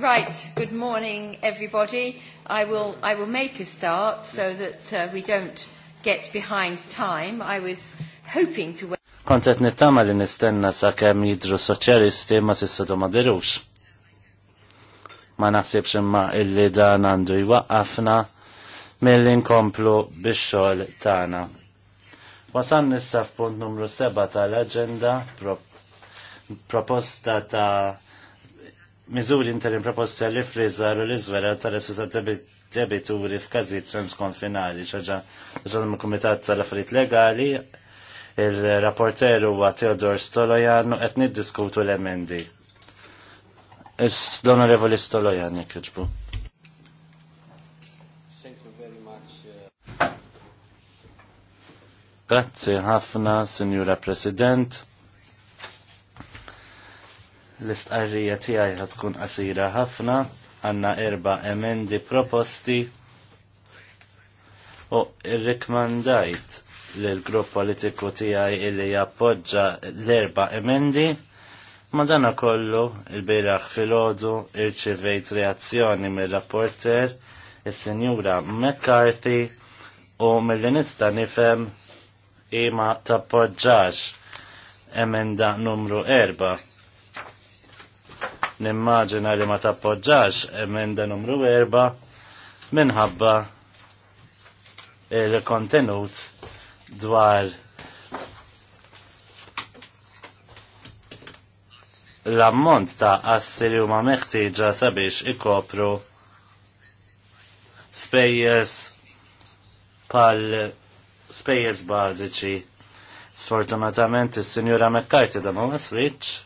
Right, good morning everybody. I will, I will make a start so that uh, we don't get behind time. I was hoping to... Kontet nittama li nistenna sa' kem jidru soċjalisti ma sissa do madirux. Ma naħsibx imma illi dan għandu jwaqqafna mill-inkomplu bix-xogħol Wasan nissa f'punt numru seba' tal agenda proposta ta' miżuri interim proposta li frizzar u li zvera tal-essu debituri f'kazi transkonfinali, ċaġa ġan komitat tal-affarijiet legali, il rapporteru huwa Theodor Stolojan u qed niddiskutu l-emendi. Is l-Onorevoli Stolojan jekk jiġbu. Uh, Grazzi ħafna, Sinjura President. L-istqarrija tiegħi ħad tkun qasira ħafna, għandna erba' emendi proposti u rrikmandajt l grupp politiku tiegħi illi jappoġġa l-erba' emendi ma dana kollu il-biraħ fil-ħodu irċivejt reazzjoni mill-rapporter il-Sinjura McCarthy u mill nista nifem ima tappoġġax emenda numru 4 nimmaġina li ma tappoġġax emenda numru erba' minħabba il-kontenut dwar l-ammont ta' assi li huma meħtieġa sabiex ikopru spejjeż pal spejjeż bażiċi. Sfortunatament is-Sinjura McCarthy da ma waslitx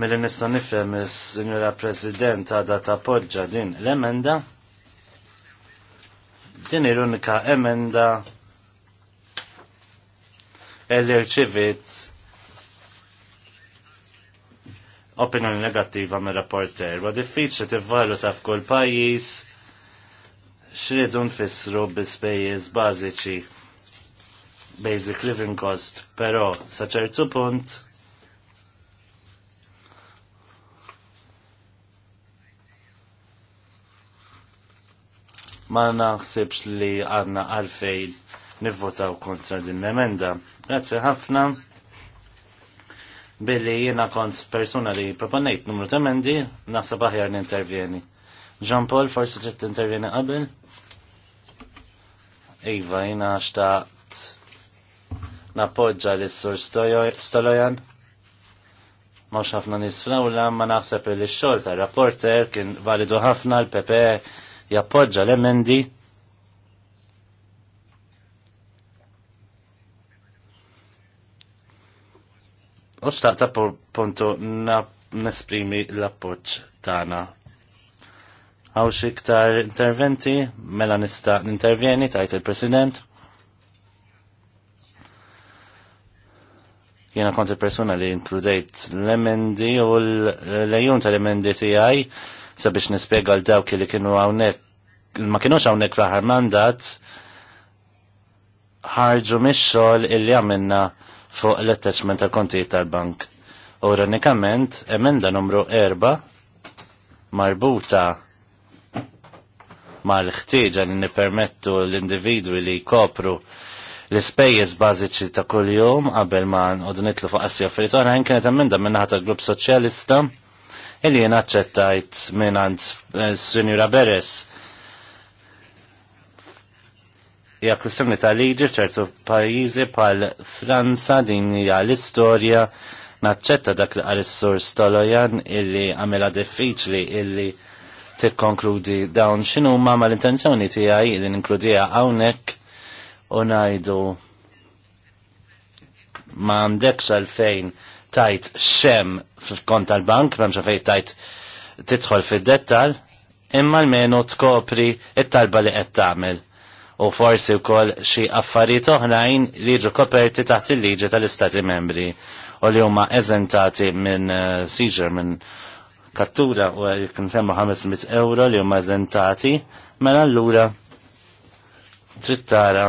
Mill mela nista' nifhem is-Sinjura President għadha tappoġġa din l-emenda. Din il l-unika emenda li rċivit opinjoni negattiva mir rapporter wa diffiċli tivvaluta f'kull pajjiż xridu nfissru bispejjeż bażiċi basic living cost, però sa ċertu punt ma naħsibx li għadna għalfej nivvotaw kontra din l-emenda. Grazzi ħafna billi jiena kont persona li proponajt numru ta' emendi, naħseb aħjar nintervjeni. Jean Paul, forsi ġiet intervjeni qabel? Iva, jiena xtaqt nappoġġa l sur Stolojan. Mawx ħafna l ma naħseb li x-xol ta' rapporter kien validu ħafna l-PPE jappoġġa l-emendi u xtaqta puntu nesprimi l-appoġġ tagħna. Għaw xiktar interventi, mela nista' n-intervjeni tajt il-President. Jiena kont il-persuna li inkludejt l-emendi u l-lejun tal-emendi tiegħi sabiex nispjega l dawk li kienu hawnhekk ma kienux hawnhekk fl-aħħar mandat ħarġu mix-xogħol illi għamilna fuq l-attachment tal konti tal-bank. Oronikament, emenda numru 4 marbuta ma l-ħtieġa li nipermettu l-individwi li jkopru l-ispejjeż bażiċi ta' kuljum qabel ma nqogħdu nitlu fuq assi offeritu. Għana kienet emenda minnaħa tal grupp soċjalista illi jien aċċettajt minn għand eh, Sinjura Beres. Hija semni ta' liġi f'ċertu pajjiżi bħal Franza din hija l-istorja naċċetta dak li qal is-sur Stolojan illi għamilha diffiċli illi tikkonkludi dawn xinu ma mal-intenzjoni tiegħi li ninkludiha hawnhekk u ngħidu ma għandekx għalfejn fejn tajt xem fil-kont tal-bank, ma' mxafej tajt titħol fil-dettal, imma l-menu tkopri it-talba li qed tagħmel u forsi wkoll xi affarijiet oħrajn li jiġu koperti taħt il-liġi tal-Istati membri u li huma eżentati minn uh, seizure minn kattura u kien semmu 500 euro li huma eżentati mela allura trid tara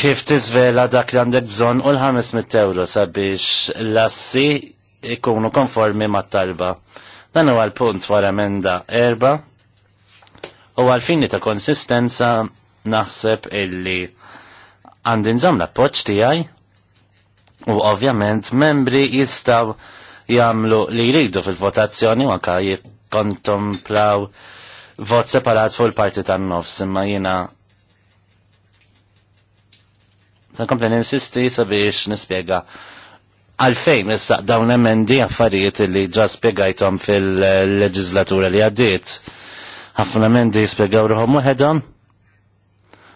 kif tiżvela dak li għandek bżonn u l-500 euro sabiex l-assi ikunu konformi mat-talba. Dan huwa l-punt wara emenda erba u għalfini ta' konsistenza naħseb illi għandin ġam l poċ tijaj u ovvjament membri jistaw jamlu li jridu fil-votazzjoni u anka jikontemplaw vot separat fuq il-parti tan nofs imma jina Tankompli insisti sabiex nispjega għalfejn issa dawn emendi affarijiet li ġa spiegajtom fil-leġislatura li għaddiet. Ħafna emendi spiegaw ruħom waħedhom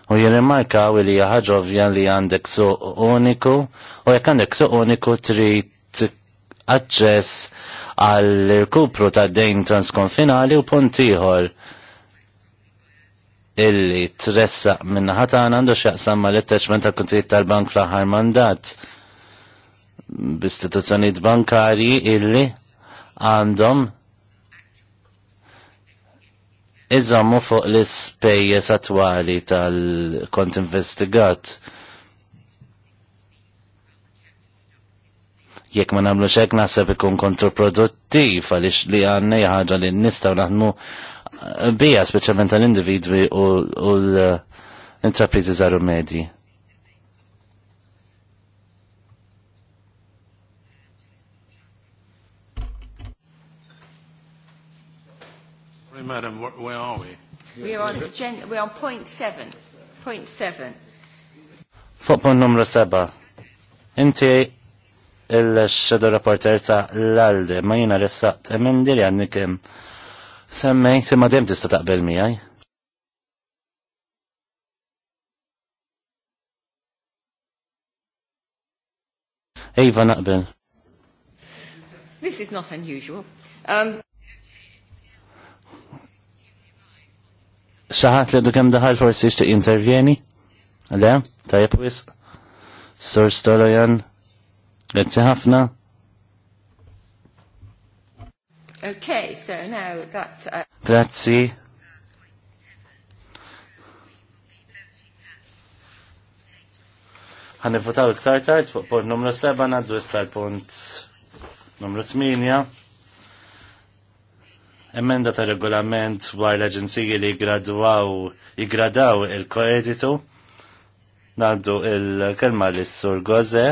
u u li ħaġa ovvja li għandek suq uniku u jekk għandek su uniku trid aċċess għall kupru ta' dejn transkonfinali u punt ieħor illi tressaq minna għan għandu xaqsam ma l-attachment tal kuntijiet tal-bank fl-aħħar mandat b b'istituzzjonijiet bankarji illi għandhom iżommu fuq l-ispejjeż attwali tal-kont investigat. Jekk ma nagħmlu xek naħseb ikun kontraproduttiv għaliex li għandna ħaġa li nistgħu naħdmu bija specialment tal-individwi u l-intrapriżi zaru medji. Madam, where are we? We are on, gen- are on point seven. Point seven. Fuq numru seba. Inti il xedur rapporter ta' l-alde ma jina l emendi li għanni kem semmejt imma dem tista' taqbel miegħi. Eva naqbel. This is not unusual. Um... Xaħat li dukem daħal forsi xtiq intervjeni? Le, tajab wis. Sur Stolojan, għedzi ħafna. Okay, so now that... Uh... Grazzi. Għan votaw iktar tard fuq punt numru 7 għaddu issa l-punt numru 8. Emenda ta' regolament dwar l-aġenziji li jgradwaw jgradaw il-koeditu. Naddu il-kelma l-sur Gozze.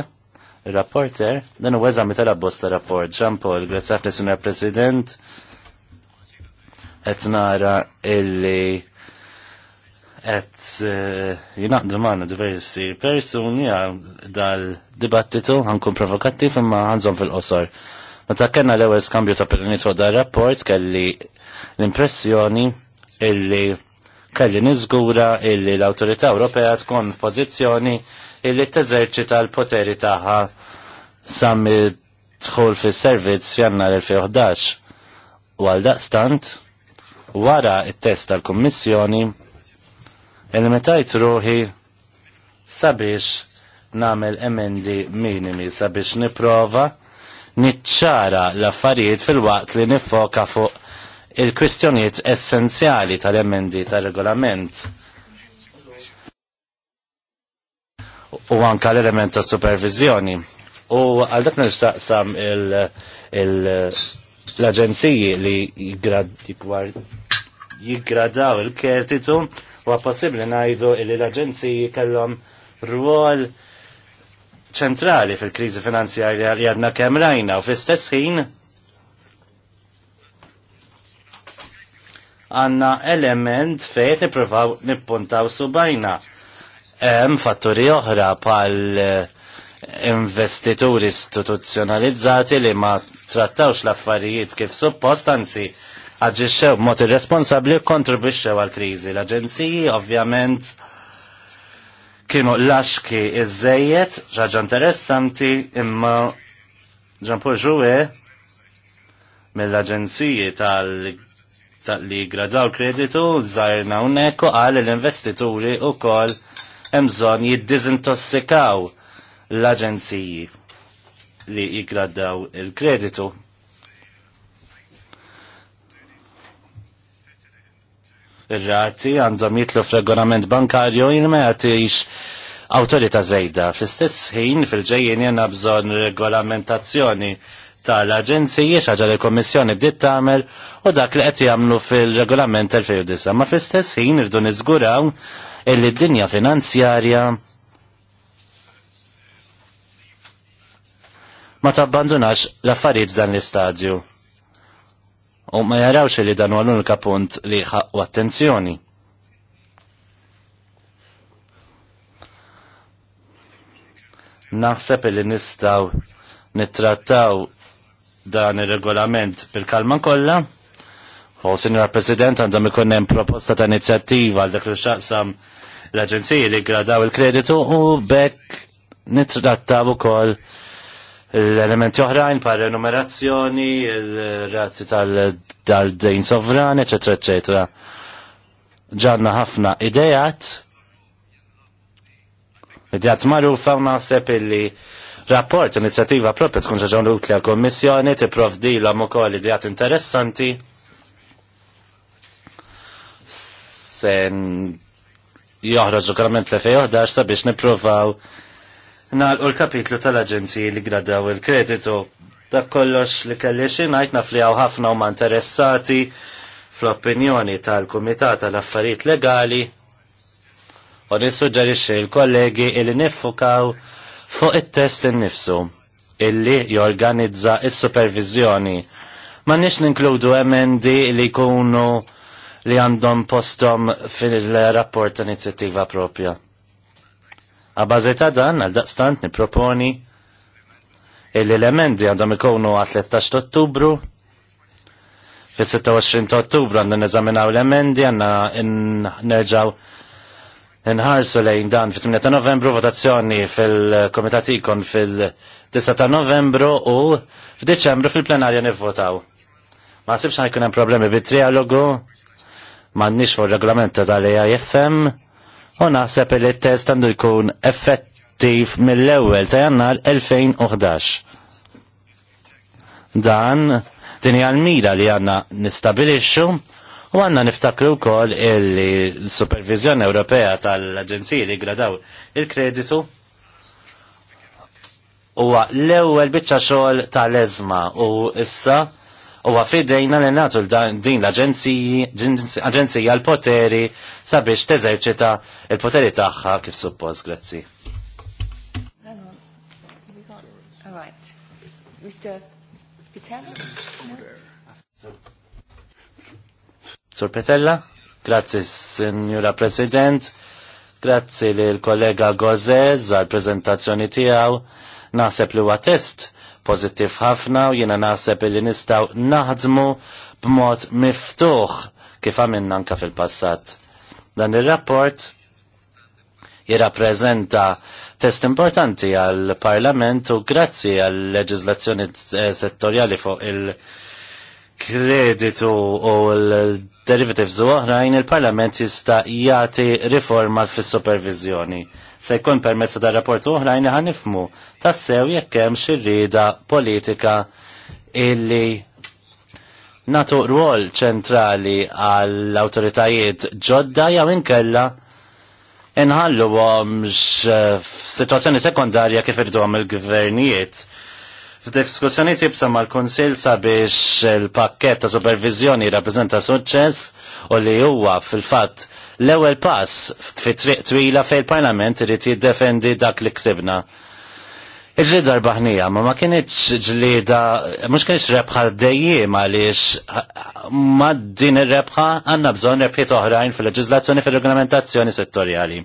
Rapporter, dan u eżami tal bosta rapport, Jean Paul, grazzaf li president, et nara illi et eh, jinaqdu maħna diversi personi dal-dibattitu għankun provokattiv imma għanżon fil-qosor. Meta kena l-ewel skambju ta' piloniet wada rapport kelli l-impressjoni illi kelli nizgura illi l autorita Ewropea tkun f'pożizzjoni illi teżerċita l-poteri tagħha sammi dħul fis servizz f'jannar 2011. U għal daqstant, wara it-test tal-Kummissjoni, il-metajt ruħi sabiex namel emendi minimi sabiex niprova niċċara l-affarijiet fil-waqt li nifoka fuq il-kwistjonijiet essenzjali tal-emendi tal-regolament u anka l-element ta' supervizjoni. U għal dak nistaqsam l-aġenziji li jiggradaw il-kertitu u għapassibli najdu li l-aġenziji kellhom rwol ċentrali fil-krizi finanzjarja li għadna kemm rajna u fl-istess ħin għanna element fejt niprofaw nippuntaw subajna. bajna Hemm fatturi oħra pal eh, investituri istituzzjonalizzati li ma trattawx l-affarijiet kif suppost, anzi aġixxew b'mod irresponsabbli kontribwixxew għall-kriżi. L-aġenziji ovvjament kienu laxki iż-żejjed, ġaġa interessanti, imma ġampur ġuwe mill-aġenziji tal- li gradaw kreditu, zaħirna unnek u għal l-investituri u kol hemm bżonn jiddizintossikaw l-aġenziji li jigraddaw il-kreditu. Ir-rati għandhom jitlu f'regolament bankarju jien ma autorita zejda. żejda. Fl-istess ħin fil ġejjen jenna bżonn regolamentazzjoni tal-Aġenziji xaġa li l-Kommissjoni bdiet tagħmel u dak li qed jagħmlu fil-regolament tal 2009. Ma fl-istess ħin irdu niżguraw illi d-dinja finanzjarja ma tabbandunax l-affarijiet dan l-istadju u ma jarawx li dan għal unika punt li ħaqqu attenzjoni. Naħseb li nistaw nittrattaw dan ir regolament bil-kalman kollha U Signor President għandhom ikun hemm proposta ta' inizjattiva għal dak li xaqsam l-aġenziji li gradaw il-kreditu u bekk nitrattaw ukoll l-elementi oħrajn par renumerazzjoni, il-razzi tal-dejn sovran, ecc. ecc. Ġanna ħafna idejat, idejat marufa naħseb illi rapport, inizjattiva propja tkun l utli għal-Kommissjoni, ti provdi l u kol idejat interessanti Joħra joħroġ regolament l-2011 e sabiex nippruvaw u l-kapitlu tal-aġenziji li gradaw il-kreditu. Dak kollox li kelli xinajt naf li hawn ħafna ma interessati fl-opinjoni tal-Kumitat tal-Affarijiet Legali u nissuġġerixxi l-kollegi li niffukaw fuq it-test innifsu illi jorganizza is-supervizjoni. Ma nix ninkludu emendi li jkunu li għandhom postom fil-rapport inizjattiva propja. Għabazi ta' dan, għal-daqstant niproponi l-elementi għandhom ikonu għal 13 ottubru, fil-26 ottubru għandhom neżaminaw l-emendi, għanna nerġaw nħarsu lejn dan fil-8 ta' novembru, votazzjoni fil-komitat ikon fil-9 ta' novembru u fil-deċembru fil-plenarja nivvotaw. Ma' sibx ħajkun hemm problemi bit-trialogu, m'għandniex fuq regolament tal aifm u naħseb li t-test għandu jkun effettiv mill-ewwel ta' jannar 2011. Dan din hija l-mira li għandna nistabilixxu u għandna niftakru wkoll il l-Supervizjoni Ewropea tal-Aġenziji li gradaw il-kreditu huwa l-ewwel biċċa xogħol tal-eżma u issa u għafidejna li natu din l-Aġenzija l-poteri sabiex teżerċita il-poteri tagħha kif suppost, grazzi. Sur Petella, grazzi Signora President, grazzi l-kollega Gozez għal prezentazzjoni tijaw, naħseb li huwa test pozittiv ħafna u jiena naħseb li nistgħu naħdmu b'mod miftuħ kif għamilna anka fil-passat. Dan ir-rapport jirrappreżenta test importanti għal parlament u grazzi għal leġizlazzjoni eh, settorjali fuq il-kreditu u l-derivatives u oħrajn il-parlament jista' jagħti riforma fis supervizjoni se jkun permezz ta' rapport oħrajn ħan nifmu tassew jekk hemm xi rieda politika illi natu rwol ċentrali għall awtoritajiet ġodda jew inkella inħallu għomx eh, situazzjoni sekundarja kif irdu il-gvernijiet F'diskussjoni tibsa mal konsil sabiex il-pakket ta' supervizjoni rappresenta suċċess u li huwa fil-fatt l-ewwel pass fi triq twila fejn il-Parlament irid jiddefendi dak li ksibna. Iġlida rbaħnija, ma ma kienieċ ġlida, mux kienieċ rebħa dejjim għaliex ma din il-rebħa għanna bżon rebħiet oħrajn fil-leġizlazzjoni fil-regolamentazzjoni settorjali.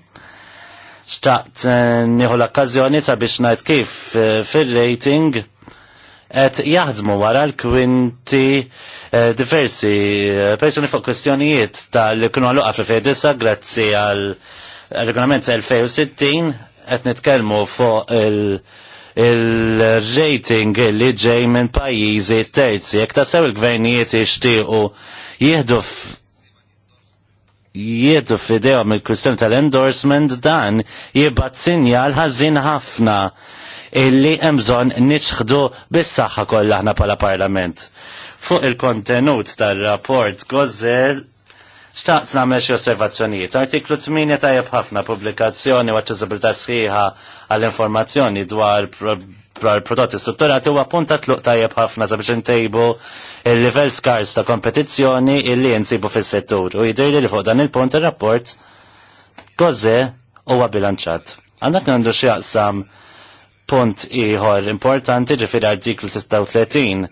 Xtaqt eh, nieħu l-okkazjoni sabiex najt kif eh, fil-rating et jaħdmu wara l-kwinti eh, diversi eh, persuni fuq kwestjonijiet tal-kunu għalluqa fil-2009 grazzi għal regolament 2060 et nitkelmu fuq il- il-rating li ġej minn pajjiżi terzi. Jek sew il-gvernijiet jixtiequ jieħdu jiedu f'idejhom il-kwistjoni tal-endorsement dan jibgħat sinjal ħażin ħafna illi emżon nitxħdu bis-saħħa kollha pala parlament. Fuq il-kontenut tal-rapport Gozzel Xtaqt namel xie osservazzjonijiet. Artiklu 8 ta' ħafna pubblikazzjoni u aċċessibilità sħiħa għall-informazzjoni dwar prodotti strutturati huwa ta tluq tajjeb ħafna sabiex intejbu il-livell skars ta' kompetizzjoni illi jinsibu fis-settur u jidhir li fuq dan il-punt ir-rapport gozze huwa għabilanċat. Għandak xie x'jaqsam punt ieħor importanti ġifieri artiklu 36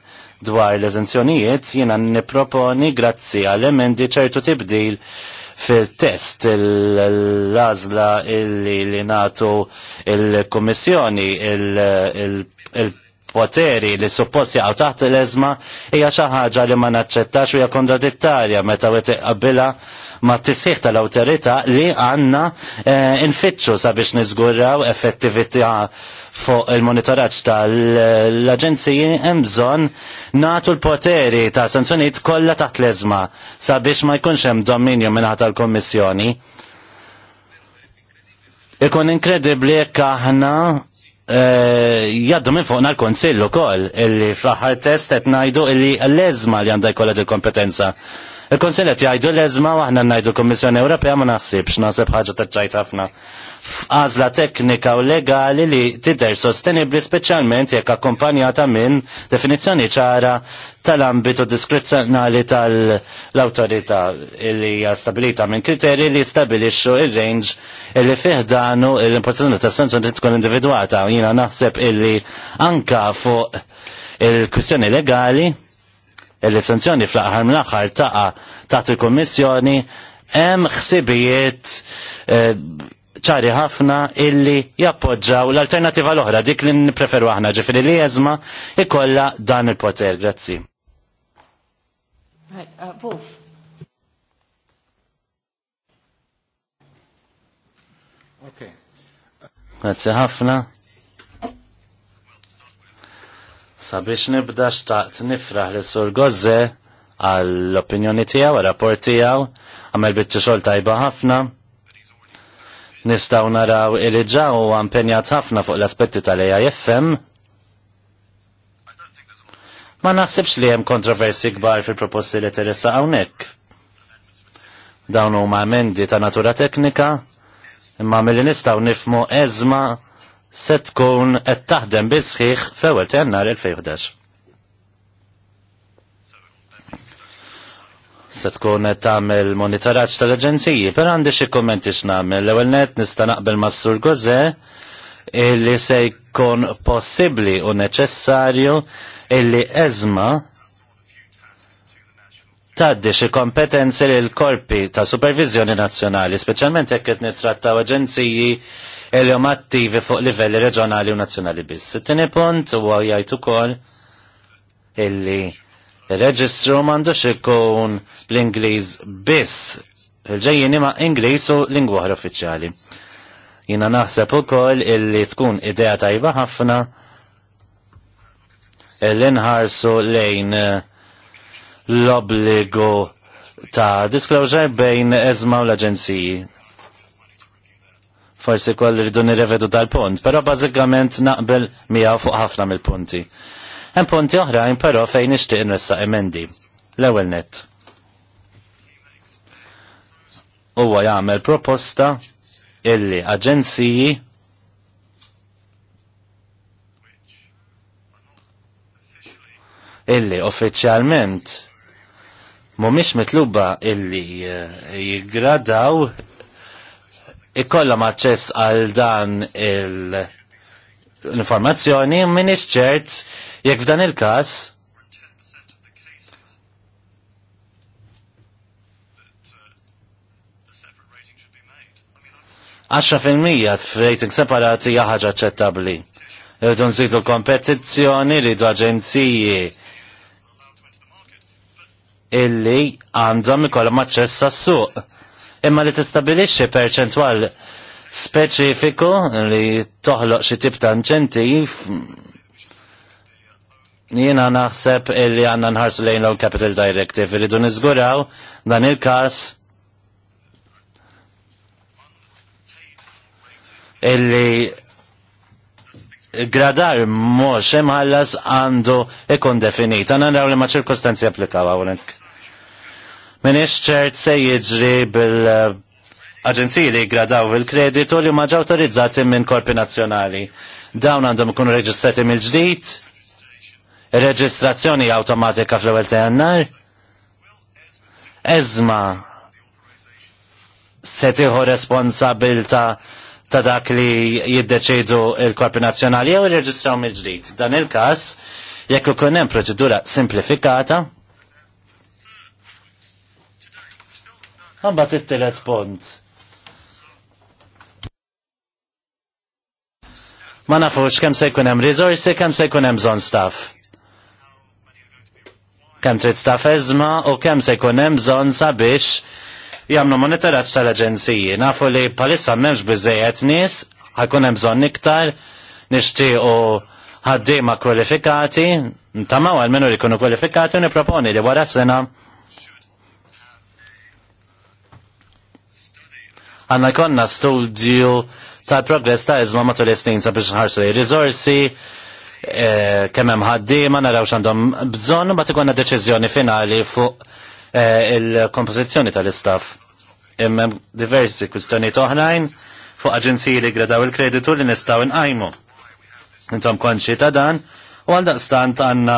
dwar l-eżenzjonijiet jiena nipproponi grazzi għal emendi ċertu tibdil fil-test l azla il li natu il-Komissjoni il-, il, il poteri li suppost jaqgħu taħt l-eżma hija xi ħaġa li ma naċċettax u hija kontradittarja meta wet iqabbilha ma' tisħiħ tal-awtorità li għandna eh, infittxu sabiex niżguraw effettività fuq il-monitoraġġ tal-aġenziji hemm bżonn nagħtu l-poteri ta' sanzjonijiet kollha taħt l-eżma sabiex ma jkunx hemm dominju minn tal-Kommissjoni. Ikun inkredibbli jekk aħna Eh, jaddu minn fuqna l-konsill ukoll illi fl-aħħar test qed ngħidu illi l-eżma li għandha jkollha il-kompetenza. Il-konsill qed jgħidu l-eżma u aħna ngħidu l-Kummissjoni Ewropea ma naħsibx naħseb ħaġa taċċajt ħafna f'għażla teknika u legali li tidher sostenibbli speċjalment jekk akkompanjata minn definizzjoni ċara tal-ambitu diskrezzjonali tal autorita li hija stabilita minn kriterji li stabilixxu il range li fih danu l ta' sensu li tkun individwata. Jiena naħseb illi anka fuq il-kwistjoni legali il-sanzjoni fl-aħħar mill-aħħar taqa' taħt il-Kummissjoni hemm ħsibijiet eh, ċari ħafna illi jappoġġaw l-alternativa l-oħra dik li nipreferu aħna ġifiri li jeżma ikolla dan il-poter. Grazzi. Uh, Grazzi ħafna. Sabiex nibda xtaqt nifraħ li sur Gozze għall-opinjoni tijaw, għal-rapport tijaw, għamel bitċi xol tajba ħafna. Nistaw naraw il ġaw u għampenjat ħafna fuq l-aspetti tal-AIFM. Ma naħsibx li hemm kontroversi kbar fil-proposti li teressa hawnhekk. Dawn huma emendi ta' natura teknika, imma milli nistgħu nifmu eżma se tkun qed taħdem bisħiħ f'ewwel tennar 2011. se tkun qed tagħmel monitoraġġ tal-aġenziji, però għandi xi kummenti x'nagħmel. L-ewwel net nista' naqbel mas-Sur Gozè illi se jkun possibbli u neċessarju illi eżma taddi xi kompetenzi lil korpi ta' supervizjoni nazzjonali, speċjalment jekk qed nittrattaw aġenziji illi hum attivi fuq livelli reġjonali u nazzjonali biss. It-tieni punt huwa jgħid ukoll illi Il-reġistru m'għandux ikun bl-Ingliż biss, il-ġejjin ma' Ingliż u lingwa oħra uffiċjali. Jina naħseb ukoll illi tkun idea tajba ħafna l-inħarsu lejn eh, l-obligu ta' disclosure bejn eżma u l-aġenziji forsi koll rridu nirrevedu tal-punt, pero bazzikament naqbel mija fuq ħafna mill-punti. Hemm punti oħrajn però fejn nixtieq nressaq emendi. L-ewwel nett. Huwa jagħmel proposta illi aġenziji illi uffiċjalment mhumiex mitluba illi eh, jiggradaw ikollhom aċċess għal dan il-informazzjoni minix ċert Jekk f'dan il-każ Għaxra fil-mija f-rating separati jaħħaġa ċettabli. Rridu nżidu l kompetizzjoni, d aġenziji illi għandhom ikollhom aċċess għas-suq. Imma li tistabilixxi perċentwal speċifiku li toħloq xi tip ta' inċentiv Jiena naħseb illi għanna nħarsu lejn l Capital Directive illi dun iżguraw dan il-kas illi gradar mhux imħallas għandu ikun definit. Għanna naraw li ma ċirkostanzi applikaw għawnek. Minix ċert se jiġri bil aġenziji li gradaw il-kreditu li maġ autorizzati minn korpi nazzjonali. Dawn għandhom ikunu reġistrati mill-ġdid, reġistrazzjoni awtomatika fl-ewwel ta' Eżma se tieħu responsabilta ta' dak li jiddeċidu il-Korpi Nazzjonali jew irreġistraw mill-ġdid. Dan il-każ jekk ikun hemm proċedura simplifikata, it tittilet pont. Ma nafux kem se jkun hemm resorsi, kem se jkun hemm bżonn staff kemm trid staf eżma u kemm se jkun hemm bżonn sabiex jagħmlu monitoraġġ tal-aġenziji. Nafu li bħalissa m'hemmx biżejjed nies, ħakun hemm bżonn iktar, nixtiequ ħaddiema kwalifikati, ntamaw għal minu li jkunu kwalifikati u niproponi li wara sena għanna konna studju tal progress ta' izma matul istin sabiex nħarsu li rizorsi, Eh, kemm hemm ħaddiema naraw x'għandhom bżonn u ikolna deċiżjoni finali fuq eh, il-kompożizzjoni tal-istaff. Immem diversi kwistjonijiet oħrajn fuq aġenziji li gradaw il-kreditu li nistgħu nqajmu. Intom konċi ta' dan u għal daqstant għandna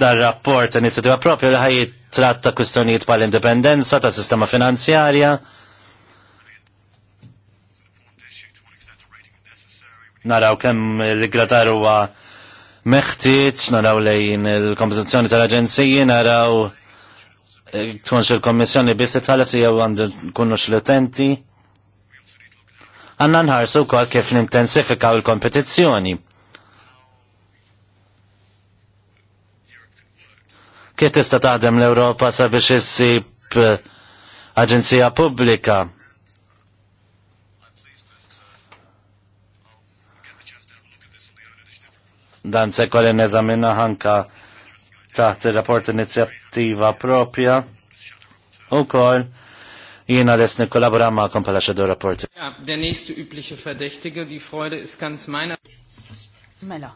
dar rapport inizjativa propju li ħaj tratta kwistjonijiet pal indipendenza ta' sistema finanzjarja. naraw kemm l-gratar huwa meħtieġ naraw lejn il-kompożizzjoni tal-aġenziji, naraw eh, tkunx il-kommissjoni biss tħallas jew għandu kunux l-utenti. Għanna nħarsu wkoll kif nintensifikaw il-kompetizzjoni. Kif tista' taħdem l-Ewropa sabiex issib eh, aġenzija pubblika dan se kolli neżamina ħanka taħt il-rapport inizjattiva propja u kol jina resni kollabora ma' kompala xedu rapporti. Ja, der nächste übliche Verdächtige, die Freude is ganz meiner. Mela,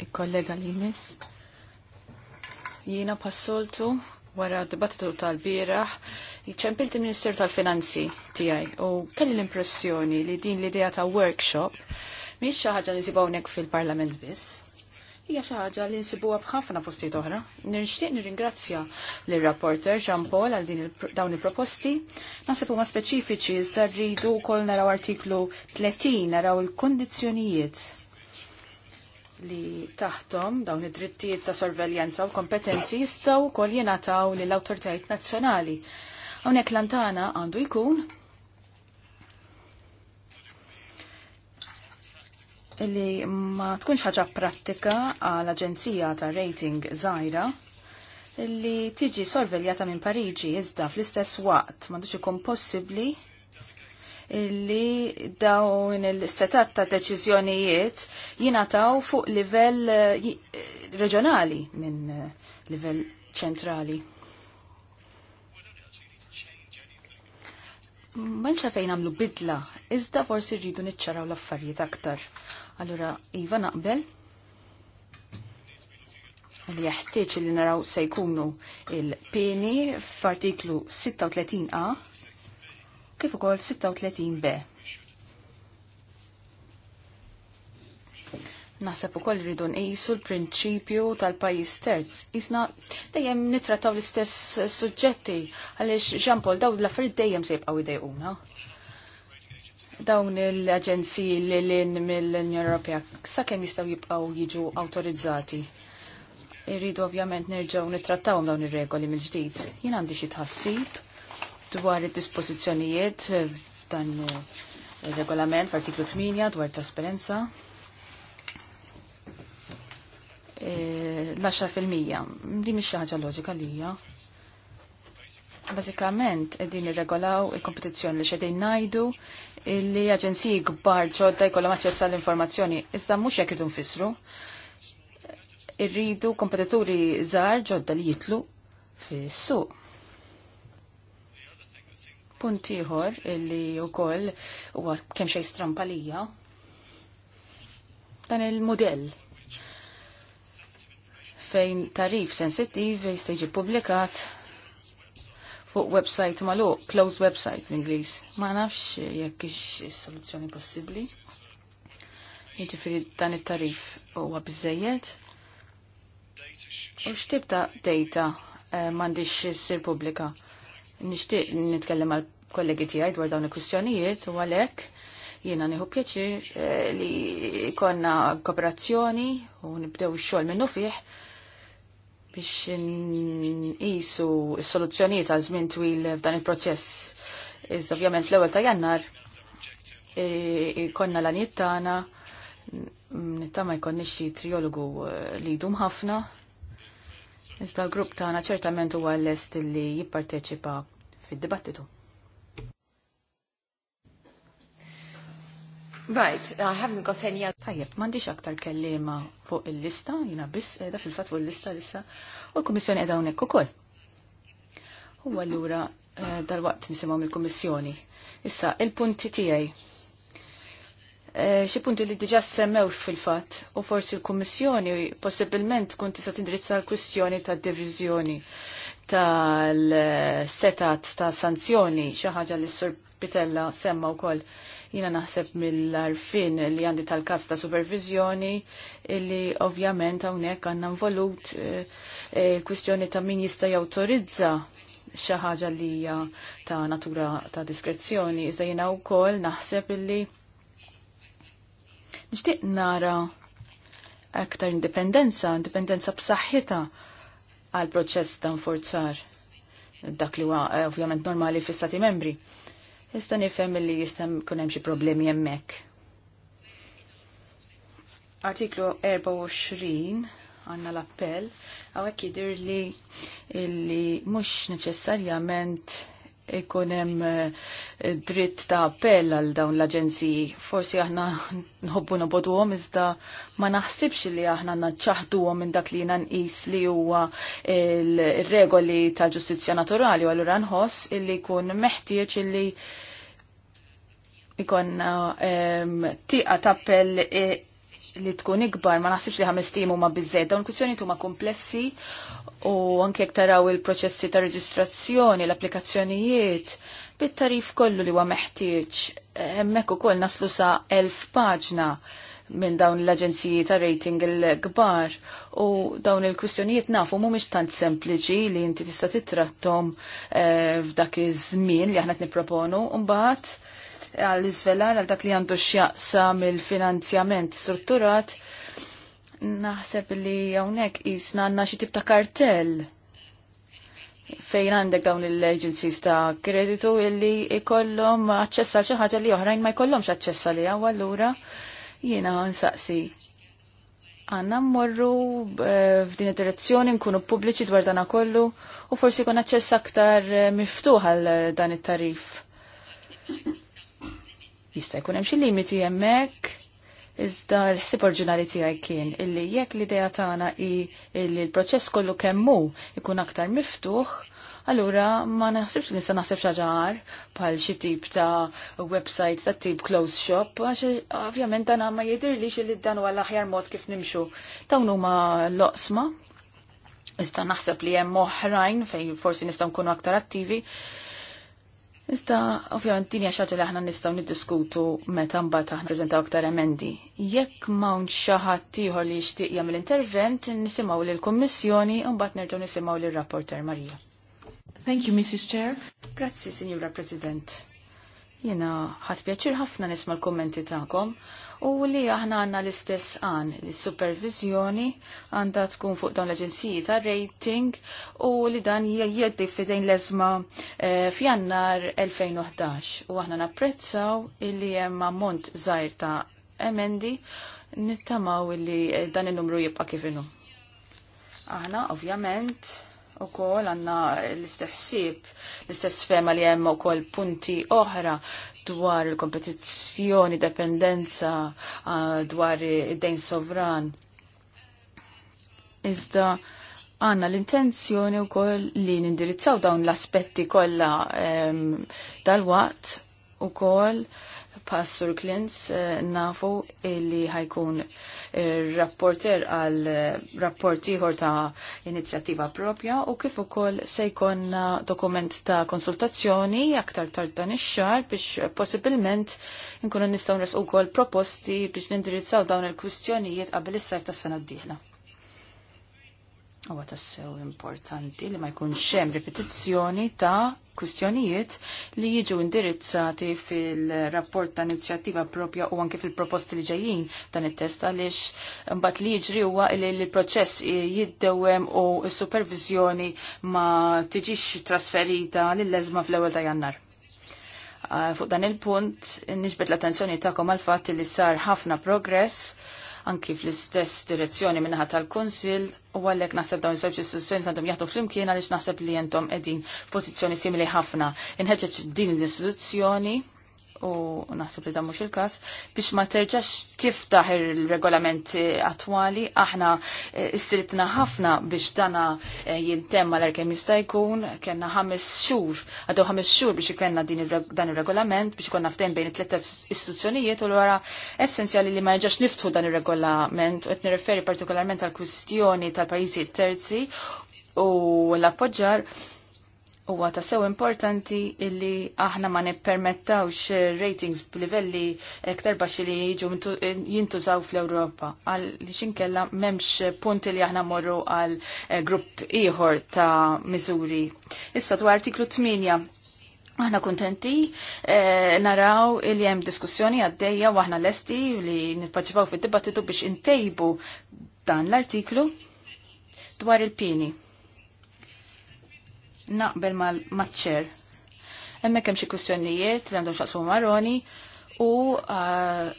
il-kollega li mis, jina passoltu wara dibattitu tal-biraħ, ċempilt il-Minister tal-Finanzi tijaj u kelli l-impressjoni li din l-idea ta' workshop mhix xi ħaġa li nsibu nek fil-Parlament biss. Hija xi ħaġa li nsibuha b'ħafna postijiet oħra. nir nirringrazzja l rapporter Jean Paul għal dawn il-proposti. Naħseb huma speċifiċi iżda rridu wkoll naraw artiklu 30 naraw il-kundizzjonijiet li taħtom dawn id-drittijiet ta' sorveljanza u kompetenzi jistgħu wkoll jingħataw lill awtoritajiet nazzjonali. Hawnhekk lantana għandu jkun li ma tkunx ħaġa prattika għal aġenzija ta' rating zaħira li tiġi sorveljata minn Pariġi iżda fl-istess waqt ma dux ikun possibbli li dawn il-setat ta' deċiżjonijiet jingħataw fuq livell eh, eh, reġjonali minn eh, livell ċentrali. Manċa fejn għamlu bidla, iżda forsi rridu niċċaraw l-affarijiet aktar. Allura, Iva naqbel li jeħtieġ li naraw se jkunu il-pieni f'artiklu 36a kif ukoll 36b. Naħseb ukoll rridu nqisu l-prinċipju tal-pajjiż terz. Isna dejjem nittrattaw l-istess suġġetti għaliex Jean Paul daw l-affarijiet dejjem se jibqgħu idejquna dawn l aġenzi li l-in mill-Unjoni Ewropea sa jistgħu jibqgħu jiġu awtorizzati? Irridu ovvjament nerġgħu nittrattawhom dawn ir-regoli mill-ġdid. Jien għandi xi tħassib dwar id-dispożizzjonijiet dan ir regolament f'artiklu 8 dwar trasparenza. E, l fil-mija, di mhix ħaġa loġika li hija. Bażikament qegħdin irregolaw il-kompetizzjoni li xedin ngħidu li aġenziji kbar ġodda jkollhom aċċess għall informazzjoni iżda mhux jekk irdu nfissru. Irridu kompetituri żgħar ġodda li jitlu fis-suq. Punt ieħor illi wkoll huwa kemm xejn strampalija dan il-modell fejn tarif sensittiv jista' jiġi publikat fuq website malu, closed website bl-Inglis. Ma nafx jekk ix soluzzjoni possibbli. Jiġifieri dan it-tarif huwa biżejjed. U x'tib ta' data eh, m'għandix issir pubblika. Nixtieq nitkellem għal kollegi tiegħi dwar dawn il-kwistjonijiet u għalhekk jiena nieħu pjaċir eh, li konna kooperazzjoni u nibdew ix-xogħol minnu fih biex nqisu s-soluzzjonijiet għal żmien twil f'dan il-proċess. Iżda ovvjament l-ewwel ta' Jannar konna l-għaniet tagħna ma jkonniex xi triologu eh, li jdum ħafna. Iżda l-grupp tagħna ċertament huwa lest li jipparteċipa fid-dibattitu. Right, I haven't got any other. Tajjeb, m'għandix aktar kellima fuq il-lista, jina biss edha fil-fat fuq il-lista lissa, u l-Kummissjoni edha hawnhekk ukoll. U allura eh, dal-waqt nisimgħu mill-Kummissjoni. Issa, il-punti tiegħi. Eh, xi punti li diġa' semmew fil-fatt u forsi l-Kummissjoni possibilment tkun tista' tindrizza l-kwistjoni tad-diviżjoni tal-setat ta' sanzjoni xi ħaġa li s-Sur Pitella semma wkoll. koll Jina naħseb mill-arfin li għandi tal-kas ta' supervizjoni li ovvjament hawnhekk għandna involut il-kwistjoni eh, eh, ta' min jista' jawtorizza xi ħaġa li hija ta' natura ta' diskrezzjoni. Iżda jiena wkoll naħseb illi nixtieq nara aktar indipendenza, indipendenza b'saħħitha għal proċess ta' nforzar dak li huwa eh, ovvjament normali fi stati membri. Jista nifhem li jista' jkun hemm xi problemi hemmhekk. Artiklu 24 għanna l-appell, għawek jidir li li mux neċessarjament ikun hemm eh, dritt ta' appell għal dawn l-aġenziji. Forsi aħna nħobbu għom, iżda ma naħsibx li aħna għom minn dak li jiena nqis li huwa il-regoli ta' ġustizzja naturali u allura nħoss illi jkun meħtieġ illi ikonna tiqa tappell eh, li tkun ikbar, ma naħsibx li ħamestimu ma bizzed, dawn kwistjoni huma komplessi u anke jekk taraw il-proċessi ta' reġistrazzjoni, l-applikazzjonijiet, bit-tarif kollu li huwa meħtieġ. Hemmhekk ukoll naslu sa' elf paġna minn dawn l-aġenziji ta' rating il-kbar u dawn il-kwistjonijiet nafu mhumiex tant sempliċi li inti tista' titrattom eh, f'dak iż-żmien li aħna qed nipproponu u mbagħad għall-iżvelar għal dak li għandu x'jaqsam il-finanzjament strutturat Naħseb li hawnhekk isna għandna xi tip ta' kartell fejn għandek dawn l-agencies ta' kreditu illi ikollhom aċċessa għal xi ħaġa li oħrajn ma jkollhomx aċċessa li u allura jiena nsaqsi. Għanna mmorru eh, f'din id-direzzjoni nkunu pubbliċi dwar dan kollu u forsi jkun aċċess aktar eh, miftuħ għal dan it-tarif. Jista' jkun hemm xi limiti hemmhekk Iżda l-ħsib oriġinali tiegħi kien illi jekk l-idea tagħna hi illi l-proċess kollu kemm hu ikun aktar miftuħ, Allura, ma naħsibx li sa naħseb xaġar bħal xi tip ta' website ta' tip close shop, għax ovvjament dan ma jidhirli li li dan huwa l-aħjar mod kif nimxu. Dawn huma loqsma, Iżda naħseb li hemm oħrajn fejn forsi nistgħu nkunu aktar attivi, Iżda, ovvjament, din hija xaġa li aħna nistgħu niddiskutu meta mbagħad aħna preżentaw aktar emendi. Jekk m'hawn xi ħadd ieħor li jixtieq jagħmel intervent, nisimgħu lill-Kummissjoni u mbagħad nerġgħu nisimgħu lir-rapporter Marija. Thank you, Mrs. Chair. Grazzi, Signora President. Jena ħat pjaċir ħafna nisma l-kommenti ta'kom u li aħna għanna l-istess għan li supervizjoni għanda tkun fuq dawn l-aġenziji ta' rating u li dan jeddi fidejn l-ezma eh, f'jannar 2011 u aħna napprezzaw illi hemm ammont zaħir ta' emendi nittamaw illi eh, dan il-numru jibqa' kif inhu. Aħna ovvjament u kol għanna l-istessib, l-istess fema li jemma u kol punti oħra dwar il-kompetizzjoni, dependenza, dwar id-dejn sovran. Iżda għanna l-intenzjoni u kol li nindirizzaw dawn l-aspetti kolla dal wat u kol Pastor Klins eh, nafu illi ħajkun rapporter għal rapport ieħor ta' inizjattiva propja u kif ukoll se jkun dokument ta' konsultazzjoni aktar tard dan ix-xahar biex possibilment nkunu nistgħu nresqu wkoll proposti biex nindirizzaw dawn il-kwistjonijiet qabel is-sajf tas-sena d-dieħla. Huwa tassew importanti li ma jkunx hemm ripetizzjoni ta' kwistjonijiet li jiġu indirizzati fil-rapport ta' inizjattiva propja u anke fil-proposti li ġejjin dan it-test għaliex mbagħad li jiġri huwa li l-proċess jiddewwem u s-supervizjoni ma tiġix trasferita lill-leżma fl-ewwel ta' Jannar. Ah, fuq dan il-punt nixbet l-attenzjoni tagħkom għal fat li sar ħafna progress anki fl-istess direzzjoni minnaħat tal-Kunsil u għallek naħseb dawn iż-żewġ istituzzjoni għandhom jaħdu flimkien għaliex naħseb li jentom edin pozizjoni simili ħafna. Inħeġġeġ din l-istituzzjoni u naħseb li dan mhux il-każ, biex ma terġax tiftaħ il-regolamenti eh, attwali, aħna eh, istritna ħafna biex dana eh, jintemma l-erkem jista' jkun, kellna ħames xhur, għadu ħames xhur biex ikenna dan ir-regolament biex konna ftejn bejn it-tliet istituzzjonijiet u l essenzjali li ma jerġax niftħu dan ir-regolament qed nirreferi partikolarment għal kwistjoni tal-pajjiżi terzi u l-appoġġar huwa ta' sew importanti illi aħna ma nippermettawx eh, ratings b'livelli iktar baxi li jiġu eh, jintużaw fl-Ewropa. Għal li xinkella m'hemmx punti li aħna morru għal eh, grupp ieħor ta' miżuri. Issa dwar artiklu 8 Aħna kontenti eh, naraw li hemm diskussjoni għaddejja u aħna lesti li nipparċipaw fid-dibattitu biex intejbu dan l-artiklu dwar il-pini naqbel mal-ċer. Hemmhekk hemm xi kwistjonijiet li għandhom xaqsu maroni u uh,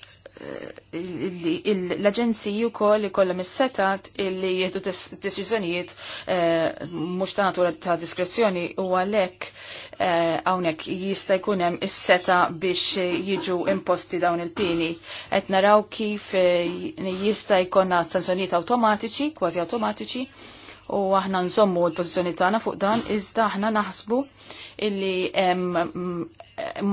l-aġenziji wkoll kollam is-setat illi jieħdu deċiżjonijiet uh, mhux ta' natura ta' diskrezzjoni u għalhekk uh, hawnhekk jista' jkun hemm is-seta biex jiġu imposti dawn il-pini. Qed naraw kif jista' jkollna sanzjonijiet awtomatiċi, kważi awtomatiċi, u aħna nżommu l-pozizjoni tagħna fuq dan iżda aħna naħsbu illi mm,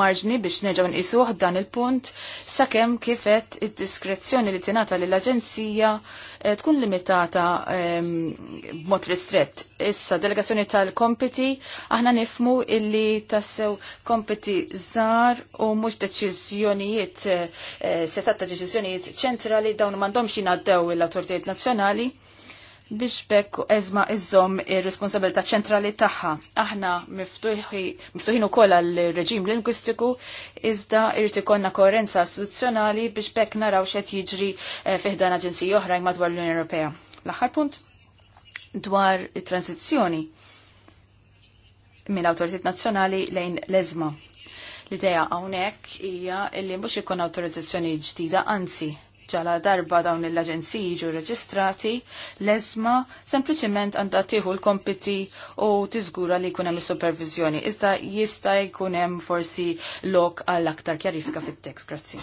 marġni biex nerġgħu nqisuh dan il-punt sakemm kifet id-diskrezzjoni li tingħata lill aġenzija eh, tkun limitata ehm, b'mod ristrett. Issa delegazzjoni tal-kompiti aħna nifmu illi tassew kompiti żgħar u mhux deċiżjonijiet eh, eh, setat ta' deċiżjonijiet ċentrali dawn m'għandhomx jingħaddew l-awtoritajiet nazzjonali biex bekk ezma iżom ir-responsabilità ċentrali tagħha. Aħna miftuħin ukoll l reġim lingwistiku iżda irid ikollna koerenza istituzzjonali biex bekk naraw x'qed jiġri eh, fiħdan aġenziji oħrajn madwar l-Unjoni Ewropea. L-aħħar punt dwar it-transizzjoni minn awtoritet nazzjonali lejn l-eżma. L-idea hawnhekk hija li mhux ikun awtorizzazzjoni ġdida, anzi ġala darba dawn l-aġenziji ġu reġistrati, l-ezma sempliciment għandha tieħu l-kompiti u tiżgura li jkun hemm supervizjoni. Iżda jista' jkun hemm forsi lok għal aktar kjarifika fit-tekst. Grazzi.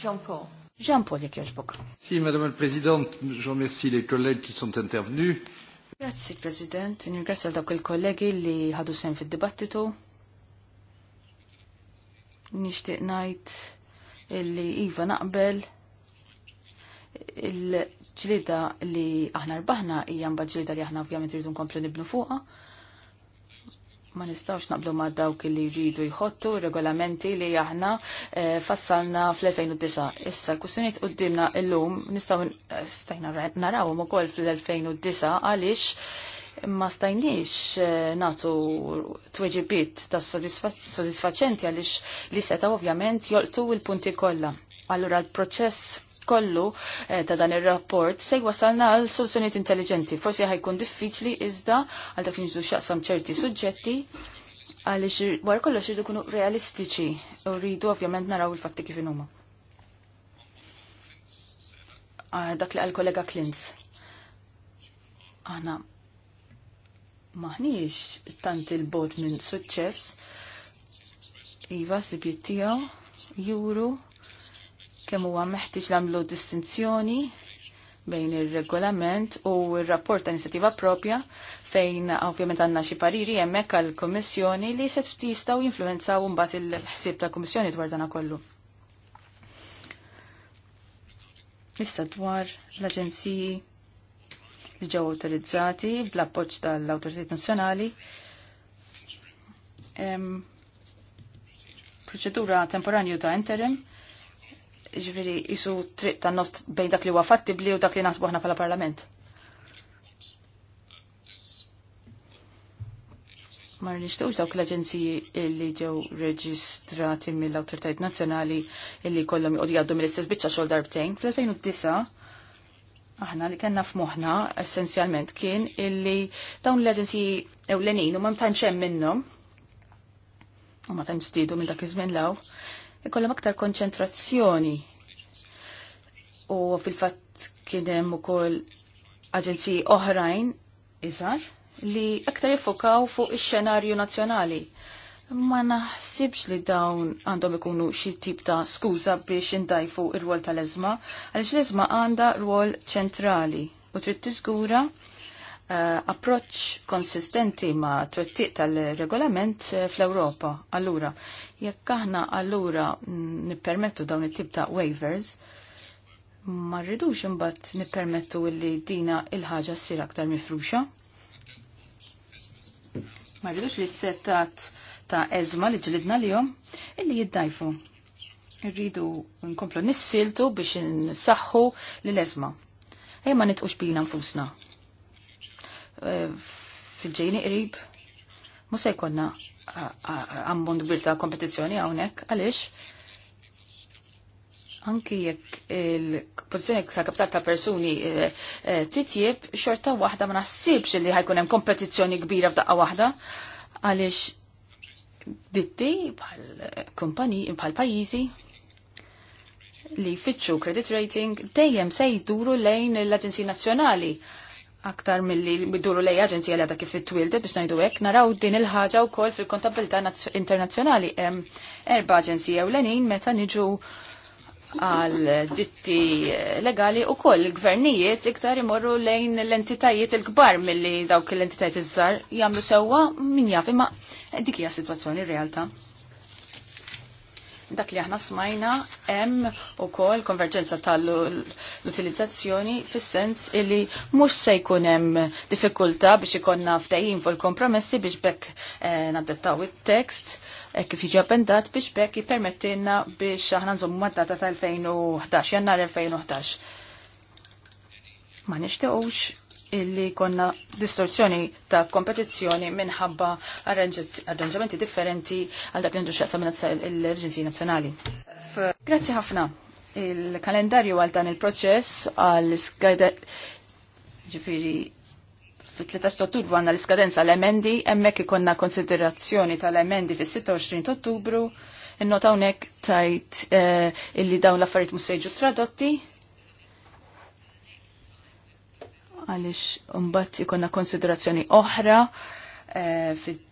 Jean Paul. Jean Paul jek joġbuk. Si, Madame il-President, je remercie les collègues sont intervenu. Grazzi, President. għal dak il-kollegi li ħadu sen fid-dibattitu. Nixtieq ngħid illi Iva naqbel il-ġlida li aħna rbaħna hija mbagħad ġlida li aħna ovvjament irridu nkomplu nibnu fuqha. Ma nistgħux naqblu ma' dawk li jridu jħottu regolamenti li aħna eh, fassalna fl-2009. Issa, kustuniet quddiemna llum nistgħu eh, stajna narawhom ukoll fl-2009 għaliex ma stajniex eh, natu tweġibiet ta' sodisfaċenti għaliex li seta' ovvjament jolqtu il-punti kollha. Allura l-proċess kollu eh, ta' dan ir-rapport se jwasalna għal soluzzjonijiet intelligenti. Forsi ħajkun diffiċli iżda għal dak li xaqsam ċerti suġġetti għaliex wara kollox irridu kunu realistiċi u rridu ovvjament naraw il-fatti kif huma. Ah, dak li għal-kollega Klins. Aħna maħniex tant il-bot minn suċċess Iva sibjiet tiegħu juru kemm huwa meħtieġ nagħmlu distinzjoni bejn ir-regolament u r-rapport ta' inizjattiva propja fejn ovvjament għandna xi pariri hemmhekk għall kummissjoni li se tistgħu jinfluwenzaw mbagħad il-ħsieb tal-Kummissjoni dwar dan kollu. Issa dwar l-aġenziji li ġew autorizzati bl-appoġġ tal-awtoritajiet nazzjonali. Proċedura temporanju ta' interim ġviri jisu triq ta' nost bejn dak li huwa fattibli u dak li nasbu ħna bħala parlament. Ma nishtuġ dawk l-aġenziji li ġew reġistrati mill-awtoritajiet nazzjonali illi kollom jgħoddi jgħaddu mill-istess biċċa xogħol darbtejn. Fl-2009 aħna li kellna f'moħħna essenzjalment kien illi dawn l-aġenziji ewlenin u ma mtantx hemm minnhom u ma tantx stidu minn dak iż-żmien law ikollhom aktar konċentrazzjoni. U fil-fatt kien hemm ukoll aġenziji oħrajn iżgħar li aktar jiffokaw fuq ix-xenarju nazzjonali. Ma naħsibx li dawn għandhom ikunu xi tip ta' skuża biex indajfu ir-rwol tal-eżma, għaliex l-eżma għandha rwol ċentrali u trid tiżgura Eh, approċ konsistenti ma trettiq tal-regolament eh, fl-Europa. Allura, jekk aħna allura mm, nippermettu dawn it-tip ta' waivers, ma rridux imbagħad nippermettu li dina il-ħaġa ssir aktar mifruxa. Ma rridux li settat ta' eżma li ġlidna jom, illi jiddajfu. Irridu nkomplu nissiltu biex nsaħħu l ezma Ejma nitqux bina nfusna fil-ġejni qrib Musa se jkollna ammont kbir ta' kompetizzjoni hawnhekk għaliex anki jekk il-pożizzjoni ta' kapital ta' persuni e, e, titjib xorta waħda ma naħsibx li ħajkunem hemm kompetizzjoni kbira f'daqqa waħda għaliex ditti bħal kumpani bħal pajjiżi li jfittxu credit rating dejjem se jduru lejn l aġenzji Nazzjonali aktar mill-li biduru lej aġenzija li għadha kif it-twildet biex najdu hekk, naraw din il-ħaġa wkoll fil-kontabilità internazzjonali hemm erba' aġenzija ewlenin meta niġu għal ditti eh, legali u koll gvernijiet iktar imorru lejn l-entitajiet il-kbar mill-li dawk l-entitajiet iż-żar jagħmlu sewwa min jaf imma dik hija situazzjoni r-realtà dak li aħna smajna hemm ukoll konverġenza tal-utilizzazzjoni fis-sens illi mhux se jkun hemm diffikultà biex ikonna ftehim fuq il-kompromessi biex bekk eh, naddettaw it text eh, kif jiġi appendat biex bekk jippermettilna biex aħna nżommu mad-data tal-2011, jannar 2011. Ma nixtiequx illi konna distorsjoni ta' kompetizzjoni minħabba arranġamenti differenti għal dak l għandu xaqsa l-Aġenziji Nazzjonali. Grazzi ħafna. Il-kalendarju għal dan il-proċess għal ġifiri fit-13 ottubru għanna l-iskadenza l-emendi, emmek ikonna konsiderazzjoni tal-emendi fit-26 ottubru, il-nota unek tajt eh, illi dawn l-affarijiet mussejġu tradotti, għaliex mbagħad ikonna konsiderazzjoni oħra eh, fit-8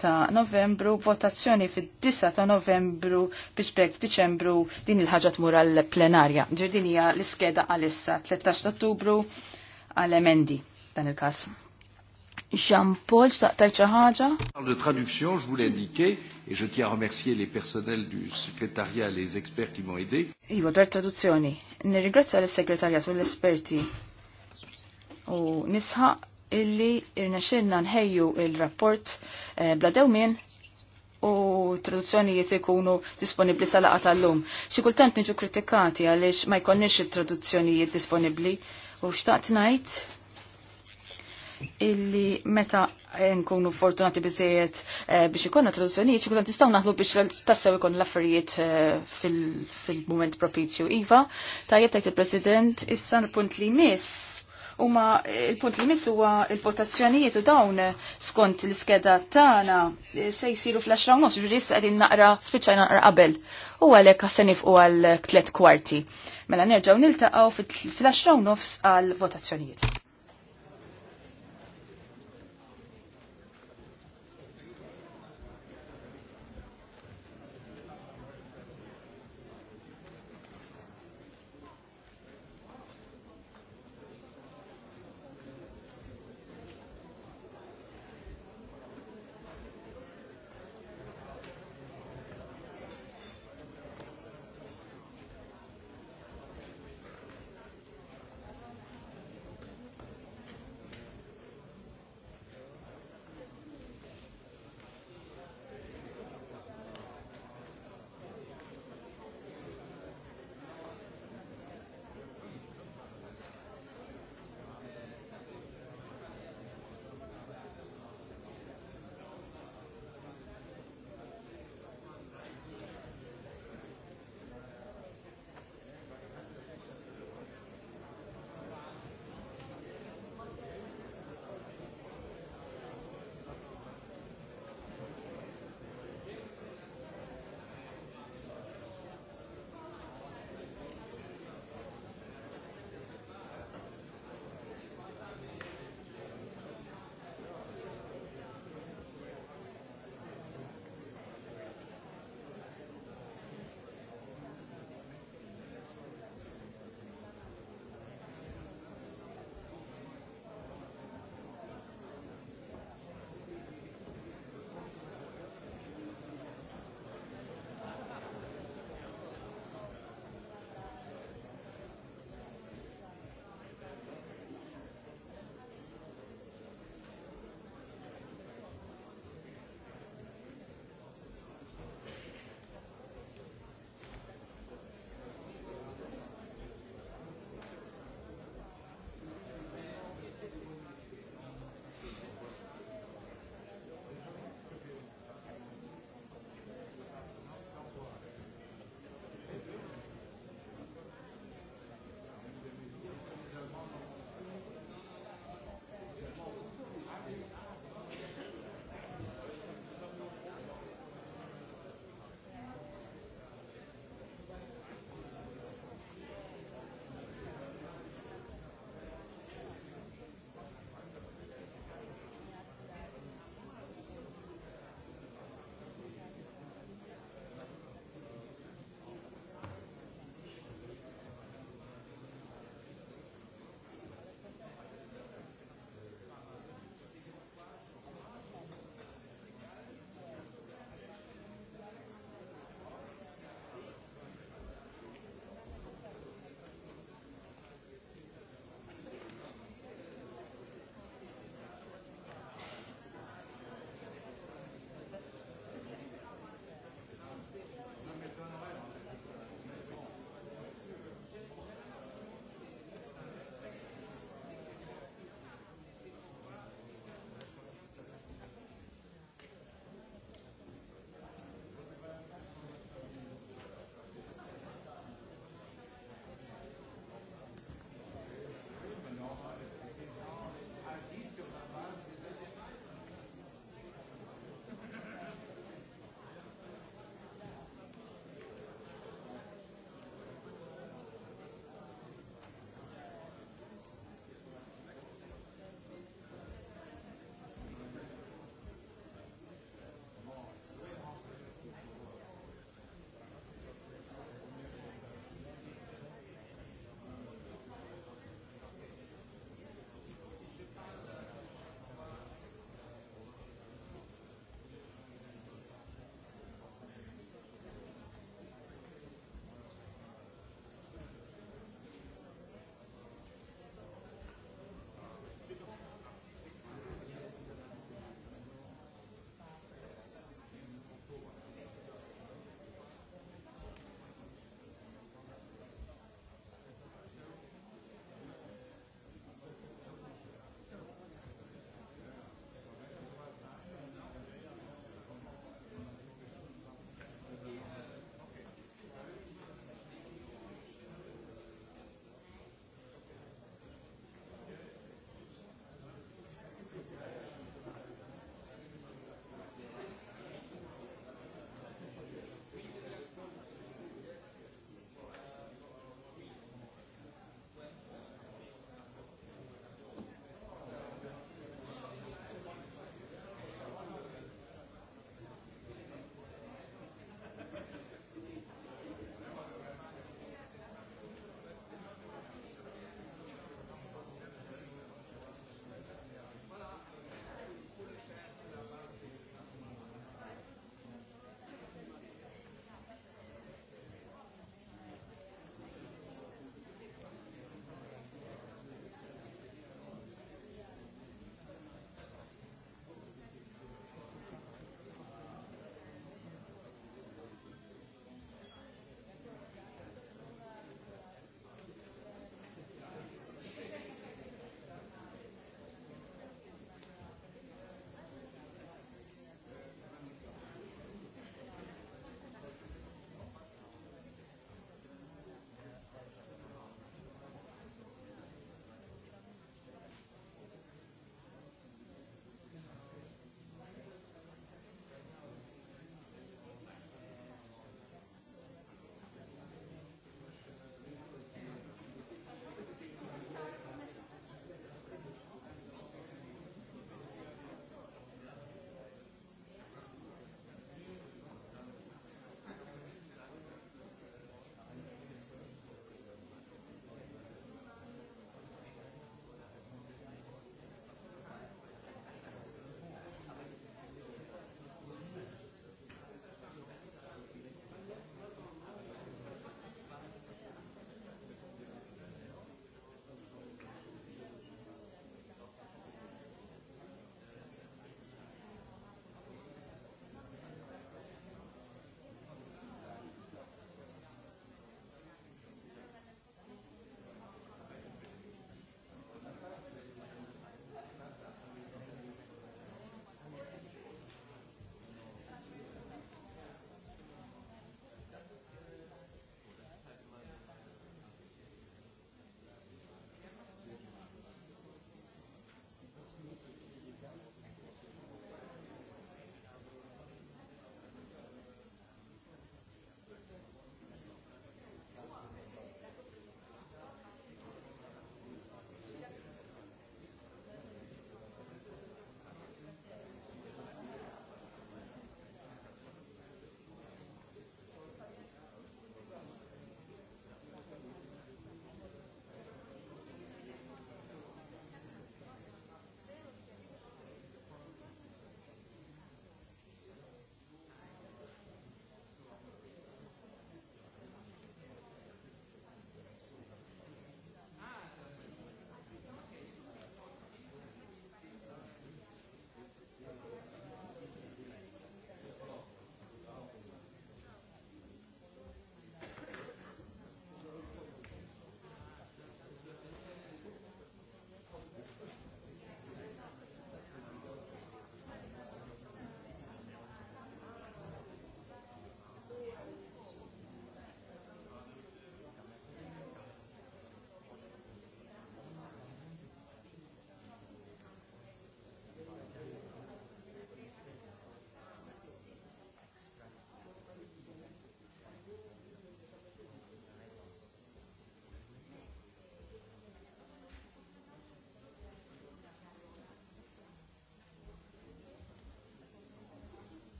ta' Novembru, votazzjoni fit-9 ta' Novembru biex bekk Diċembru din il-ħaġa tmur għall-plenarja. Ġerdin l-iskeda għalissa 13 ta' Ottubru għal-emendi dan il-każ. Jean-Paul, ça t'a été xtaqtaj ħaġa? De traduction, je voulais indiquer, et je tiens à remercier les personnels du secrétariat les experts qui m'ont aidé. Ivo, dwar traduzzjoni. Nirringrazzja l segretarjat u l-esperti u nisħa illi irnexxilna nħejju il-rapport eh, bla dewmien u traduzzjonijiet ikunu disponibli sal laqgħa tal-lum. Xikultant kultant niġu kritikati għaliex ma jkollniex it-traduzzjonijiet disponibbli u xtaqt ngħid illi meta nkunu fortunati bizzejiet eh, biex ikonna traduzzjonijiet, xi kultant nistgħu naħlu biex tassew ikon l-affarijiet eh, fil-moment propizju. Iva, tajjeb tajt il-President, issa n punt li miss huma il-punt li missu huwa il-votazzjonijiet u dawn skont l-iskeda tagħna eh, se jsiru fl-10 nofs ġuris qegħdin naqra spiċċaj naqra qabel. U għalhekk se nifqu għal tliet kwarti. Mela nerġgħu niltaqgħu fl 10 nofs għal votazzjonijiet.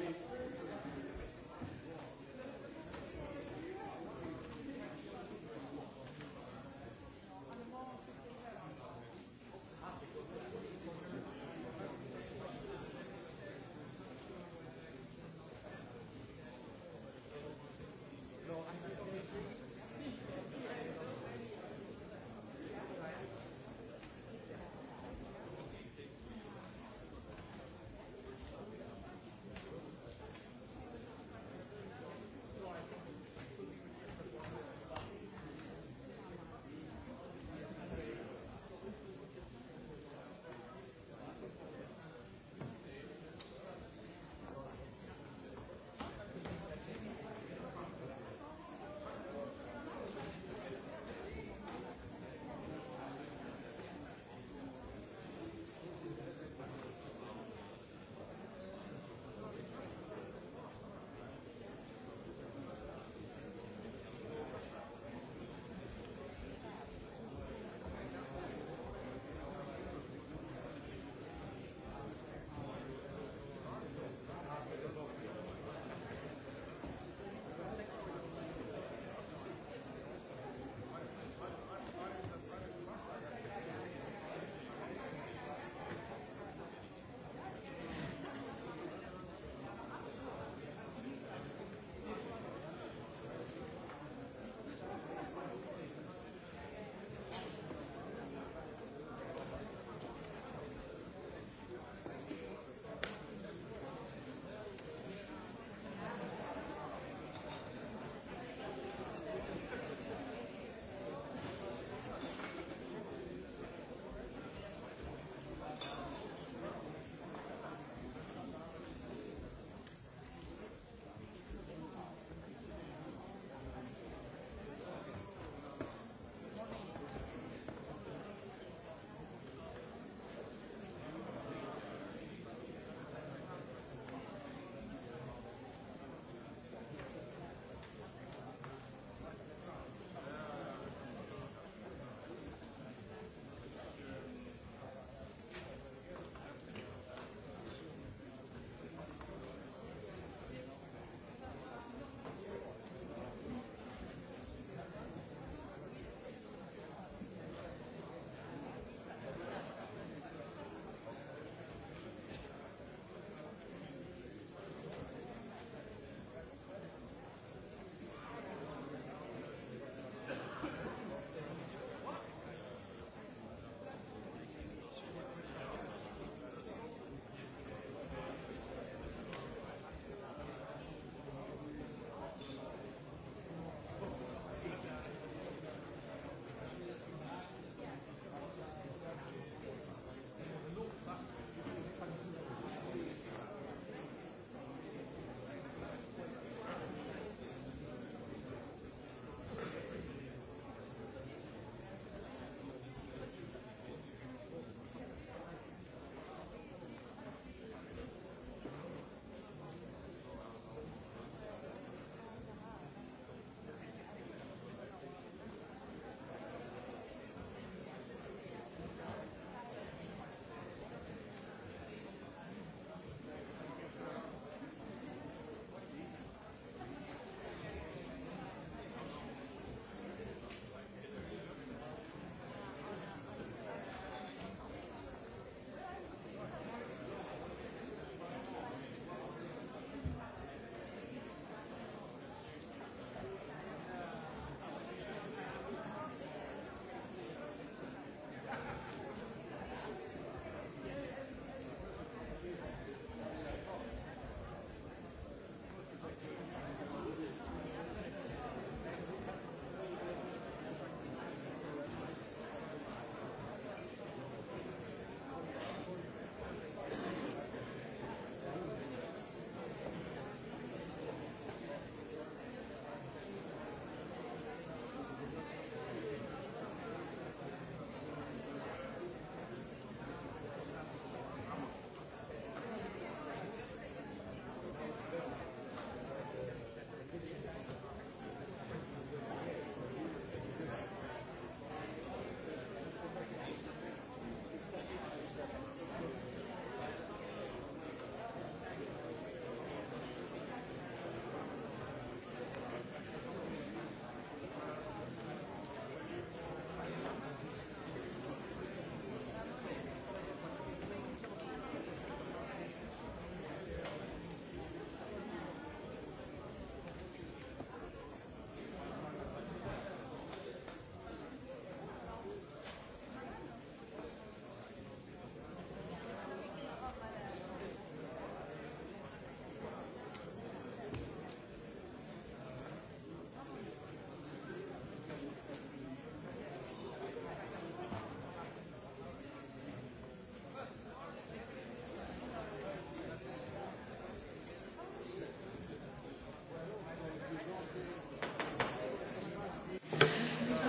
Thank you.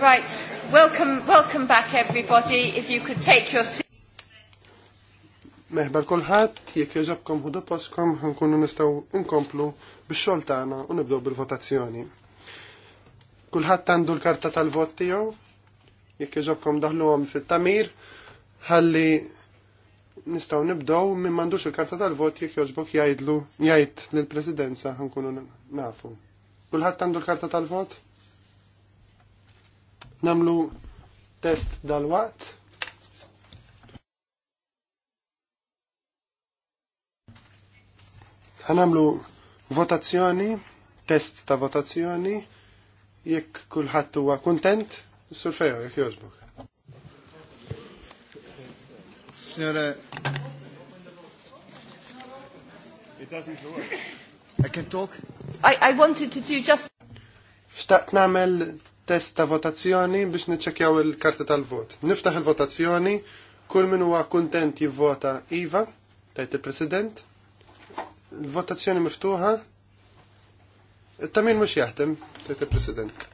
Right, welcome, welcome back everybody, if you could take your seat. Merħba l-kolħat, jek joġabkom hu doposkom, nkunu nistaw nkomplu bix-xol tagħna u nibdew bil-votazzjoni. Kulħadd għandu l-karta tal-vot tiegħu, jekk daħlu daħluhom fit-tamir, ħalli nistaw nibdew minn m'għandux il-karta tal-vot jekk joġbok jgħidlu jgħid lill-Presidenza ħankunu nafu. Kulħadd għandu l-karta tal-vot? Namlu test dal-waqt. Għanamlu votazzjoni, test ta' votazzjoni, jekk kullħat huwa kuntent, surfejo jekk jozbuk. Sjere, It doesn't work. I can talk. I, I wanted to do just Xtaqt namel test ta' votazzjoni biex niċċekjaw il karti tal-vot. Niftaħ il-votazzjoni, kull min huwa kuntent jivvota iva, tajt il-President. Il-votazzjoni miftuħa. il min mhux jaħdem, tajt il-President.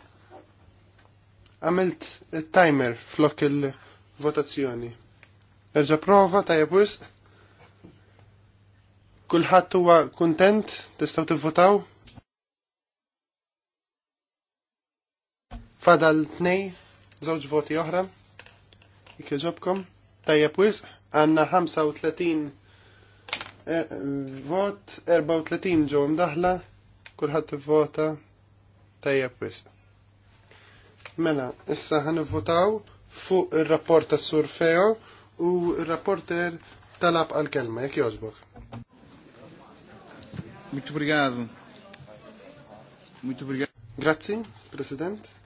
Għamilt timer flok il-votazzjoni. Erġa prova, tajab wisq. Kulħadd huwa kuntent, tistgħu tivvotaw. Fadal tnej, żewġ voti oħra. Ikkeġobkom. Tajja wisq, għanna 35 eh, vot, 34 ġom mdaħla, kulħadd vota tajja wisq. Mela, issa votaw fuq ir-rapport tas Sur Feo u r-rapporter talab għal-kelma, jekk jogħġbok. Muito obrigado. Muito obrigado. Grazie, Presidente.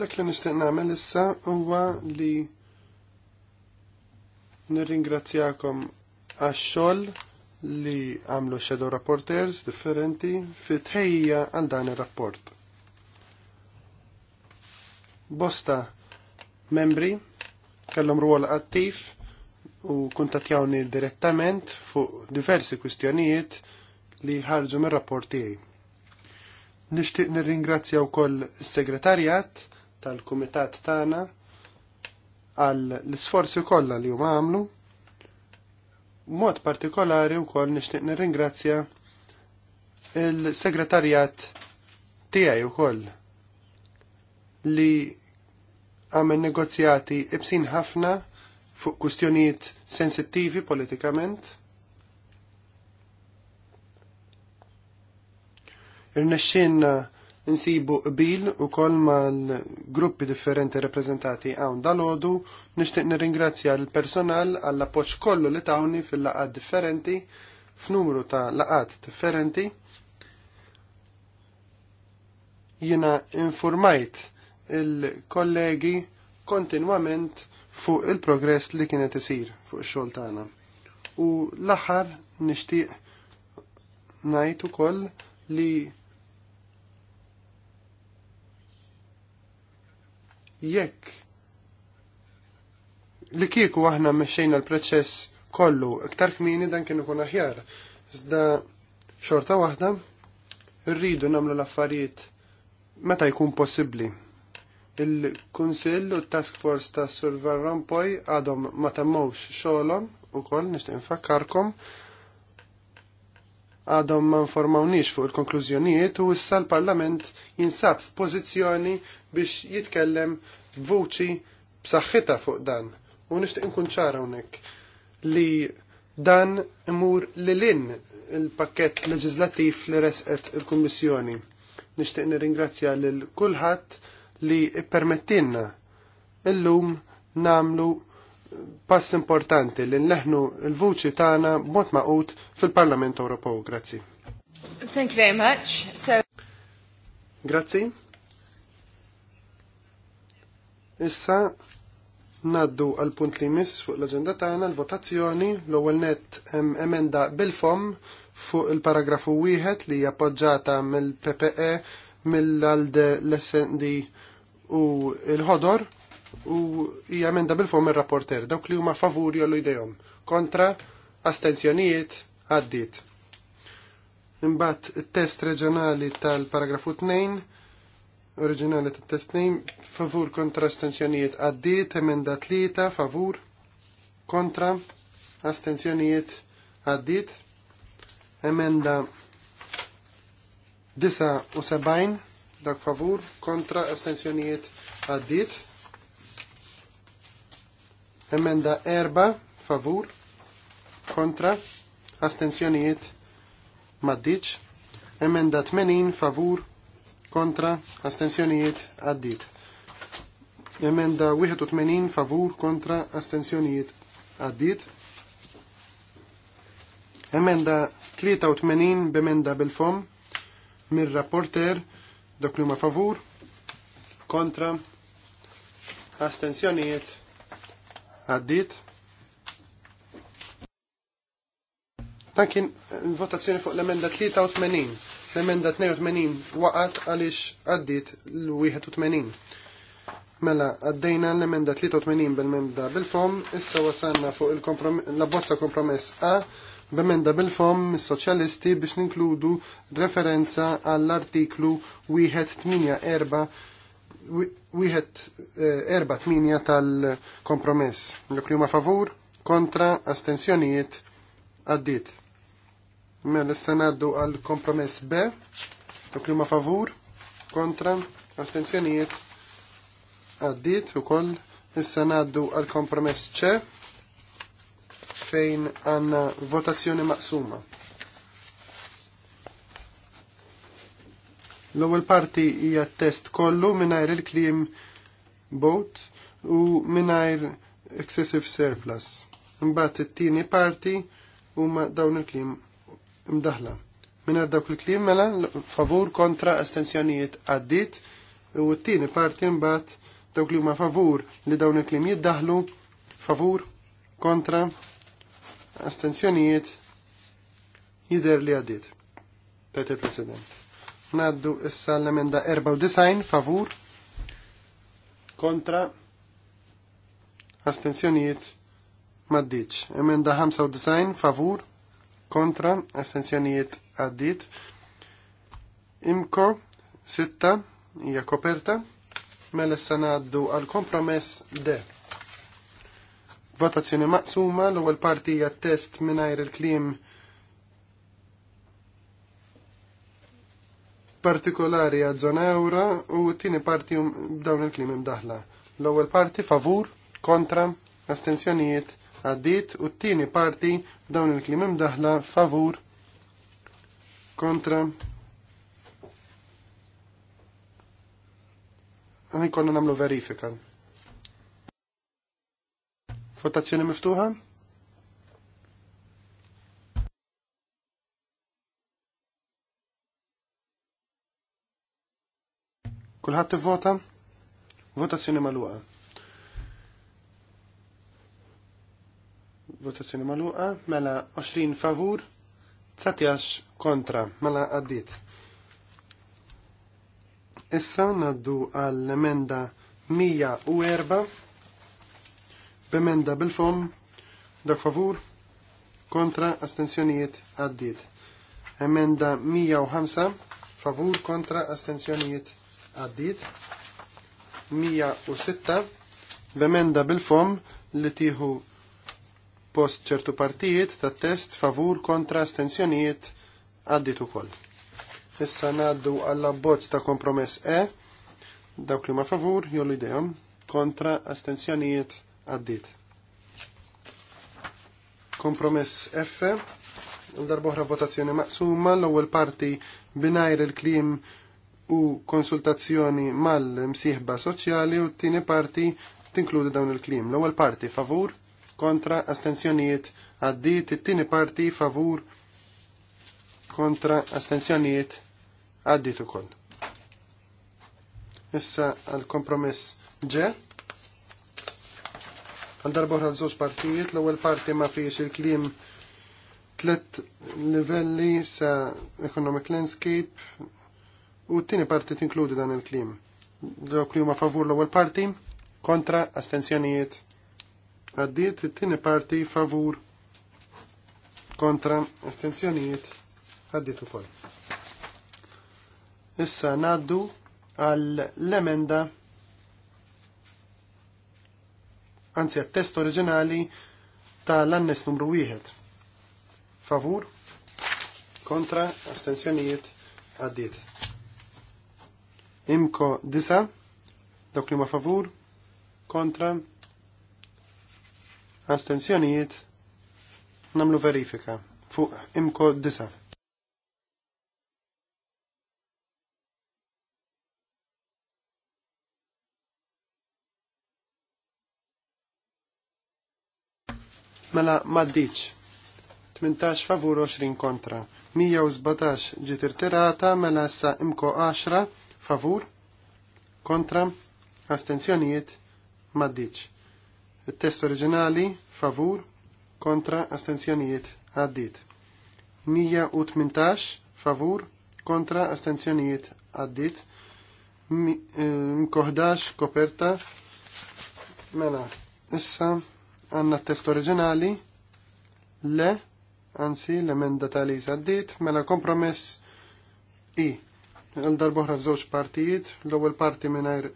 Dak li nistaq nagħmel issa huwa li nirringrazzjakom għax-xogħol li għamlu shadow rapporters differenti fi tħejja għal dan ir-rapport. Bosta membri kellhom rwol attiv u kuntattjawni direttament fuq diversi kwistjonijiet li ħarġu mir-rapport tiegħi. Nixtieq nirringrazzja wkoll is-segretarjat tal-Kumitat tagħna għal l-isforzi kollha li huma għamlu. Mod partikolari wkoll nixtieq nirringrazzja il-segretarjat tiegħi wkoll li għamel negozjati ibsin ħafna fuq kustjonijiet sensittivi politikament. Irnexxinna insibu qbil u kol mal-gruppi differenti rappresentati għawn dal-ħodu, nishtiq nirringrazzja l-personal għall-appoċ kollu li tawni fil-laqad differenti, f'numru ta' laqad differenti. Jina informajt il-kollegi kontinwament fuq il-progress li kienet isir fuq ix-xogħol tagħna. U l-aħħar nixtieq ngħid ukoll li jekk li kieku aħna mexxejna l-proċess kollu iktar kmini dan kien ikun aħjar. Iżda xorta waħda rridu nagħmlu l-affarijiet meta jkun possibbli. Il-Kunsill u t-Task Force ta' Survar Rampoj għadhom ma temmawx xogħolhom ukoll nixtieq infakkarkom għadhom ma informawniex fuq il-konklużjonijiet u issa l-Parlament jinsab f'pożizzjoni biex jitkellem vuċi b'saħħitha fuq dan. U nixtieq inkun ċara hawnhekk li dan imur li lin il-pakket leġislattiv li resqet il-Kummissjoni. Nixtieq nirringrazzja lil kulħadd li ippermettilna illum namlu pass importanti li nleħnu l-vuċi tagħna b'mod maqut fil-Parlament Ewropew. Grazzi. Thank you very much. So... Grazzi. Issa naddu għal punt li jmiss fuq l-aġenda tagħna l-votazzjoni l-ewwel net emenda bil-fom fuq il-paragrafu wieħed li hija appoġġata mill-PPE mill-ALDE l-SND u l-ħodor u jgħamenda emenda bil-fom ir-rapporter dawk li huma favuri jollu idejhom. Kontra astenzjonijiet għaddit. Imbagħad it-test reġjonali tal-paragrafu 2 oriġinali tat-test 2 favur kontra astenzjonijiet għaddit, emenda 3 favur kontra astenzjonijiet għaddit, emenda 79 dak favur kontra astenzjonijiet għaddit. Emenda erba' favur kontra astenzjonijiet maddiċ. Emenda 80 favur kontra astenzjonijiet addit. Emenda 81 favur kontra astenzjonijiet addit. Emenda 83 b'emenda bil-fom mir-rapporter dok favur kontra astenzjonijiet Għaddit. Dan kien votazzjoni fuq l-emenda 83. L-emenda 82 waqat għaliex għaddit l-81. Mela, għaddejna l-emenda 83 bil-memda bil-fom, issa wasanna fuq la bozza kompromess A b'emenda bil-fom mis-soċjalisti biex ninkludu referenza għall-artiklu 184 wieħed eh, erba' tminja tal-kompromess. Dak li huma favur, kontra, astensjonijiet, għaddiet. Mela issa ngħaddu għal kompromess B, dak li huma favur, kontra, astensjonijiet, għaddiet ukoll. Issa ngħaddu għal kompromess C fejn għandna votazzjoni maqsuma. L-ewwel parti hija test kollu mingħajr il-kliem boat u mingħajr excessive surplus. Imbagħad it-tieni parti huma dawn il-kliem imdaħla. Mingħajr dawk il-kliem mela favur kontra astenzjonijiet għaddit u t-tieni parti mbagħad dawk li huma favur li dawn il-kliem jiddaħlu favur kontra astenzjonijiet jidher li għaddit. Peter President. Naddu issa l-emenda 94 favur kontra astenzjonijiet maddiċ. Emenda 95 favur kontra astenzjonijiet għaddit. Imko 6 hija koperta mela issa ngħaddu għal kompromess D. Votazzjoni maqsuma l-ewwel parti hija test mingħajr il-kliem partikolari għal zona eura u t-tini parti um, dawn il klimi mdaħla. l ewel parti favur, kontra, astensjonijiet, għaddit u t-tini parti dawn il klimi mdaħla favur, kontra. Għan konna namlu verifika. Votazzjoni miftuħa? Kulħadd ivvota? Votazzjoni maluqa. Votazzjoni maluqa. mela 20 favur, 19 kontra, mela għaddiet. Issa naddu għall-emenda 104 b'emenda bil-fom dak favur kontra astenzjonijiet għaddit. Emenda 105 favur kontra astenzjonijiet għaddit. 106 b'emenda bil-fom li tieħu post ċertu partijiet ta' test favur kontra astensjonijiet għaddit ukoll. Issa ngħaddu għall bozz ta' kompromess E dawk li ma favur jollu idejhom kontra astensjonijiet għaddit. Kompromess F l darboħra votazzjoni maqsuma l-ewwel parti binajr il-klim u konsultazzjoni mal-msieħba soċjali u t-tieni parti tinkludi dawn il-klim. L-ewwel parti favur kontra astenzjonijiet għaddiet, it-tieni parti favur kontra astenzjonijiet għaddiet ukoll. Issa għal kompromess ġe. Għal darbohra l-żewġ partijiet, l-ewwel parti ma fiex il-klim tlet livelli sa economic landscape u t-tini parti tinkludi dan il-klim. Dawk li huma favur l-ewwel parti, kontra astensjonijiet. Għaddiet it-tini parti favur kontra astensjonijiet għaddiet ukoll. Issa naddu għall emenda anzi għat-test oriġinali tal-annes numru 1. Favur kontra astensjonijiet għaddiet Imko disa, dawk li ma favur, kontra, astenzjonijiet, namlu verifika fuq imko disa. Mela maddiċ. 18 favur 20 kontra. 117 ġitir tirata, mela sa imko 10 favur, kontra, astenzjonijiet, maddiċ. Il-test oriġinali, favur, kontra, astenzjonijiet, għaddit. 118, favur, kontra, astenzjonijiet, għaddit. Mkoħdax, eh, koperta, mela, issa, għanna test oriġinali, le, anzi, l-emenda tal iż għaddit, mela kompromess, i għal darboħra f'żewġ partijiet, l-ewwel parti mingħajr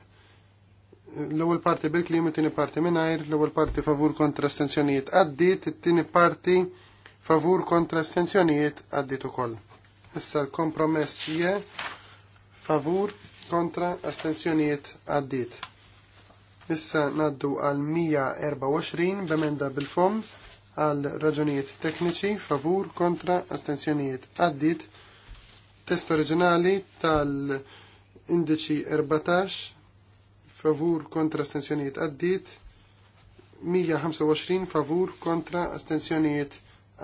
l-ewwel parti bil-klim, it-tieni parti mingħajr, l-ewwel parti favur kontra estensjonijiet għaddiet, it-tieni parti favur kontra estensjonijiet għaddiet ukoll. Issa l-kompromess je favur kontra astensjonijiet għaddiet. Issa naddu għal 124 b'emenda bil-fom għal raġunijiet tekniċi favur kontra astensjonijiet għaddiet test oriġinali tal-indiċi 14 favur kontra astensjonijiet għaddit, 125 favur kontra astensjonijiet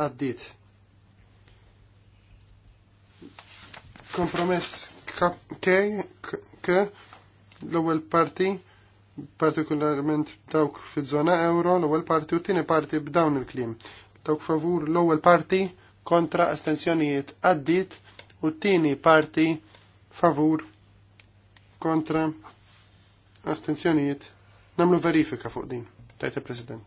għaddit. Kompromess K, k, l-ewwel parti partikolarment dawk fiż-żona euro, l-ewwel parti u tieni parti b'dawn il-kliem. Dawk favur l-ewwel parti kontra astensjonijiet għaddit u t-tieni parti favur kontra astenzjonijiet namlu verifika fuq din tajt il-President.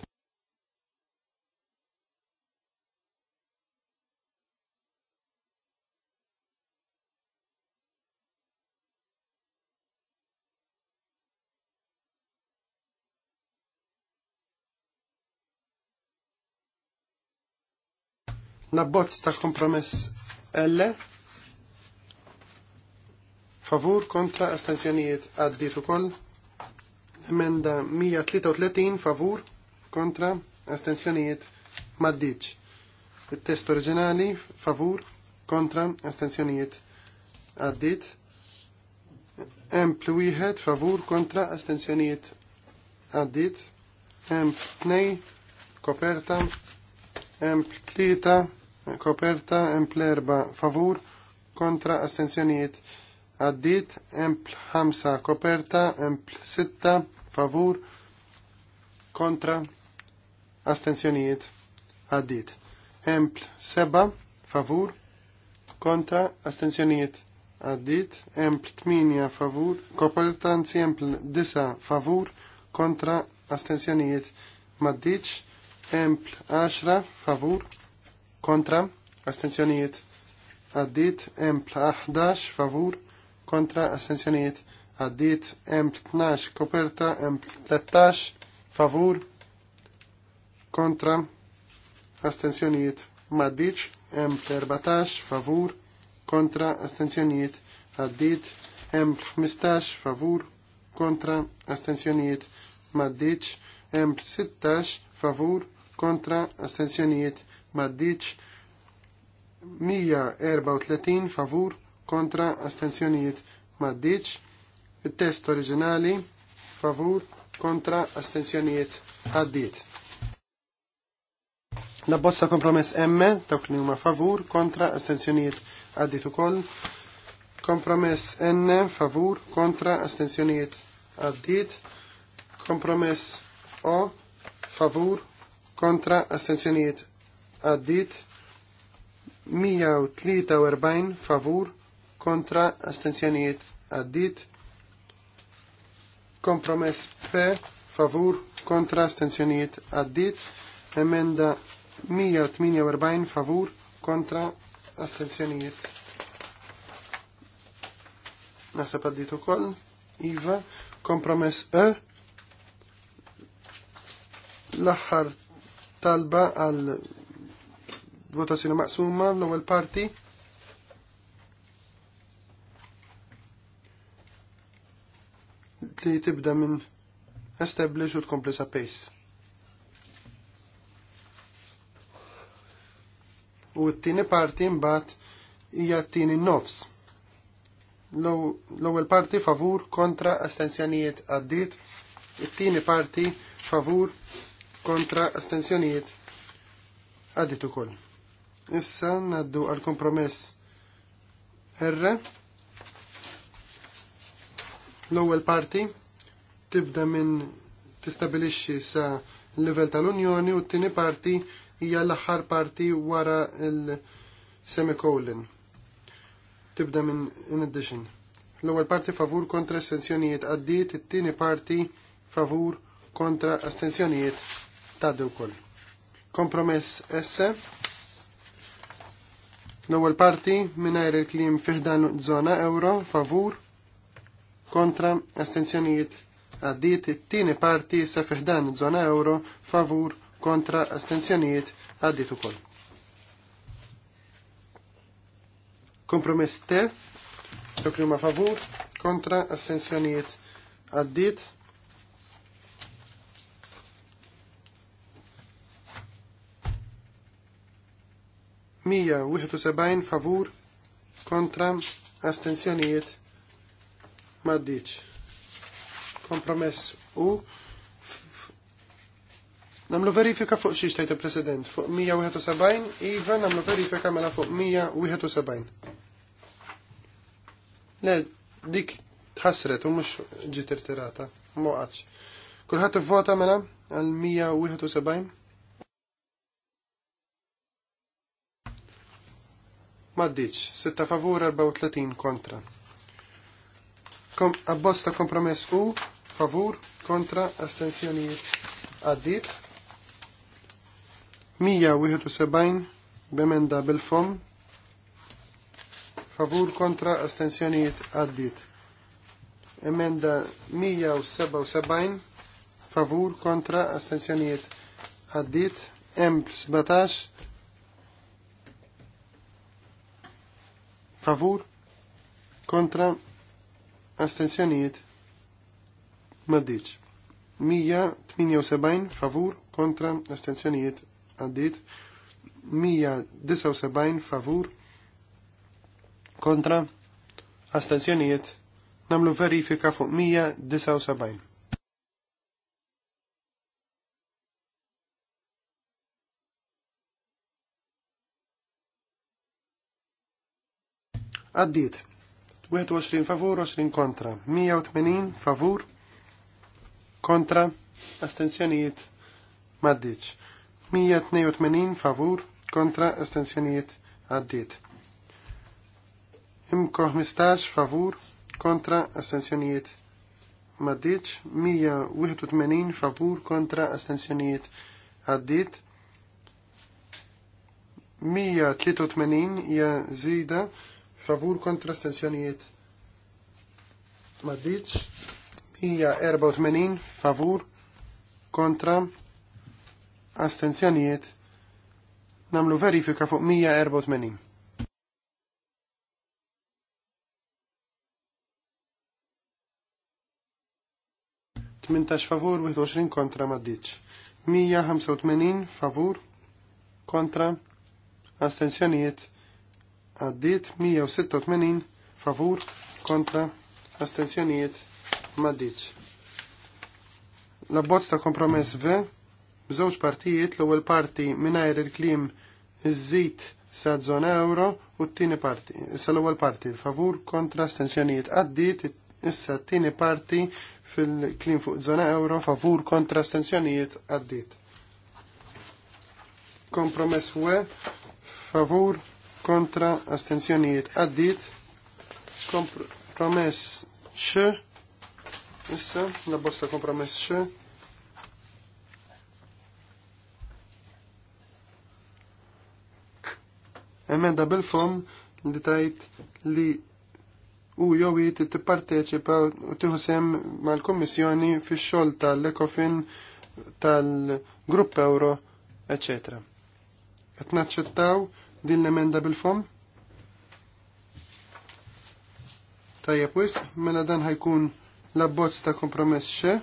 Nabbozz ta' kompromess L Favur kontra astensjonijiet għaddit ukoll. Emenda 133 favur kontra astensjonijiet maddiċ. Il-test oriġinali favur kontra astensjonijiet għaddit. Emplu wieħed favur kontra astensjonijiet għaddit. Empl tnej koperta. Empl 3 koperta. Empl erba favur kontra astensjonijiet għaddit għaddit, empl 5 koperta, empl 6 favur, kontra, astensjonijiet, għaddit. Empl 7 favur, kontra, astensjonijiet, għaddit. Empl 8 favur, koperta, anzi empl 9 favur, kontra, astensjonijiet, maddiċ. Empl 10 favur, kontra, astensjonijiet, għaddit. Empl 11 favur, kontra, kontra assenzjoniet għaddit M12 koperta M13 favur kontra astenzjonijiet maddiċ M14 favur kontra astenzjonijiet għaddit M15 favur kontra astenzjonijiet maddiċ M16 favur kontra astenzjonijiet maddiċ 134 favur kontra astensjonijiet maddiċ, il-test oriġinali favur kontra astensjonijiet għaddiet. La bossa kompromess M, dawk li huma favur kontra astensjonijiet għaddiet ukoll. Kompromess N favur kontra astensjonijiet għaddiet. Kompromess O favur kontra astensjonijiet għaddiet. 143 favur kontra astenzjonijiet għaddit. Kompromess P favur kontra astenzjonijiet għaddit. Emenda 148 favur kontra astenzjonijiet. Naħseb għaddit ukoll. Iva, kompromess E. L-aħħar talba għal votazzjoni maqsuma l-ewwel parti li tibda minn establish u tkompli sa' pace. U t-tini parti mbagħad hija t-tini nofs. L-ewwel parti favur kontra astensjonijiet għaddit, it-tieni parti favur kontra astensjonijiet għaddiet ukoll. Issa naddu għal kompromess R L-ewwel parti tibda minn tistabilixxi sa l-livell tal-Unjoni u t-tieni parti hija l-aħħar parti wara l-semicolon. Tibda minn in addition. L-ewwel parti favur kontra astensjonijiet għaddiet, it-tieni parti favur kontra astensjonijiet tgħaddi wkoll. Kompromess S. L-ewwel parti mingħajr il-klim fiħdan żona euro favur kontra astenzjonijiet Għaddit it-tieni parti sa fiħdan zona euro favur kontra astenzjonijiet għaddiet ukoll. Kompromess te, dak ma favur kontra astenzjonijiet għaddit. Mija wieħed u favur kontra astenzjonijiet maddiċ. Kompromess u Namlu verifika fuq xiex tajt il-President, fuq 171, Iva namlu verifika mela fuq 171. Le, dik tħasret u mux ġitir tirata muqqaċ Kulħat vota mela għal 171. Maddiċ, 6 favur 34 kontra. Abbosta kompromess u favur kontra astensjonijiet għaddit. 171 b'emenda bil-fom favur kontra astensjonijiet għaddit. Emenda 177 favur kontra astensjonijiet għaddit. Emp 17 favur kontra Astenzjonijiet. maddiċ. 178 favur kontra astensjonijiet għaddit. 179 favur kontra astenzjonijiet. namlu verifika fuq 179. Għaddiet. 21 favur, 20 kontra. 180 favur, kontra, astenzjonijiet maddiċ. 182 favur, kontra, astenzjonijiet għaddiet. Imko 15 favur, kontra, astenzjonijiet maddiċ. 181 favur, kontra, astenzjonijiet għaddiet. 183 ja zida favur kontra stenzjonijiet maddiċ, 84 favur kontra astenzjonijiet namlu verifika fuq 184. Tmintax favur, 21 kontra maddiċ. 185 favur kontra astenzjonijiet għaddit 186 favur kontra astenzjonijiet maddit. L-abbozz ta' kompromess V, bżewġ partijiet l-ewwel parti mingħajr il-klim iż-żid sa' zona euro u t-tieni parti. Issa l-ewwel parti favur kontra astenzjonijiet għaddit, issa t-tieni parti fil-klim fuq zona euro favur kontra astenzjonijiet għaddit. Kompromess V, favur kontra astenzjonijiet għaddit kompromess x issa la bossa kompromess x emenda bil-fom li tajt li u jowi t-parteċipa u tiħusem mal-Kommissjoni fi xol tal-Ekofin tal-Grupp Euro, eccetera. Qed naċċettaw din l-emenda bil-fom? Tajja pwis, mela dan ħajkun l-abbozz ta' kompromess xe,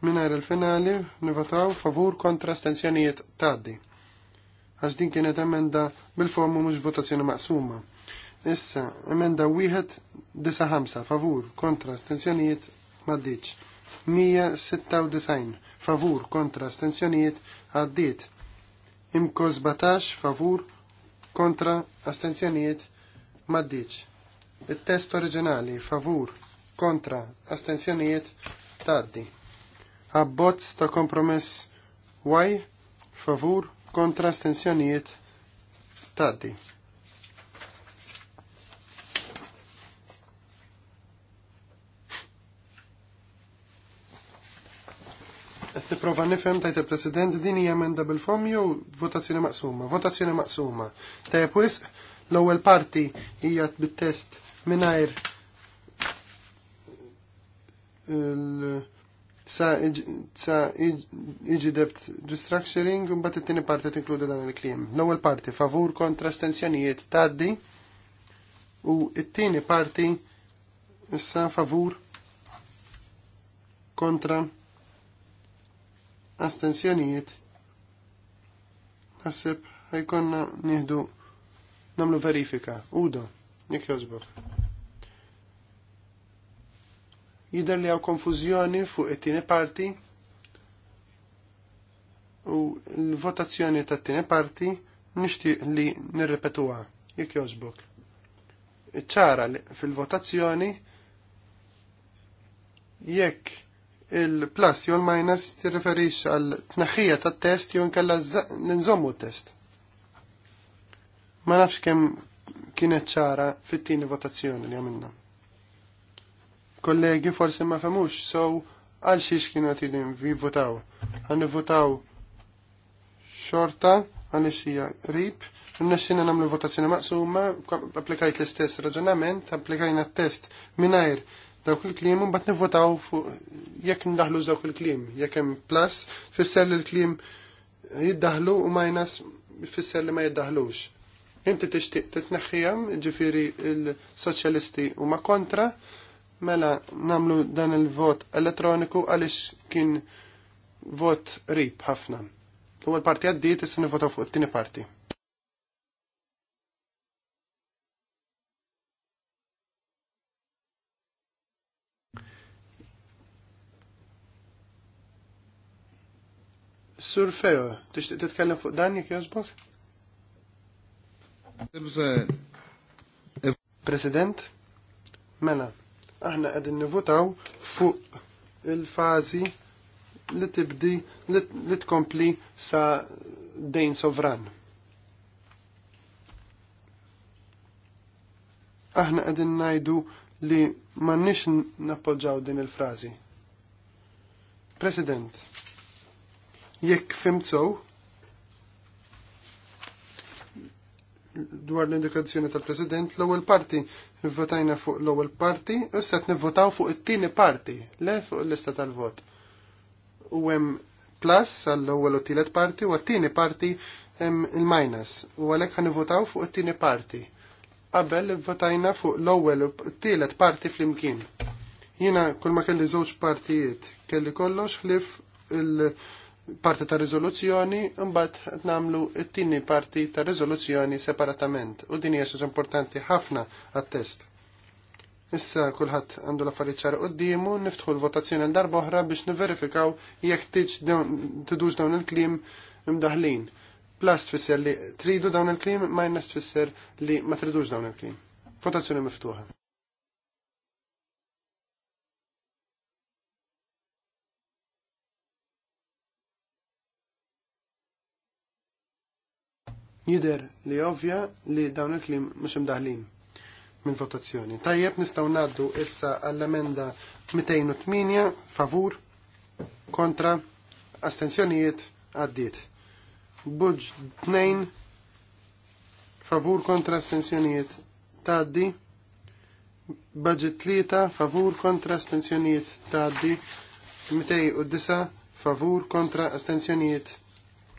minnajr il-finali, nivotaw favur kontra stenzjonijiet taddi. Għax din kienet emenda bil-fom u mhux votazzjoni maqsuma. Issa, emenda wieħed favur kontra stenzjonijiet maddiċ. 196 favur kontra stenzjonijiet għaddiet. Imko batax, favur kontra astenzjonijiet maddiċ. Il-test oriġinali favur kontra astenzjonijiet taddi. Abbozz ta' kompromess Y favur kontra astenzjonijiet taddi. niprofa nifhem tajt il-President din hija emenda bil-fom jew votazzjoni maqsuma. Votazzjoni maqsuma. Tajb wisq l-ewwel parti hija bit-test mingħajr eh, sa iġi debt restructuring u mbagħad it-tieni parti tinkludi dan il-kliem. L-ewwel parti favur kontra stenzjonijiet tgħaddi u it-tieni parti issa favur kontra astensjonijiet naħseb għajkonna nieħdu namlu verifika. Udo, jek jozbok. Jider li għaw konfuzjoni fuq it-tieni parti u l-votazzjoni ta' t-tieni parti nixtieq li nirrepetuha jekk jozbok. Ċara fil-votazzjoni jekk il-plus jew il-minus tirreferix għal tnaħħija tat-test jew nkella ninżommu t-test. Ma nafx kemm kienet ċara fit-tieni votazzjoni li għamilna. Kollegi forsi ma femux so għal xiex kienu qed jivvotaw. Għan votaw xorta għaliex hija rib, Nessina namlu votazzjoni maqsuma, applikajt l-istess raġunament, applikajna t-test minajr dawk il-klim un bat nivvotaw jekk ndaħlu dawk il-klim. Jekk hemm plus fisser li l-klim jiddaħlu u minus fisser li ma jiddaħlux. Inti tixtieq titneħħijam, ġifieri il-soċjalisti huma kontra, mela namlu dan il-vot elettroniku għaliex kien vot rib ħafna. l parti għaddiet issa nivotaw fuq it-tieni parti. Surfeo, Feo, tixtieq titkellem fuq dan jek jogħġbok? President, mela, aħna għedin nivutaw fuq il-fażi li tibdi li tkompli sa dejn sovran. Aħna għedin ngħidu li m'għandniex nappoġġaw din il-frażi. President, Jekk fimtsow dwar l-indikazzjoni tal-President, l-ewwel parti votajna fuq l-ewwel parti, u set nivvotaw fuq it-tieni parti, le fuq l-lista tal-vot. U hemm plus għall-ewwel u tielet parti u għat-tieni parti hemm il-minus u għalhekk ħan nivvotaw fuq it-tieni parti. Qabel votajna fuq l-ewwel u t-tielet parti flimkien. Jiena kull ma kelli żewġ partijiet, kelli kollox ħlif il- parti ta' rizoluzzjoni, mbagħad nagħmlu t-tieni parti ta' rizoluzzjoni separatament u din hija xi importanti ħafna għat-test. Issa kulħadd għandu l-affarijiet ċara qudiemu, niftħu l-votazzjoni għal darba oħra biex niverifikaw jekk tidux dawn il-kliem imdaħlin. Plus tfisser li tridu dawn il-kliem, ma tfisser li ma tridux dawn il-kliem. Votazzjoni miftuħa. Jider li ovvja li dawn il-klim mux imdaħlin minn votazzjoni. Tajjeb nistaw naddu issa għall-emenda 208 favur kontra astenzjonijiet għaddiet. Budġ 2 favur kontra astenzjonijiet taddi. Budget 3 favur kontra astenzjonijiet taddi. 209 favur kontra astenzjonijiet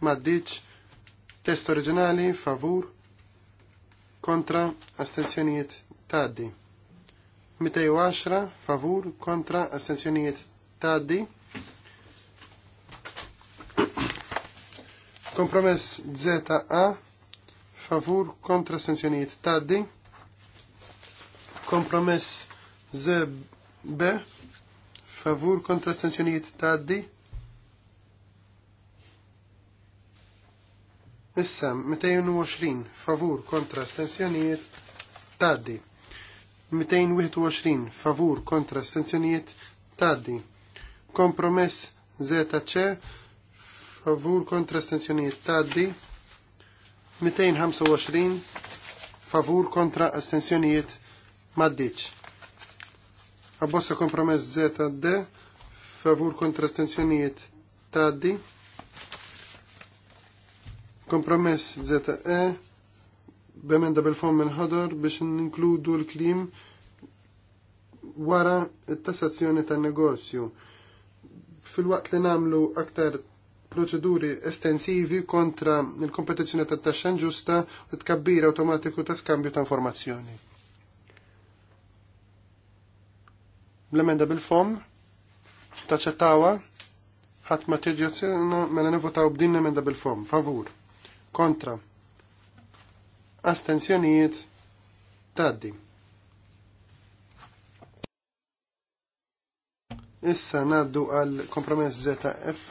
maddiċ. Test oriġinali, favur, kontra, astenzjonijiet taddi. 210, favur, kontra, astenzjonijiet taddi. Kompromess ZA, favur, kontra, astenzjonijiet taddi. Kompromess ZB, favur, kontra, astenzjonijiet taddi. Issa 220 favur kontra astensjonijiet taddi. 221 favur kontra astensjonijiet taddi. Kompromess ZC favur kontra astensjonijiet taddi. 225 favur kontra astensjonijiet maddiċ. Abbossa kompromess ZD favur kontra astensjonijiet taddi. Kompromess ZE b'emenda bil-fond minn ħadar biex ninkludu l-klim wara t-tassazzjoni tan negozju Fil-waqt li namlu aktar proċeduri estensivi kontra il-kompetizzjoni tat taxxa ġusta u tkabbir automatiku ta' skambju ta' informazzjoni. L-emenda bil-fom ta' ċettawa ma tiġi mela nivotaw b'din l-emenda bil-fom. Favur kontra astenzjonijiet taddi. Issa naddu għal kompromess ZF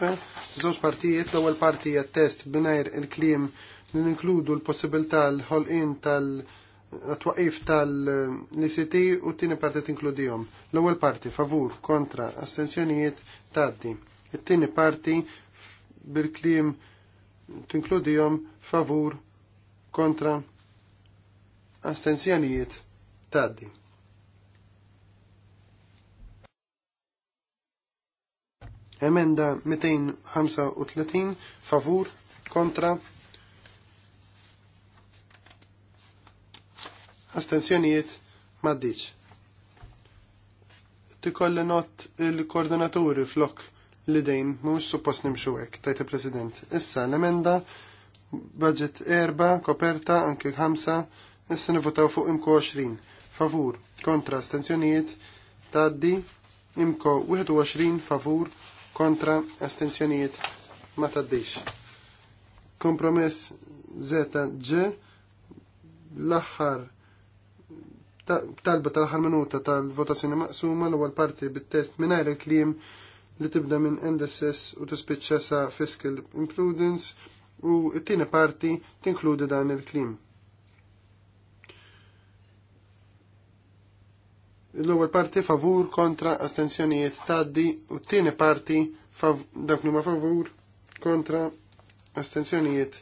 żewġ partijiet l-ewwel partija test binajr il-kliem li ninkludu l-possibilità l-ħolqien tal-twaqif tal-ICT u t-tieni parti tinkludihom. L-ewwel parti favur kontra astensjonijiet taddi. It-tieni parti bil-kliem tinkludihom favur kontra astenzjonijiet taddi. Emenda 235 favur kontra astensjonijiet maddiċ. Tikolli not il-koordinaturi flok li dejn mhux suppost nimxu hekk, tajt president Issa l-emenda budget erba, koperta, anki ħamsa, issa nivotaw fuq imko 20. Favur, kontra, astenzjonijiet, taddi, imko 21, favur, kontra, astenzjonijiet, ma taddix. Kompromess ZG, l axar talba tal-ħar minuta tal-votazzjoni maqsuma l għal parti bit-test mingħajr il-kliem li tibda minn NDSS u tispiċċa sa fiscal imprudence u t-tieni parti tinkludi dan il-klim. L-ewwel parti favur kontra astensjonijiet taddi u t-tieni parti dak li ma favur kontra astensjonijiet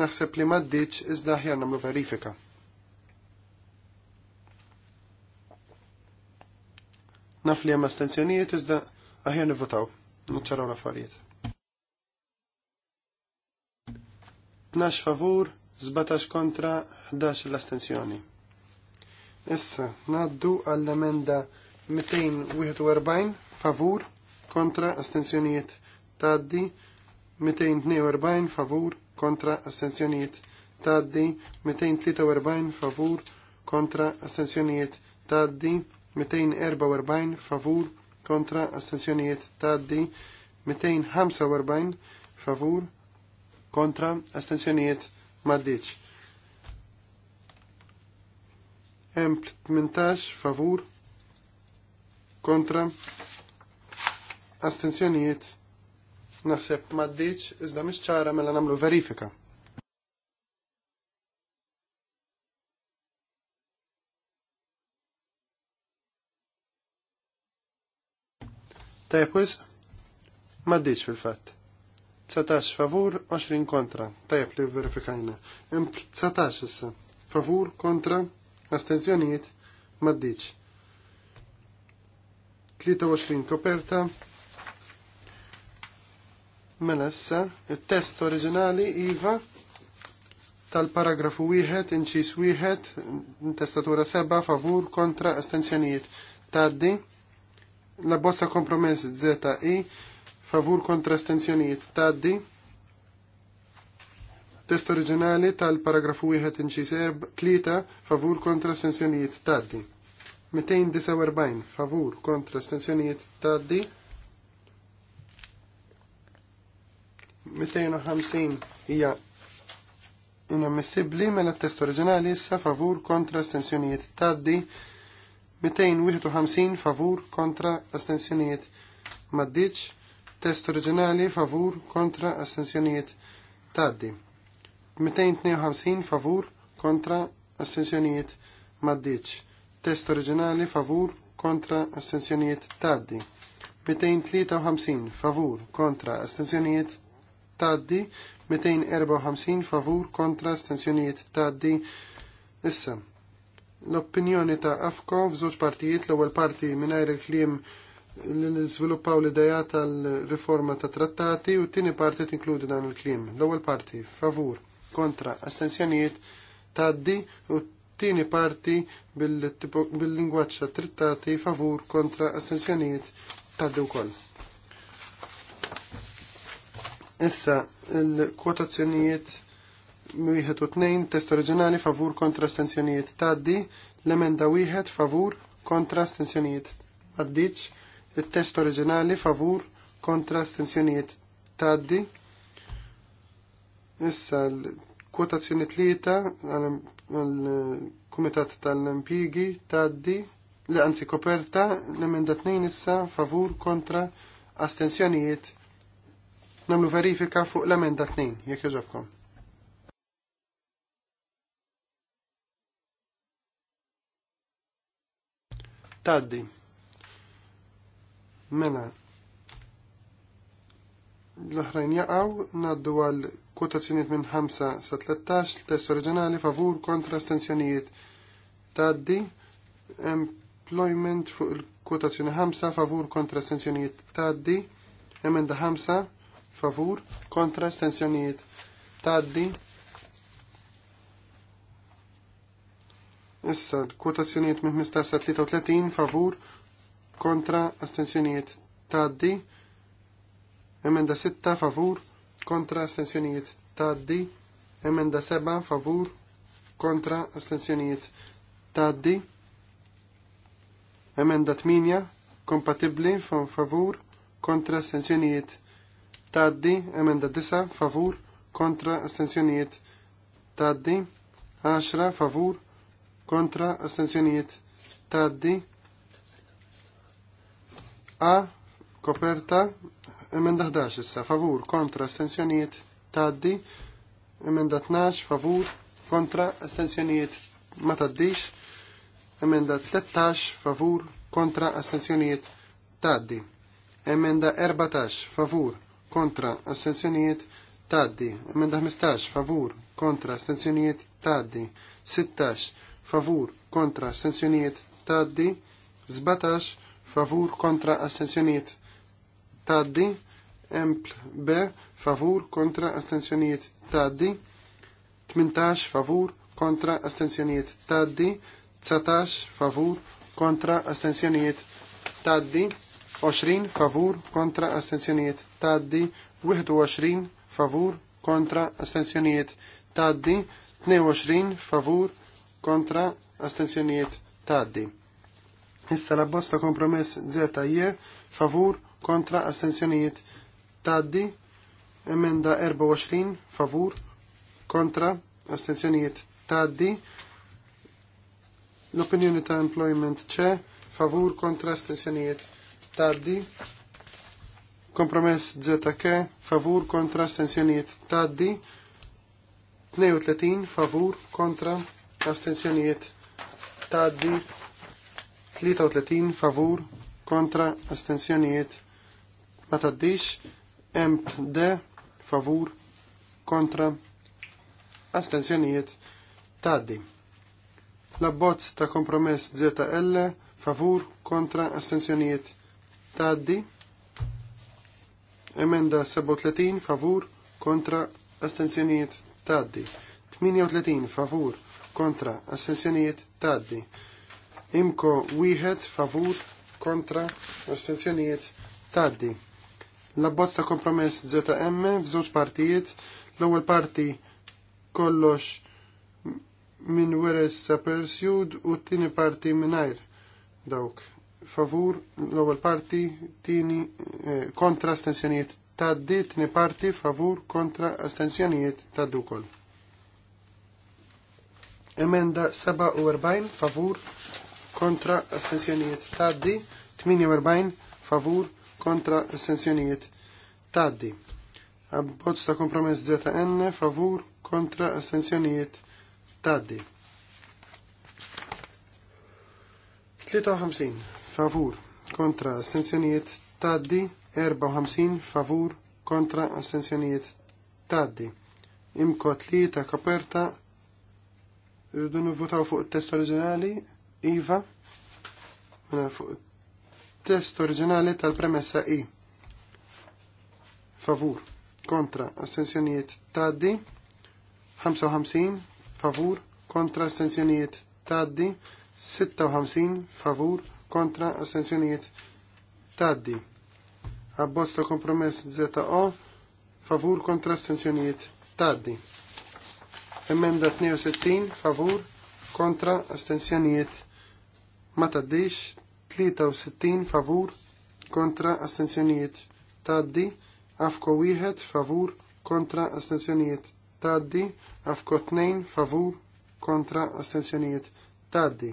naħseb li maddiċ iżda aħjar nagħmlu verifika. Naf li hemm astensjonijiet iżda Aħjan nivvotaw, nċaraw l-affarijiet. 12 favur, 17 kontra, 11 l-astensjoni. Issa, naddu għall-emenda 241 favur kontra astensjonijiet taddi, 242 favur kontra astensjonijiet taddi, 243 favur kontra astensjonijiet taddi, 244 favur kontra astensjonijiet taddi 245 favur kontra astensjonijiet maddiċ. Empl 18 favur kontra astensjonijiet naħseb maddiċ iżda mhix ċara mela nagħmlu verifika. tajpwis, maddiċ fil-fat. 19 favur, 20 kontra, tajb li verifikajna. Imp 19 issa, favur, kontra, astenzjoniet, maddiċ. 23 koperta, mela issa, il-test oriġinali IVA, tal-paragrafu wieħed, inċis wieħed, testatura seba, favur, kontra, astenzjonijiet. Taddi, La bossa kompromess ZI favur kontra stenzjonijiet taddi. Test oriġinali tal-paragrafu 1 inċis 3 favur kontra stenzjonijiet taddi. 249 favur kontra stenzjonijiet taddi. 250 hija inammissibbli mela test oriġinali issa favur kontra stenzjonijiet taddi. 251 favur kontra astensjoniet. maddiċ, test oriġinali favur kontra astensjoniet. taddi. 252 favur kontra astensjoniet. maddiċ, test oriġinali favur kontra astensjoniet. taddi. 253 favur kontra astensjoniet. taddi, 254 favur kontra astensjoniet. taddi. Issa, l-opinjoni ta' Afko f'żewġ partijiet, l-ewwel parti mingħajr il-kliem li l-żviluppaw l-idea tal-riforma ta' trattati u t-tieni parti tinkludi dan il-kliem. L-ewwel parti favur kontra astensjonijiet taddi u t-tieni parti bil-lingwaġġ ta' trattati favur kontra astensjonijiet taddi wkoll. Issa il-kwotazzjonijiet wieħed u tnejn test oriġinali favur kontra stenzjonijiet taddi, l-emenda wieħed favur kontra stenzjonijiet maddiċ, il-test oriġinali favur kontra stenzjonijiet taddi. Issa l-kwotazzjoni tlieta għal-Kumitat tal impigi taddi li anzi koperta l-emenda tnejn issa favur kontra astenzjonijiet namlu verifika fuq l-emenda tnejn, jekk jġobkom. taddi. Mela, l-oħrajn jaqaw naddu għal kotazzjoniet minn 5 sa 13, test oriġinali favur kontra stenzjonijiet taddi, employment fuq il-kotazzjoni 5 favur kontra stenzjonijiet taddi, emenda 5 favur kontra stenzjonijiet taddi, Issa, kwotazzjoniet minn 15 33 favur kontra astensjonijiet taddi. Emenda 6 favur kontra astensjonijiet taddi. Emenda 7 favur kontra astensjonijiet taddi. Emenda 8 kompatibli favur kontra astensjonijiet taddi. Emenda 9 favur kontra astensjonijiet taddi. 10 favur kontra kontra astensjonijiet taddi. A koperta emenda 11 issa favur kontra astensjonijiet taddi. Emenda 12 favur kontra astensjonijiet ma taddix. Emenda 13 favur kontra astensjonijiet taddi. Emenda 14 favur kontra astensjonijiet taddi. Emenda 15 favur kontra astensjonijiet taddi. 16 favur kontra astensjonijiet taddi, 17 favur kontra astensjonijiet taddi, empl B favur kontra astensjonijiet taddi, 18 favur kontra astensjonijiet taddi, 19 favur kontra astensjonijiet taddi, 20 favur kontra astensjonijiet taddi, 21 favur kontra astensjonijiet taddi, 22 favur kontra astenzjonijiet taddi. Issa la bosta kompromess ZJ favur kontra astenzjonijiet taddi. Emenda 24 favur kontra astenzjonijiet taddi. L-opinjoni ta' employment ċe favur kontra astenzjonijiet taddi. Kompromess ZK favur kontra astenzjonijiet taddi. 32 favur kontra astensjonijiet taddi 33 favur kontra astensjonijiet ma taddix de favur kontra astensjonijiet taddi. la bozz ta' kompromess ZL favur kontra astensjonijiet taddi. Emenda 37 favur kontra astensjonijiet taddi. 38 favur kontra astensjonijiet taddi. Imko wieħed favur kontra astensjonijiet taddi. L-abbozz kompromess ZM f'żewġ partijiet, l-ewwel parti kollox minn weres sa' persjud u t-tieni parti mingħajr dawk. Favur l-ewwel parti, tieni eh, kontra astensjonijiet taddi, t-tieni parti favur kontra astensjonijiet taddu ukoll. Emenda 47 favur kontra astensjonijiet taddi. 48 favur kontra astensjonijiet taddi. Abbozz ta' kompromess ZN favur kontra astensjonijiet taddi. 53 favur kontra astensjonijiet taddi. 54 favur kontra astensjonijiet taddi. Imkot li ta' kaperta Irridu nivvotaw fuq it-test oriġinali, Iva, mela fuq test oriġinali tal-premessa I. Favur, kontra, astensjonijiet taddi, 55, favur, kontra, astensjonijiet taddi, 56, favur, kontra, astensjonijiet taddi. Abbozza kompromess ZO, favur, kontra, astensjonijiet taddi. Emenda 62 favur kontra astensjonijiet ma taddix 63 favur kontra astensjonijiet taddi afko wieħed favur kontra astensjonijiet taddi afko 2 favur kontra astensjonijiet taddi.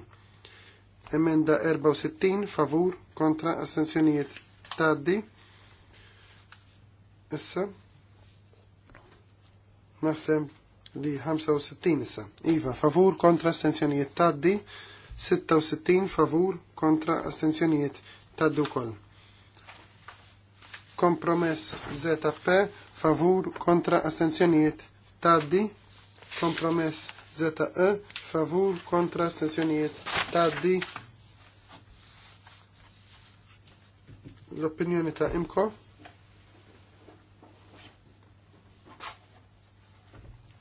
Emenda 64 favur kontra astensjonijiet taddi. Issa. Naħseb li 65 issa. Iva, favur kontra astenzjonijiet di, 66 favur kontra astenzjonijiet du kol. Kompromess ZP, favur kontra astenzjonijiet di, kompromess ZE, favur kontra astenzjonijiet di. L-opinjoni ta' imko.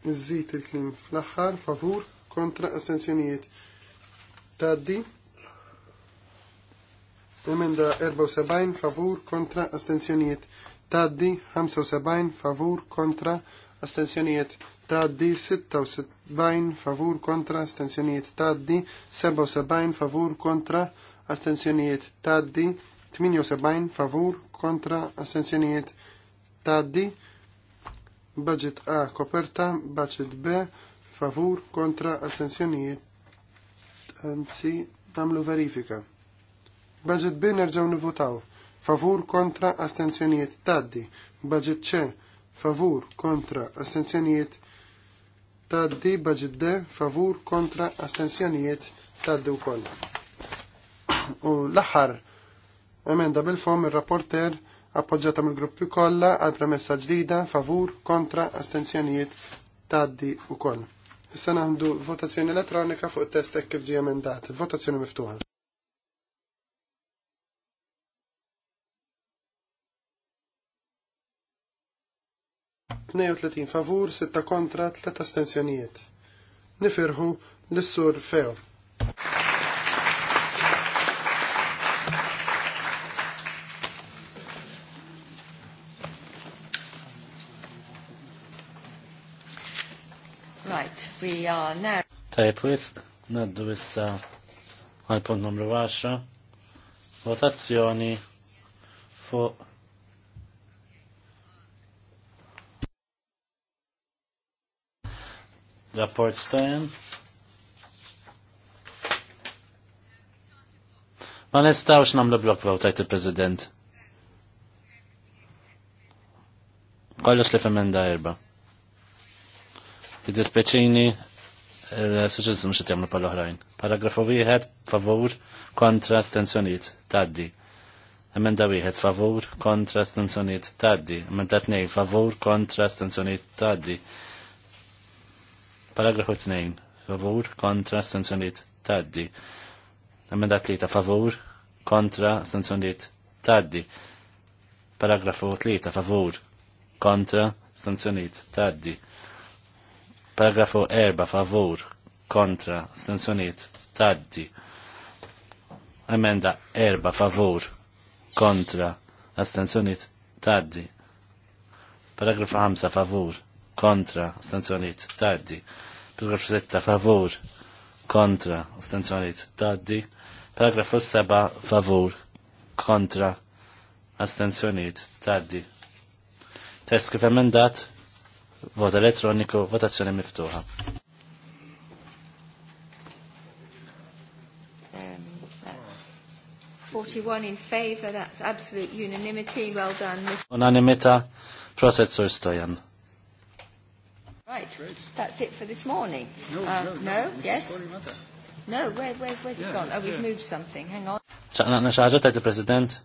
nżid il-klim fl-aħħar favur kontra astenzjonijiet taddi. Emenda 74 favur kontra astenzjonijiet taddi 75 favur kontra astenzjonijiet taddi 76 favur kontra astenzjonijiet taddi 77 favur kontra astenzjonijiet taddi 78 favur kontra astenzjonijiet taddi Budget A koperta, budget B favur kontra astensjonijiet. Anzi, namlu verifika. Budget B nerġaw nivotaw, Favur kontra astensjonijiet taddi. Budget C favur kontra astensjonijiet taddi. Budget D favur kontra astensjonijiet taddi u koll. U l-aħħar emenda bil-fom il-rapporter appoġġata mill-gruppi kollha għal premessa ġdida favur kontra astenzjonijiet taddi koll. Issa naħmdu votazzjoni elettronika fuq it-test hekk kif ġie emendat. Votazzjoni miftuħa. Tnej u tletin favur, sitta kontra, tlet astenzjonijiet. Nifirħu l-sur Feo. we are Tajb wis, naddu issa għal punt numru 10. Votazzjoni fuq Rapport Stein. Ma nistawx namlu blok vote tajt il-President. Kollox li femenda erba'. Jiddispeċini l-soċizmu eh, xie jamlu pal-oħrajn. Paragrafu wieħed favur kontra stenzjoniet taddi. Emenda wieħed favur kontra stenzjoniet taddi. Emenda tnej favur kontra stenzjoniet taddi. Paragrafu tnejn favur kontra stenzjoniet taddi. Emenda tlieta favur kontra stenzjoniet taddi. Paragrafu tlieta favur kontra stenzjoniet taddi. Paragrafu 4 favur kontra astensjoniet taddi. Emenda 4 favur kontra astensjoniet taddi. Paragrafu 5 favur kontra astensjoniet taddi. Paragrafu 6 favur kontra astensjoniet taddi. Paragrafu 7 favur kontra astensjoniet taddi. Test kif emendat vota elettroniku, votazzjoni miftuħa. Um, 41 in favor, that's absolute unanimity, well done. Unanimita, processor Stojan. Right, that's it for this morning. No, uh, no, no, yes? No, where, where, where's yeah, it gone? Oh, we've moved something, hang on. ċaqnaqna xaħġa tajt il-President?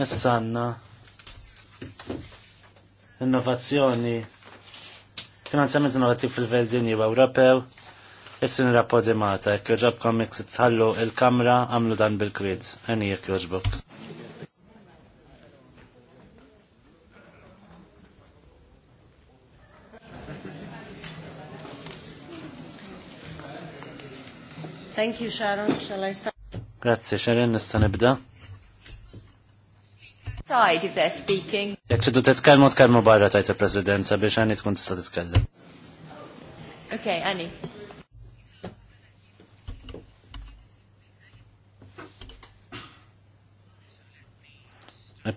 Nessanna innovazzjoni, finanzjament innovativ fil-vel dinji Ewropew, Issin rappodimata, jekk joġob komiks tħallu il-kamra, għamlu dan bil-kwid. Għani jekk joġbok. Thank you, Sharon. Shall I start? Grazie, Sharon. Nista nibda side if they're speaking. Jek ċidu titkellmu tkellmu barra tajt il-presidenza biex għani tkun tista' titkellem. Okay, Annie.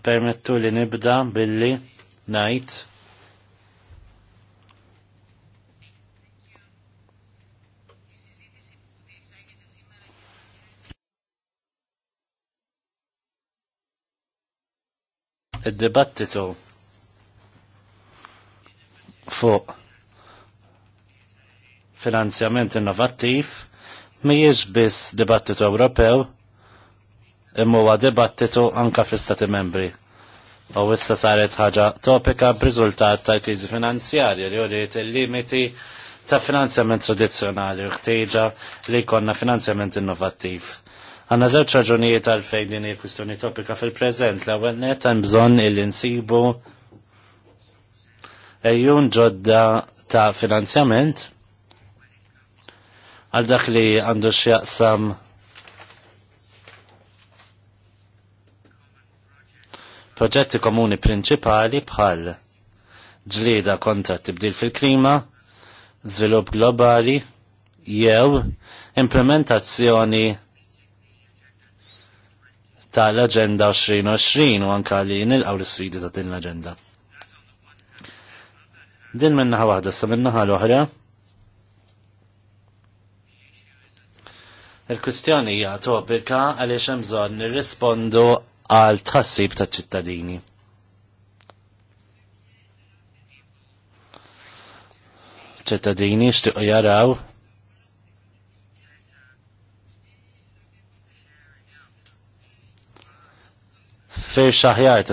Permettu li nibda billi najt id-dibattitu fuq finanzjament innovattiv mhijiex biss dibattitu Ewropew imma huwa dibattitu anka fl-Istati Membri. U issa saret ħaġa topika b'riżultat tal-kriżi finanzjarja li uriet il-limiti ta' finanzjament tradizzjonali u ħtieġa li jkollna finanzjament innovattiv. Għanna zewċ raġunijiet għalfejn din il-kwistjoni topika fil-prezent. L-ewwel net hemm bżonn il-insibu ejjun ġodda ta' finanzjament għal dak li għandu x'jaqsam proġetti komuni prinċipali bħal ġlieda kontra tibdil fil-klima, żvilupp globali, jew implementazzjoni tal-Aġenda 2020 u anka li nilqaw l-sfidi ta' din l-Aġenda. Din minnaħa waħda, sa minna l-oħra. Il-kwistjoni hija topika għaliex hemm bżonn nirrispondu għal tħassib ta' ċittadini. ċittadini xtiqu jaraw fej xaħjar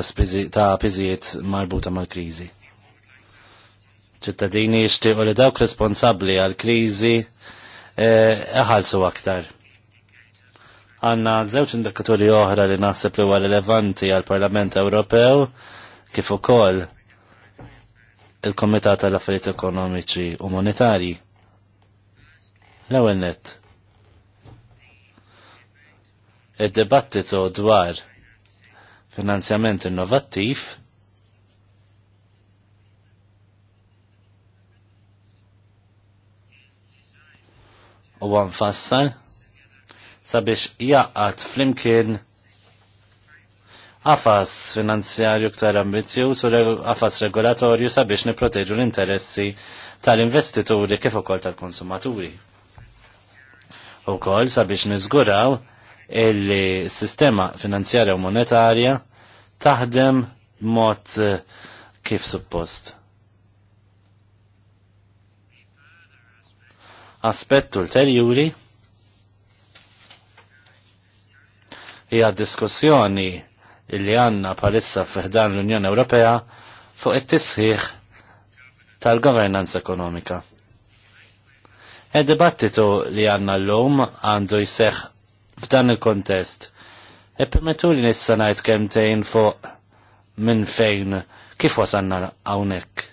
ta' piżijiet marbuta mal-krizi. ċittadini u li dawk responsabbli għal-krizi eh, iħallsu aktar. Għanna żewġ indikaturi oħra li naħseb li huwa rilevanti għal-Parlament Ewropew kif ukoll il-Komitat tal-Affarijiet Ekonomiċi u Monetari. L-ewwel nett. Id-dibattitu dwar finanzjament innovattiv u għanfassal sabiex jaqqat flimkien għafas finanzjarju ktar ambizju u għafas regolatorju sabiex niproteġu l-interessi tal-investituri kif ukoll tal-konsumaturi. U kol sabiex nizguraw illi sistema finanzjarja u monetarja taħdem mod eh, kif suppost. Aspett ulterjuri hija diskussjoni li għanna palissa fiħdan l-Unjoni Ewropea fuq it-tisħiħ tal-governanza ekonomika. Ed-dibattitu li għanna l-lum għandu jseħ f'dan il-kontest. E permettu li nissa najt kemtejn fuq minn fejn kif wasanna hawnhekk.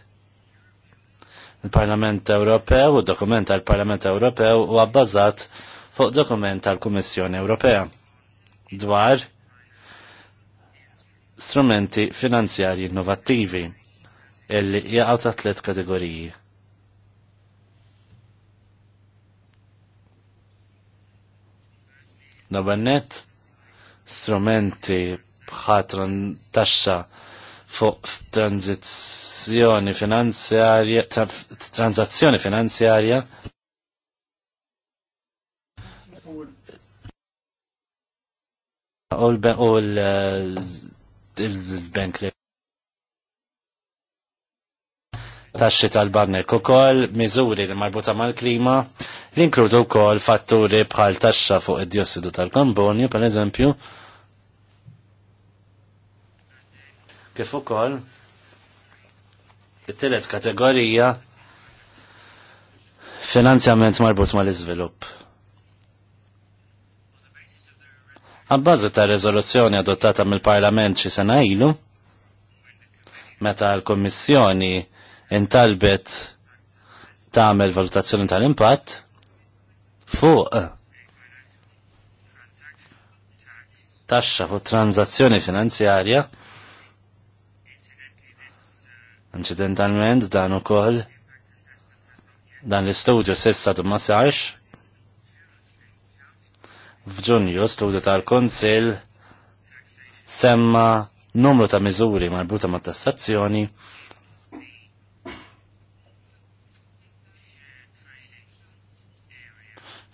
Il-Parlament Ewropew u dokument tal-Parlament Ewropew u għabbażat fuq dokument tal-Kummissjoni Ewropea dwar strumenti finanzjari innovattivi illi jaqgħu ta' tliet kategoriji Nabannet strumenti bħatra taxxa fuq tranzizzjoni finanzjarja, transazzjoni finanzjarja. U l-bank li taxxi tal-banek u koll miżuri li marbuta mal-klima l inkludu wkoll fatturi bħal taxxa fuq id-diossidu tal kambonju per eżempju, kif ukoll it-tielet kategorija finanzjament marbut mal-iżvilupp. Għabbażi ta' rezoluzzjoni adottata mill-Parlament xi sena ilu, meta l-Kommissjoni intalbet tagħmel valutazzjoni tal-impatt, fuq taxxa fuq tranzazzjoni finanzjarja Incidentalment dan ukoll dan l-istudju sissa ma sarx. F'Ġunju studju tal-Konsil semma numru ta' miżuri marbuta ma' tassazzjoni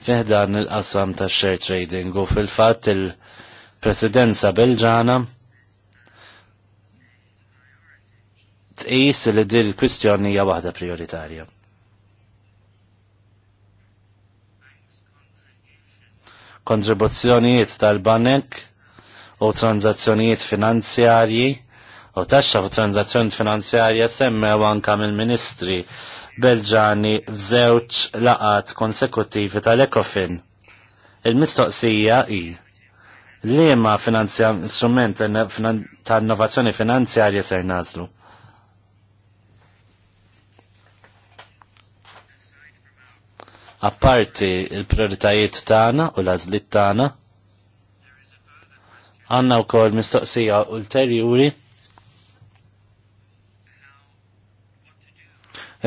fiħdan il-qasam ta' share trading u fil-fat il-presidenza belġana tqis li dil kwistjoni hija waħda prioritarja. Kontribuzzjonijiet tal-banek u tranzazzjonijiet finanzjarji u taxxa fu tranzazzjoni finanzjarja semmew anka mill-Ministri Belġani f'żewġ laqat konsekutivi tal-Ekofin. Il-mistoqsija i li ma strument ta' innovazzjoni finanzjarja ser nazlu. Apparti il-prioritajiet tagħna u l-għażliet tagħna, għandna wkoll mistoqsija ulterjuri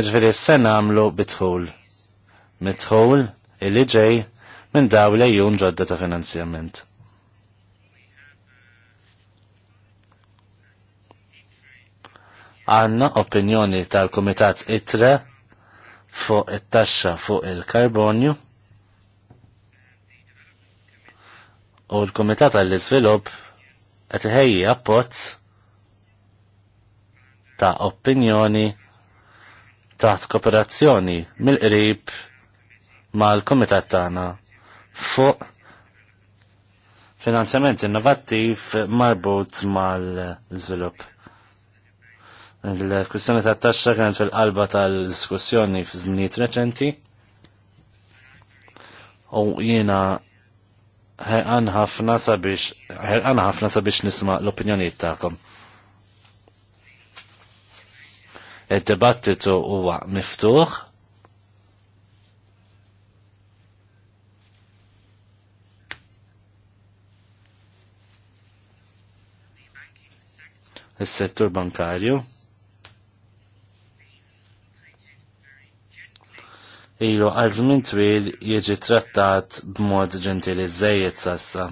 Ġveri s-sena għamlu bitħul. Mitħul illi ġej minn daw li jun ġodda ta' finanzjament. Għanna opinjoni tal-Komitat ITRE fuq it-taxxa fuq il-karbonju u l-Komitat għall-Iżvilupp qed iħejji appozz ta' opinjoni taħt kooperazzjoni mill-qrib mal-komitat tagħna fuq finanzjament innovattiv marbut mal-żvilupp. Il-kwistjoni ta' taxxa kienet fil-qalba tal-diskussjoni fi żminijiet reċenti. U jiena ħerqan ħafna sabiex ħerqan ħafna sabiex nisma' l-opinjonijiet tagħkom. il dibattitu huwa miftuħ. Is-settur bankarju. ilu għal żmien twil jiġi trattat b'mod ġentili zzejiet sassa.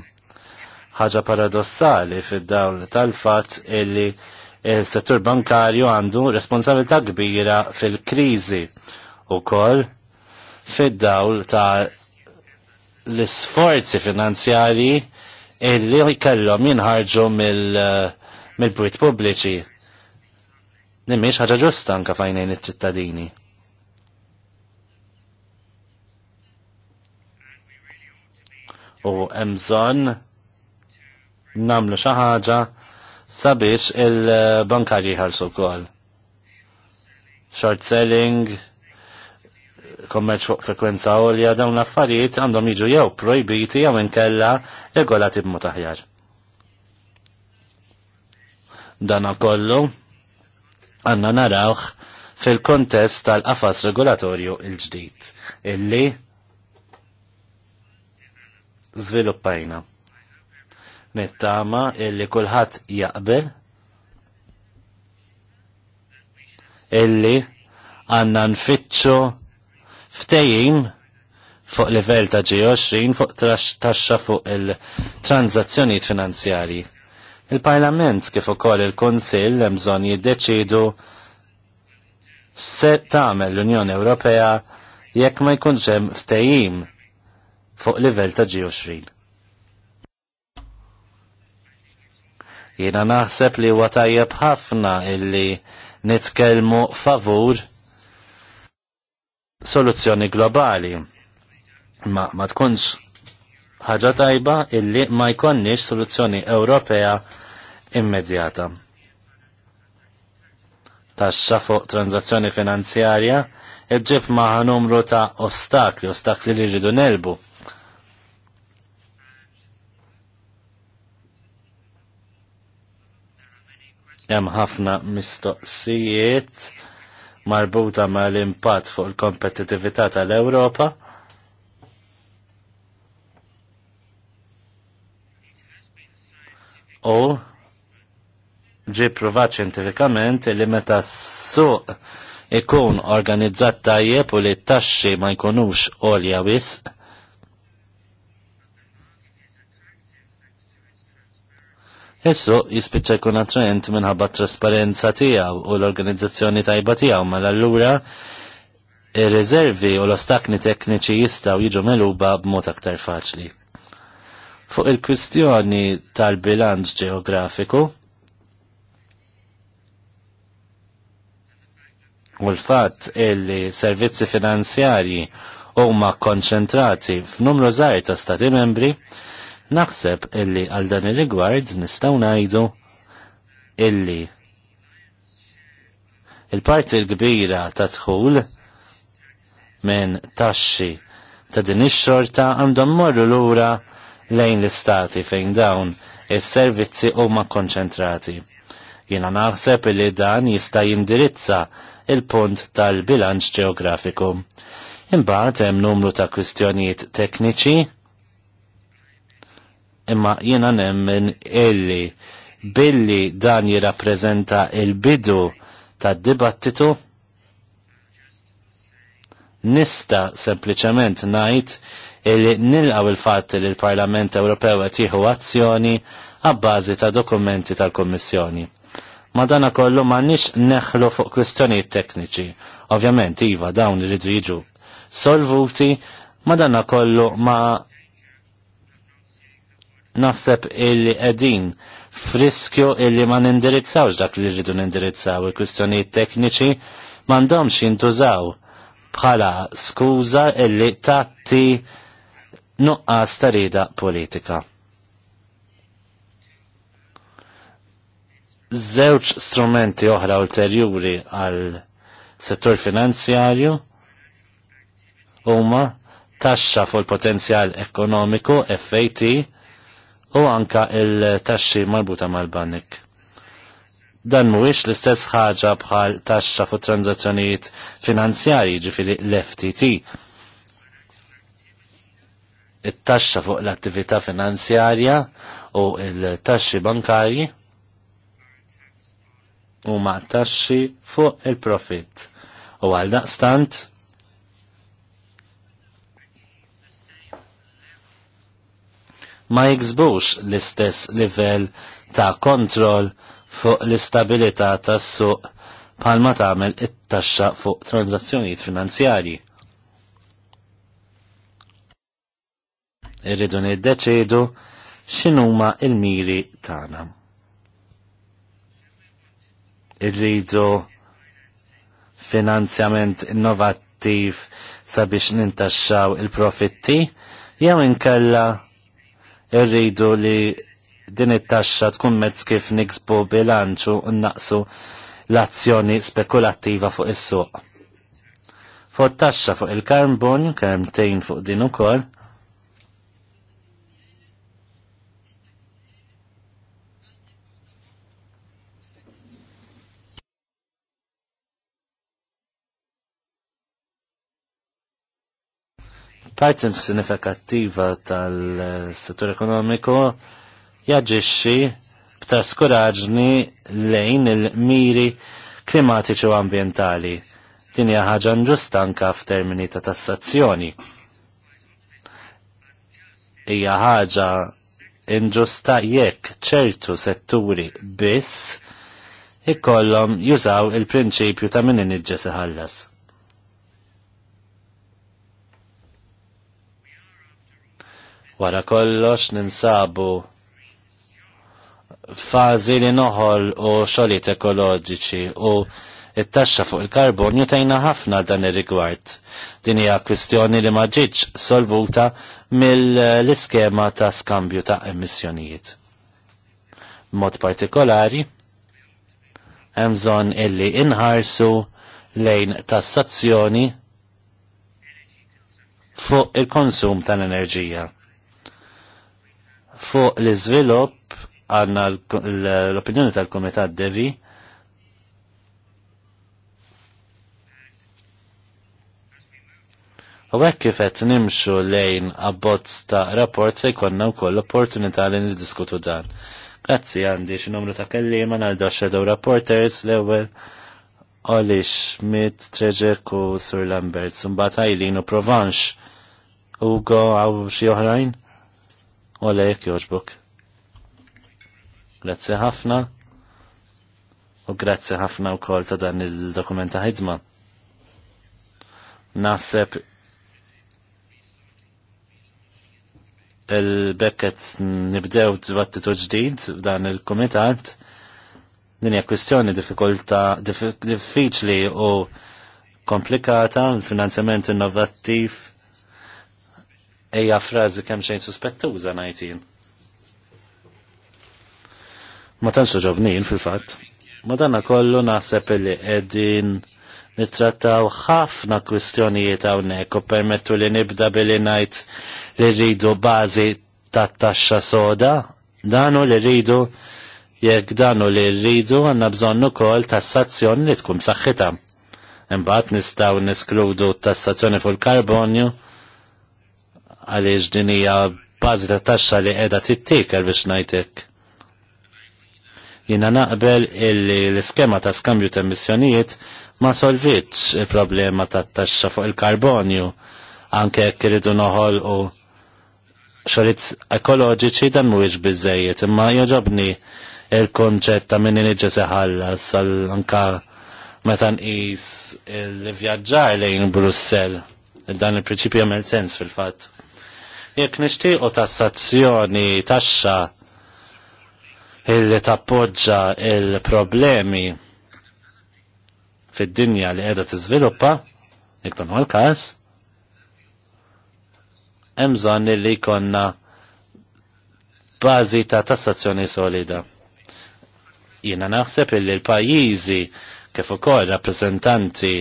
ħaġa paradossali fid-dawl tal fatt illi il-settur bankarju għandu responsabilità kbira fil-krizi u koll fid-dawl ta' l-sforzi finanzjari illi kellhom jinħarġu eh, mill-bwit pubbliċi. Nimmiex ħaġa ġusta anka fajnejn iċ-ċittadini. U hemm bżonn namlu xi ħaġa sabiex il-bankari ħalsu wkoll. Short selling, kommerċ fuq frekwenza għolja dawn l-affarijiet għandhom jiġu jew projbiti jew inkella regolati tibmu taħjar. Dana kollu għandna narawh fil-kontest tal-qafas regolatorju il-ġdid illi żviluppajna nittama illi kulħadd jaqbel illi għanna nfittxu ftejim fuq livell ta' g fuq taxxa fuq il-tranzazzjonijiet finanzjarji. Il-Parlament kif ukoll il-Kunsill hemm bżonn jiddeċidu se tagħmel l-Unjoni Ewropea jekk ma jkunx hemm ftehim fuq livell ta' g Jiena naħseb li huwa tajjeb ħafna illi nitkellmu favur soluzzjoni globali. Ma, ma tkunx ħaġa tajba illi ma jkonniex soluzzjoni Ewropea immedjata. Taxxa fuq tranzazzjoni finanzjarja iġġib maħa numru ta' ostakli, ostakli li rridu nelbu. Hemm ħafna mistoqsijiet marbuta ma' l-impatt fuq il-kompetitività tal-Ewropa. U ġi provat ċentifikament li meta s-suq ikun organizzat tajjeb u li t-taxxi ma jkunux olja wisq, Esso jispiċċa jkun attraent minħabba trasparenza tiegħu u l-organizzazzjoni tajba tiegħu mal mela allura ir-riservi u l-ostakni tekniċi jistgħu jiġu meluba b'mod aktar faċli. Fuq il-kwistjoni tal-bilanċ ġeografiku u l-fatt illi servizzi finanzjarji huma konċentrati f'numru żgħir ta' stati membri, Naħseb illi għal dan il-rigward nistaw najdu illi il-parti l-kbira ta' tħul minn taxxi ta' din ix-xorta għandhom morru lura lejn l-istati fejn dawn is-servizzi huma konċentrati. Jiena naħseb illi dan jista' jindirizza il-punt tal-bilanċ ġeografiku. Imbagħad hemm numru ta' kwistjonijiet tekniċi imma jiena nemmen illi billi dan jirrapprezenta il-bidu tad-dibattitu nista sempliċement ngħid illi nilqaw il-fatt li l-Parlament Ewropew qed jieħu azzjoni għabbażi ta' dokumenti tal-Kommissjoni. dana kollu ma nix neħlu fuq kwistjonijiet tekniċi. Ovvjament, iva, dawn irridu jiġu solvuti, dana kollu ma naħseb illi edin friskju illi ma nindirizzawx dak li rridu nindirizzaw il-kwistjonijiet tekniċi mandomx jintużaw bħala skuża illi tatti nuqqas tarida politika. Zewċ strumenti oħra ulterjuri għal settur finanzjarju huma taxxa fuq il potenzjal ekonomiku FAT u anka il-taxxi marbuta mal-banik. Dan mhuwiex l-istess ħaġa bħal taxxa fuq tranzazzjonijiet finanzjarji ġifieri l-FTT. It-taxxa fuq l-attività finanzjarja u il-taxxi bankarji huma taxxi fuq il-profit. U għal daqstant ma jiksbux l-istess livell ta' kontroll fuq l-istabilità tas-suq bħalma tagħmel it-taxxa fuq tranzazzjonijiet finanzjarji. Irridu niddeċiedu x'inhuma l-miri tagħna. Irridu finanzjament innovattiv sabiex nintaxxaw il-profitti jew inkella irridu li din it-taxxa tkun mezz kif niksbu bilanċu u naqsu l-azzjoni spekulattiva fuq is-suq. Fuq taxxa fuq il-karbon kemm tejn fuq din ukoll, Parti sinifikattiva tal-settur ekonomiku jaġixxi b'ta' skoraġni lejn il-miri klimatiċi u ambientali. Din hija ħaġa nġusta anke f'termini ta' tassazzjoni. Hija ħaġa inġusta jekk ċertu setturi biss ikollhom jużaw il-prinċipju ta' minn inġġes iħallas. Wara kollox ninsabu fazi li noħol u xolit ekoloġiċi u it-taxxa fuq il-karbonju tajna ħafna dan ir-rigward. Din hija kwistjoni li ma ġietx solvuta mill-iskema ta' skambju ta' emissjonijiet. Mod partikolari, hemm bżonn illi inħarsu lejn tassazzjoni fuq il-konsum tal-enerġija. Fuq l iżvilupp għanna l-opinjoni tal-Komitat Devi U għek kifet nimxu lejn abbozz ta' rapport se jkonna wkoll opportunità li niddiskutu dan. Grazzi għandi xi numru ta' kellima għal xedow rapporters l-ewwel Oli Schmidt, Treġek u Sur Lambert, mbagħad Eileen u Provanx. Ugo għaw xi oħrajn? u lejk joġbuk. Grazzi ħafna u grazzi ħafna u kol ta' dan il-dokumenta ħidma. Naħseb il-bekket nibdew battitu ġdid f'dan il-komitat din hija kwistjoni diffikulta diffiċli u komplikata, il-finanzjament innovattiv Ejja frażi kemm xejn suspettuża ngħidin. Ma tan ġobnin fil-fatt. Ma danna kollu naħseb li qegħdin nittrattaw ħafna kwistjonijiet hawnhekk u permettu li nibda billi ngħid li rridu bażi tat-taxxa soda, danu li rridu jekk danu li rridu għandna bżonn ukoll tassazzjoni li tkun saħħitha. Imbagħad nistgħu niskludu tassazzjoni fuq il-karbonju għaliex din hija bażi ta' taxxa li qiegħda tittiker biex ngħidlek. Jiena naqbel illi l-iskema ta' skambju ta' emissjonijiet ma solvitx il-problema ta' taxxa fuq il-karbonju anke jekk iridu noħol u xorit ekoloġiċi dan mhuwiex biżejjed, imma joġobni il-konċett ta' minn inġi seħallas anka meta nqis il-vjaġġar lejn Brussell. Dan il-prinċipju jagħmel sens fil-fatt. Jekk nixtiequ tassazzjoni taxxa illi tappoġġa il-problemi fid-dinja li qiegħda tiżviluppa, jekk dan l-każ, hemm bżonn li jkollna bażi ta' tassazzjoni solida. Jiena naħseb illi l-pajjiżi kif ukoll rappreżentanti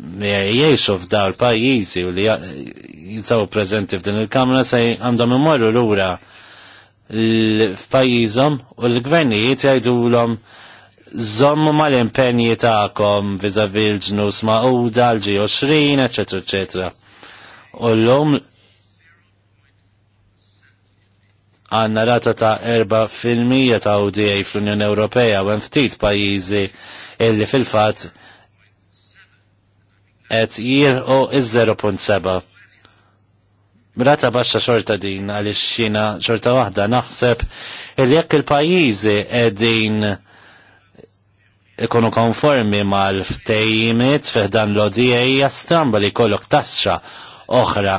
jiexu f'daw l-pajjiżi u li jizaw prezenti f'din il-Kamra se għandhom imorru lura f'pajjiżhom u l-gvernijiet jgħidulhom żommu mal-impenji tagħkom viza l-ġnus ma'uda l-G20, eċetera, eċetera. U l om għanna rata ta' 4% ta' UDA fl-Unjoni Ewropea u ftit pajjiżi illi fil-fatt qed o iż-0.7. Rata baxxa xorta din għaliex xina xorta waħda naħseb il jekk il-pajjiżi qegħdin ikunu konformi mal-ftejjimiet fiħdan l-ODA jastamba li kollok taxxa oħra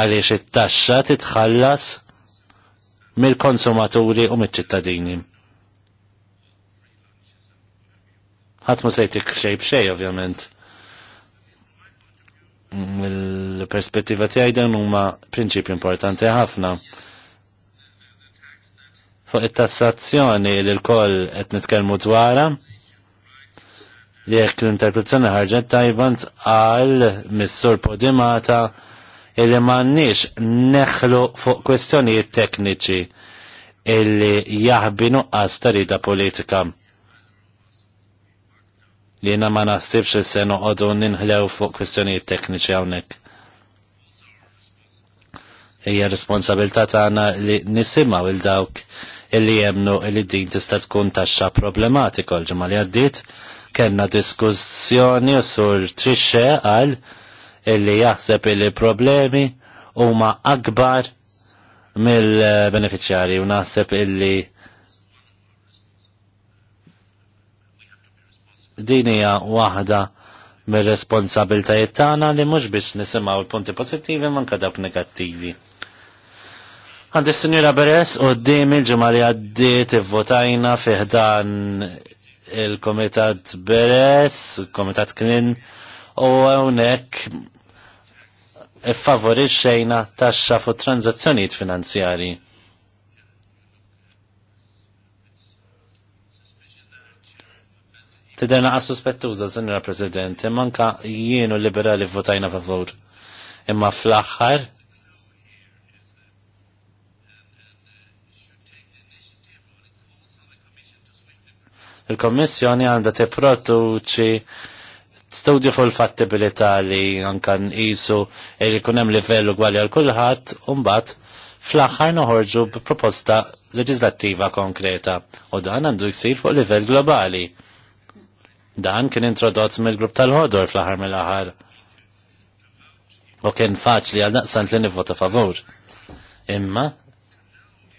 għaliex it-taxxa titħallas mill-konsumaturi u mill-ċittadini. Ħadd ma sejtik xej b'xej ovvjament mill-perspettiva tiegħi dan huma prinċipju importanti ħafna. Fuq it-tassazzjoni li l-koll qed nitkellmu dwarha, jekk l-interpretazzjoni ħarġet tajba għal missur Podimata illi m'għandniex neħlu fuq kwestjonijiet tekniċi illi jaħbinu qas tarida politika li jena ma naħsibx li se noqogħdu ninħlew fuq kwistjonijiet tekniċi hawnhekk. Hija responsabilità tagħna li nisimgħu il dawk illi jemnu illi din tista' tkun taxxa problematika l-ġimgħa li għaddiet kellna diskussjoni u sur trixxe għal illi jaħseb illi problemi huma akbar mill-beneficjari u naħseb illi din hija waħda mir-responsabiltajiet tagħna li mhux biex nisimgħu l-punti pożittivi manka dawk negattivi. Għandi s-sinjura Beres u d-dim il-ġemma li għaddiet votajna fiħdan il-komitat Beres, il-komitat Knin, u għonek favorixxejna taxxa fuq tranzazzjonijiet finanzjari. Tidena għas suspettuża, Sinjora President, manka jienu liberali votajna favur. Imma fl-axħar, il-Kommissjoni għandha tipproduċi studju fuq il-fattibilità li għankan nqisu il jkun hemm livell għal kulħadd u mbagħad fl-aħħar noħorġu b'proposta leġislattiva konkreta u dan għandu jsir fuq livell globali. Dan kien introdott mill-grupp tal-ħodor fl-aħħar mill-aħħar. U kien faċli għal naqsant li nivvota favur. Imma,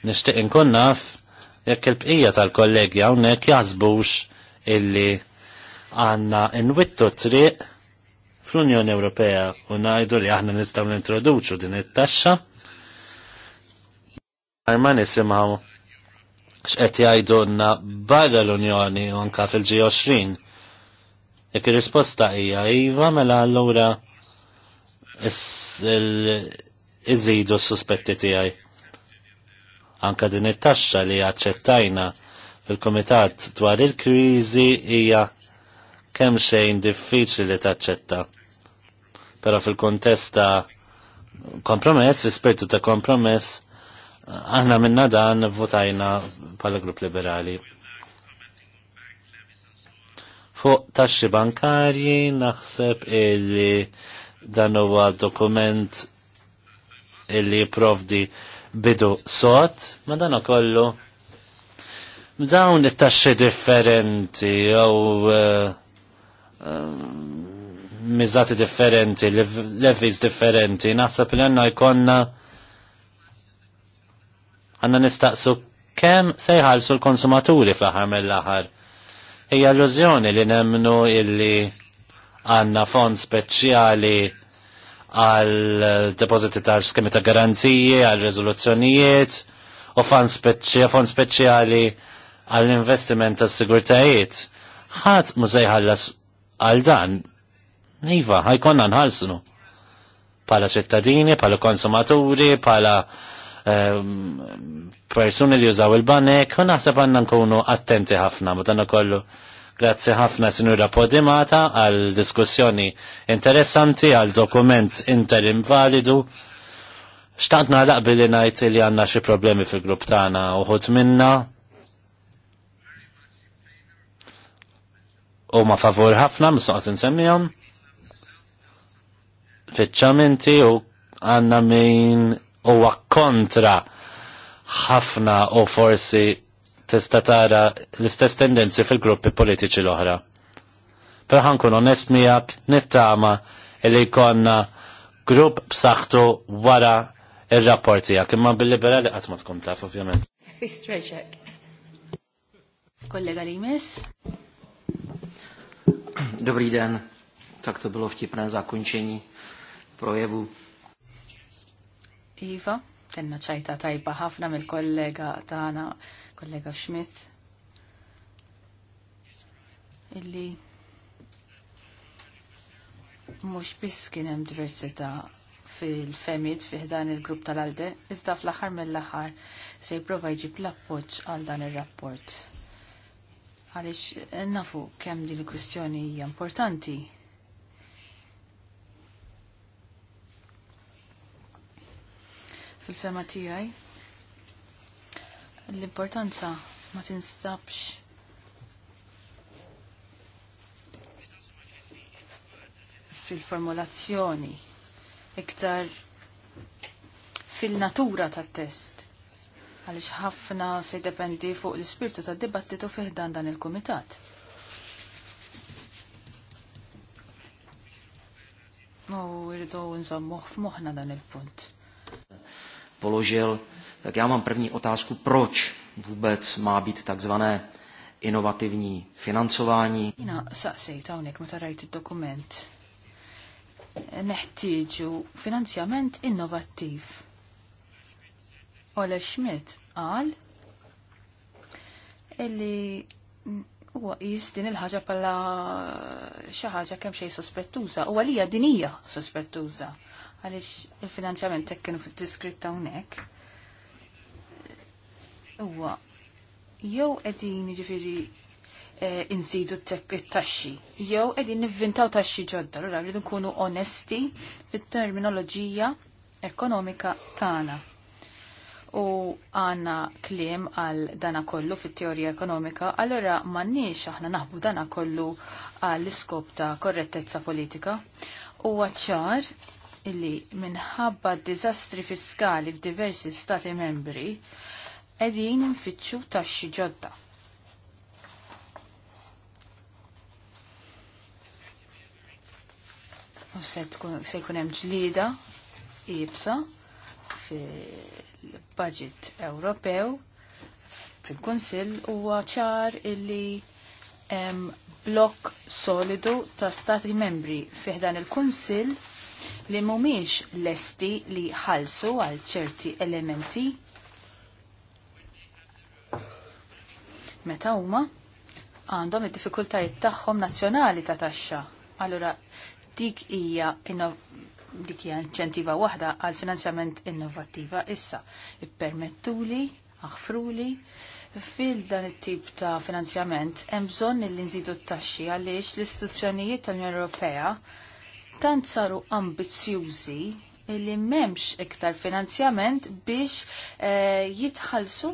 nishtiq inkun naf jekk il-bqija tal-kollegi hawnhekk jaħsbux illi għandna nwittu triq fl-Unjoni Ewropea u ngħidu li aħna nistgħu nintroduċu din it-taxxa ma nisimgħu x'qed jgħidulna barra l-Unjoni u anke fil-G20 Ek il-risposta hija iva mela allura iżidu s-suspetti tiegħi. Anka din it-taxxa li aċċettajna fil-Kumitat dwar il-kriżi hija kemm xejn diffiċli li taċċetta. Però fil-kontest ta' kompromess, fi spirtu ta' kompromess, aħna minna dan votajna pal grupp liberali. Fuq taxxi bankarji naħseb illi dan huwa dokument illi jipprovdi bidu sot, ma dan kollu dawn it-taxxi differenti jew eh, eh, miżati differenti, levis differenti, naħseb li għanna jkonna għanna nistaqsu kem sejħalsu l-konsumaturi fl-ħar mill-ħar. Hija illużjoni li nemnu illi għanna fond speċjali għal depoziti tal skemi ta' garanziji, għal rezoluzzjonijiet u fond speċjali għall investiment tas sigurtajiet. Ħadd mużej ħallas għal dan. Iva, ħajkonna nħalsnu. Pala ċittadini, pala konsumaturi, pala Ehm, persuni li jużaw il-banek, u naħseb għanna nkunu attenti ħafna, ma tanna kollu. Grazzi ħafna sinura Podimata għal diskussjoni interessanti, għal dokument interim validu. Xtaqt naħlaq billi najt li għanna xie problemi fil-grupp tagħna uħut minna. U ma favur ħafna, mis nsemmijom. Fitċamenti u għanna min huwa kontra ħafna u forsi tista' tara l-istess tendenzi fil-gruppi politiċi l-oħra. Però ħankun onest miegħek nittama li jkollna grupp b'saħħtu wara ir-rapport tiegħek imma bil-liberali qatt ma tkun taf ovvjament. Kollega Limes. Dobrý den. Tak to bylo vtipné zakončení projevu. Iva, kena ċajta tajba ħafna mill-kollega tagħna, kollega Schmidt, illi mhux biss kien hemm diversità fil-femid fi dan il-grupp tal-alde, iżda fl-aħħar mill-aħħar se jiprofa jġib l-appoġġ għal dan ir-rapport. Għaliex nafu kemm din il-kwistjoni hija importanti fil-fema tijaj l-importanza ma tinstabx fil-formulazzjoni iktar fil-natura tat test għalix ħafna se jdependi fuq l-ispirtu tad dibattitu fiħdan dan il-komitat. U irridu nżommuħ f'moħħna dan il-punt položil, tak já mám první otázku, proč vůbec má být takzvané inovativní financování. Jina saqsejt hawnhekk meta rajt id-dokument. Neħtieġu finanzjament innovattiv. Ole Schmidt qal illi huwa qis din il-ħaġa bħala xi ħaġa kemm xejn sospettuża, u għalija din hija sospettuża għaliex il finanċament hekk kienu diskritta hawnhekk. Huwa jew qegħdin jiġifieri eh, insidu t-taxxi. Jew qegħdin nivvintaw taxxi ġodda, allura rridu nkunu onesti fit-terminoloġija ekonomika tagħna. U għanna klim għal dana kollu fit-teorija ekonomika, allora mannix aħna naħbu dana kollu għall iskop ta' korrettezza politika. U għacċar illi minħabba d-diżastri fiskali f'diversi stati membri qegħdin infittxu taxxi ġodda. U se jkun hemm ġlieda ibsa fil-budget Ewropew fil-Kunsill huwa ċar illi hemm blok solidu ta' stati membri fiħdan il-Kunsill li mumiex lesti li ħalsu għal ċerti elementi meta huma għandhom id-diffikultajiet tagħhom nazzjonali ta' taxxa. Allura dik hija dik hija inċentiva waħda għal finanzjament innovattiva issa. Ippermettuli, aħfruli, fil dan it-tip ta' finanzjament hemm bżonn li nżidu t-taxxi għaliex l-istituzzjonijiet tal-Unjoni Ewropea tant saru ambizzjużi li memx iktar finanzjament biex e, eh, jitħalsu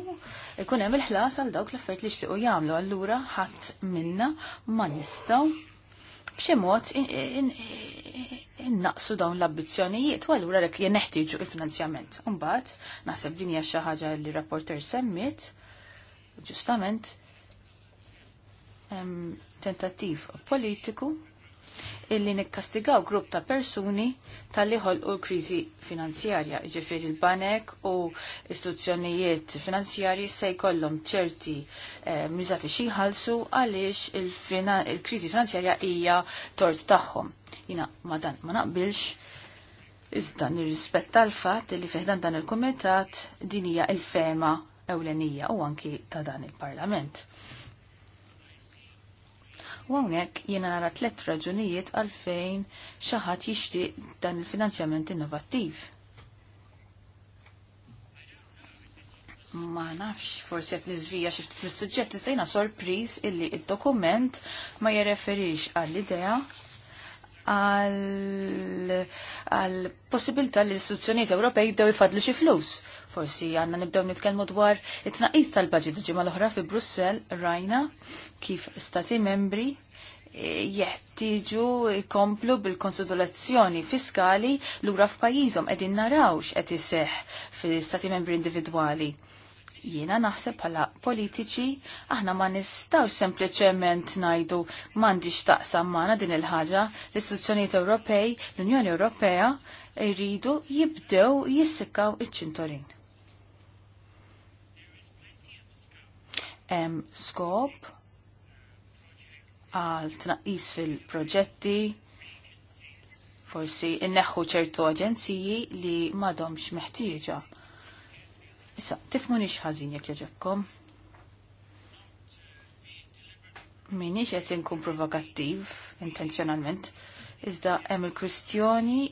ikun hemm il-ħlas għal dawk l-affert li xtiqu jagħmlu. Allura ħadd minna ma nistgħu b'xi mod innaqsu dawn l-ambizzjonijiet u allura rek jeneħtieġu il-finanzjament. Imbagħad naħseb din hija xi ħaġa li rapporter semmit, ġustament tentattiv politiku illi nikkastigaw grupp ta' persuni tal-li u l-krizi finanzjarja, ġifir il-banek u istituzzjonijiet finanzjarji se jkollhom ċerti eh, miżati xinħalsu għaliex il-krizi finanzjarja hija tort tagħhom. Jina madan ma naqbilx iżda nirrispetta l-fatt li fiħdan dan il-kumitat din hija il-fema ewlenija u anki ta' dan il-parlament. Wawnek hawnhekk jiena nara tliet raġunijiet għalfejn xi ħadd jixtieq dan il-finanzjament innovattiv. Ma nafx, forsi qed nizvija xi fil-sujġet, suġġett istajna sorpriż illi il dokument ma jirreferix għall-idea għal possibilità li l-istituzzjonijiet Ewropej jibdew ifadlu xi flus. Forsi għandna nibdew nitkellmu dwar it-tnaqqis tal-budget ġimgħa l-oħra fi Brussell rajna kif stati membri eh, jeħtiġu jkomplu bil-konsolidazzjoni fiskali lura f'pajjiżhom qegħdin narawx qed iseħħ fil-stati membri individwali. Jiena naħseb bħala politiċi aħna ma nistgħux sempliċement ngħidu m'għandix taqsam magħna din il-ħaġa l-istituzzjonijiet Ewropej, l-Unjoni Ewropea jridu jibdew jissikkaw iċ-ċintorin. Hemm skop għal tnaqqis fil-proġetti, forsi inneħħu ċertu aġenziji li madomx meħtieġa. Issa, tifmu nix ħazin jek joġobkom. Minix qed inkun provokattiv intenzjonalment, iżda hemm il-kwistjoni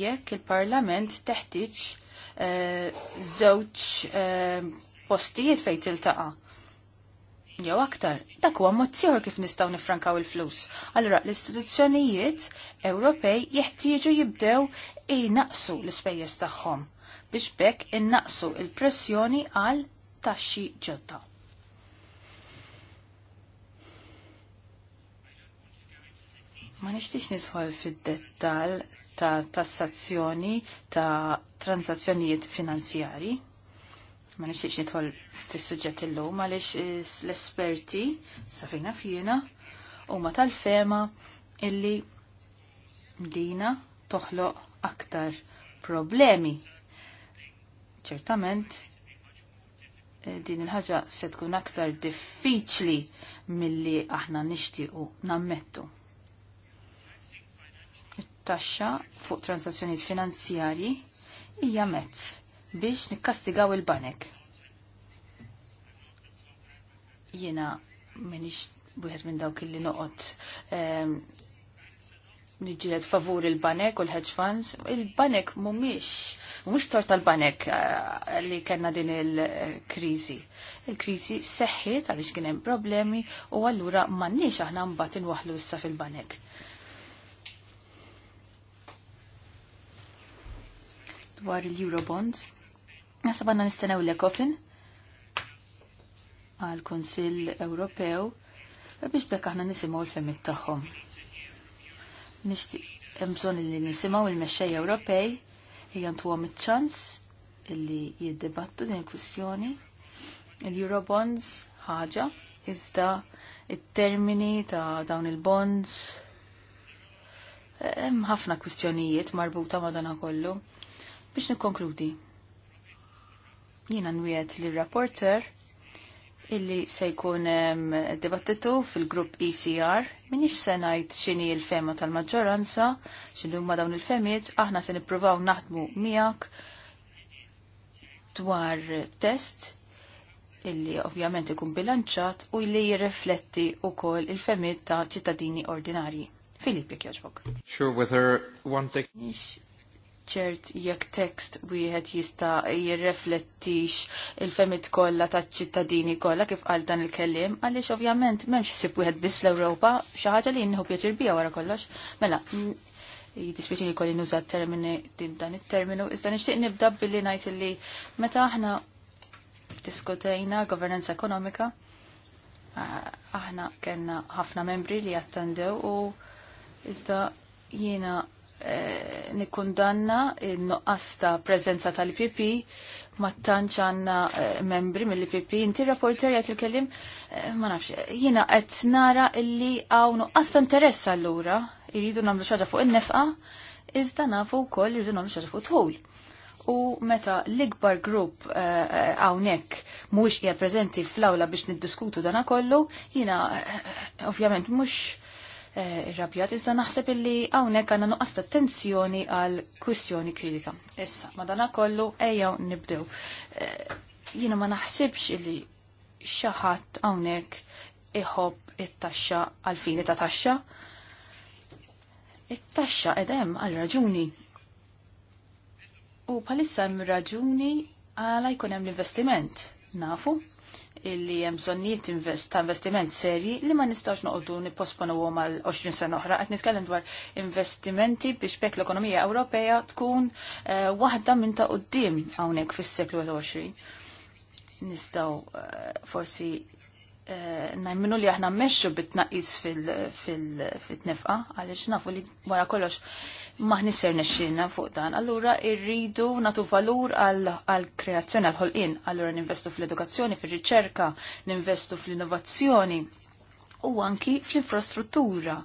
jekk il-Parlament teħtieġ eh, żewġ eh, postijiet fejn tiltaqa' jew aktar. Dak huwa mozzjor kif nistgħu nifrankaw il-flus. Allura l-istituzzjonijiet Ewropej jeħtieġu jibdew jnaqsu l-ispejjeż tagħhom biex bekk innaqsu il-pressjoni għal taxxi ġodda. Ma nixtiex nidħol fid-dettall ta' tassazzjoni ta' transazzjonijiet finanzjari ma nixtiex nidħol fis-suġġett illum għaliex l-esperti safina fejna fjina huma tal-fema illi dina toħloq aktar problemi. Ċertament eh, din il-ħaġa se tkun aktar diffiċli milli aħna nixtiequ nammettu. It-taxxa fuq transazzjonijiet finanzjarji hija mezz biex nikkastigaw il-banek. Jena minix wieħed minn dawk illi noqgħod ehm, niġġieled favur il-banek u l-hedge funds. Il-banek mhumiex mhux torta tal-banek eh, li kellna din il-kriżi. Il-kriżi seħħiet għaliex kien hemm problemi u allura m'għandniex aħna mbagħad inwaħħlu issa fil-banek. dwar il-Eurobonds Nasab għanna nistenew l-ekofin għal-Konsil Ewropew biex bekk aħna nisimgħu l-femmit tagħhom. Nixtieq hemm bżonn li nisimgħu il-mexxej Ewropej hija ntuhom iċ-ċans illi jiddibattu din il-kwistjoni. Il-Eurobonds ħaġa iżda it-termini ta' dawn il-bonds hemm ħafna kwistjonijiet marbuta ma' kollu. Biex nikkonkludi, Jina nwiet li rapporter illi se jkun dibattitu fil-grupp ECR minix se ngħid x'inhi l-fema tal-maġġoranza, x'inhu huma dawn il-femiet, aħna se nippruvaw naħdmu miegħek dwar test illi ovvjament ikun bilanċat u li jirrifletti wkoll il-femiet ta' ċittadini ordinarji. Filippi, jek joġbok. Sure, whether one take ċert jekk tekst wieħed jista' jirreflettix il-femit kollha taċ-ċittadini kollha kif qal dan il-kellim, għaliex ovvjament m'hemmx sib wieħed biss fl-Ewropa xi ħaġa li jinħu pjaċir biha wara kollox. Mela, li mm, kolli nuża termini din dan it-terminu, iżda nixtieq nibda billi ngħid li meta aħna diskutejna governanza ekonomika, aħna kellna ħafna membri li jattendew u iżda jiena Eh, nikkundanna n-nuqqas ta' prezenza tal-IPP mat-tanċ għanna eh, membri mill-IPP, inti rapporter jgħat il-kellim, eh, ma nafx, jina għet nara illi għaw nuqqas ta' interess għallura, jridu namlu xaġa fuq il-nefqa, iżda nafu u koll jridu namlu xaġa fuq tħul. U meta l-ikbar grupp għawnek mux jgħat prezenti fl-awla biex niddiskutu dana kollu, jina ovvjament mux Eh, irrabjat, iżda naħseb illi hawnhekk għandna nuqqas attenzjoni għal kwistjoni kritika. Issa, madana kollu ejjew nibdew. Eh, jiena ma naħsibx illi xi ħadd hawnhekk iħobb it-taxxa għal fini ta' taxxa. It-taxxa edem għal raġuni. U palissa hemm raġuni għala jkun hemm l-investiment. Nafu, illi hemm bżonnijiet invest, ta' investiment serji li ma nistgħux noqogħdu nipposponu għom għal 20 sena oħra. Qed nitkellem dwar investimenti biex bekk l-ekonomija Ewropea tkun eh, waħda minn ta' quddiem hawnhekk fis-seklu 20. Nistgħu eh, forsi uh, eh, najminu li aħna mmexxu bit-tnaqqis fil-tnefqa għaliex nafu li wara kollox maħnisser nexxina fuq dan. Allura irridu natu valur għal-kreazzjoni, għal-ħolqin. Allura ninvestu fl-edukazzjoni, fil-riċerka, ninvestu fl-innovazzjoni u anki fl-infrastruttura.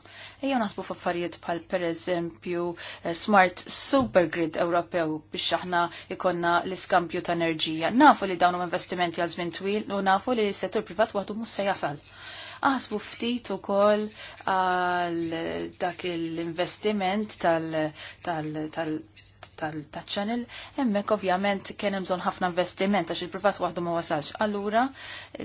Ejja nasbu f'affarijiet bħal per eżempju eh, Smart Supergrid Ewropew biex aħna ikonna l-iskampju ta' enerġija. Nafu li dawn investimenti għal żmien twil u nafu li s-settur privat waħdu mhux se jasal. Aħsbu ftit ukoll għal dak l-investiment tal-channel tal, tal, tal, hemmhekk ovvjament kien hemm bżonn ħafna investiment għax il-privat waħdu ma wasalx. Allura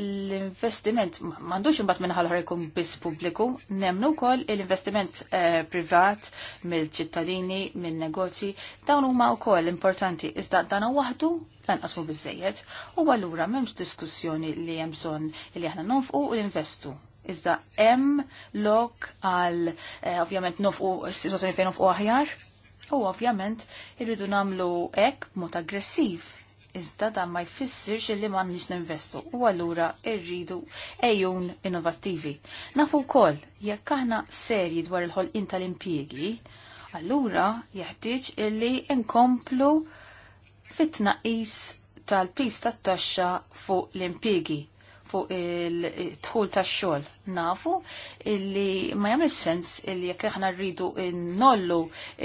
l-investiment m'għandux imbagħad minħal ħar jkun biss pubbliku, nemmnu wkoll l-investiment eh, privat mill-ċittadini, mill-negozji, dawn huma wkoll importanti iżda dan waħdu lanqasmu biżejjed u allura m'hemmx diskussjoni li hemm bżonn li aħna nonfqu u l-investu iżda hemm lok għal eh, ovvjament nofqu situazzjoni fejn nofqu aħjar. U ovvjament irridu nagħmlu hekk mod aggressiv. Iżda dan ma jfissirx li ma nix ninvestu u allura irridu ejjun innovattivi. Nafu wkoll jekk aħna serji dwar il-ħolqien tal-impjiegi, allura jeħtieġ illi nkomplu fit-tnaqqis tal pista tat-taxxa fuq l-impjiegi fuq il-tħul ta' xol nafu illi ma jagħmel sens illi jekk aħna rridu nollu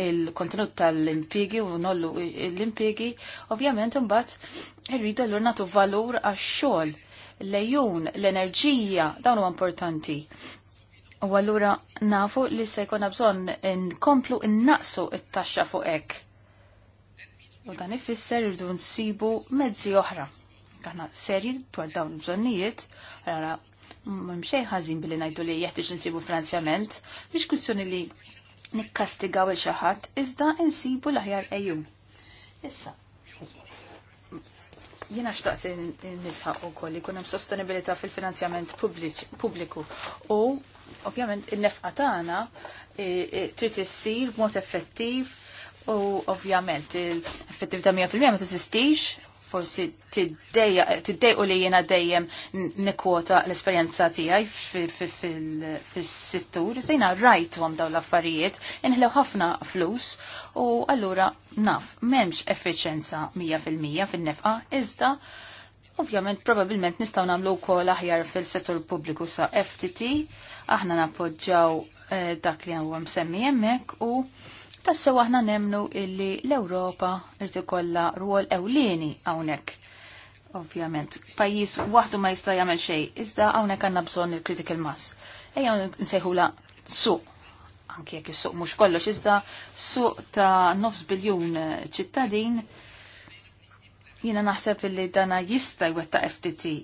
il-kontenut tal-impjegi u nollu l-impjegi, ovvjament mbagħad irridu allura natu valur għax-xogħol lejun, l-enerġija, dawn huwa importanti. U allura nafu li se jkun bżonn nkomplu innaqsu it-taxxa fuq hekk. U dan ifisser irridu nsibu mezzi oħra jekk seri serji dwar dawn bżonnijiet għara, mxej ħażin billi ngħidu li jeħtieġ insibu finanzjament, biex kwistjoni li nikkastigaw il xaħat iżda insibu l-aħjar ejjum. Issa. Jena xtaqt nisħaq u koll kunem sostenibilita fil-finanzjament publiku u ovvjament il-nefqa tagħna trid issir b'mod effettiv u ovvjament l-effettività 100% ma tiżistix forsi tiddejqu li jiena dejjem nikwota l-esperjenza tiegħi fis-settur, iżdejna rajthom dawn l-affarijiet, inħlew ħafna flus u allura naf m'hemmx effiċjenza 100% fin-nefqa iżda Ovvjament, probabilment nistaw namlu kol aħjar fil-settur pubbliku sa' FTT, aħna napoġġaw eh, dak li għu semmi jemmek u Tas-sew aħna nemnu illi l-Ewropa irti kollha rwol ewlieni hawnhekk. Ovvjament, pajjiż waħdu ma jista' jagħmel xejn, iżda hawnhekk għandna bżonn il-critical mass. Ejja nsejħula suq anke jekk is-suq mhux kollox iżda suq ta' nofs biljun ċittadin jiena naħseb illi dana jista' jwettaq FTT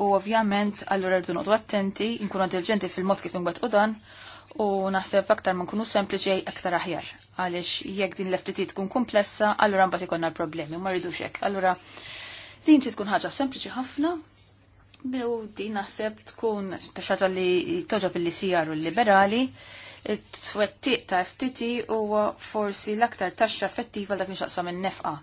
U ovvjament, allura rdu noqgħdu attenti, nkunu intelligenti fil-mod kif inwettqu dan, u naħseb aktar ma nkunu sempliċi aktar aħjar għaliex jekk din l-FTT tkun komplessa, allura mbagħad ikollna problemi, ma rridux hekk. Allura din tkun ħaġa sempliċi ħafna u din naħseb tkun xaġa li toġob li sijar u liberali it-twettiq ta' FTT huwa forsi l-aktar taxxa effettiva dak nixaqsam in-nefqa.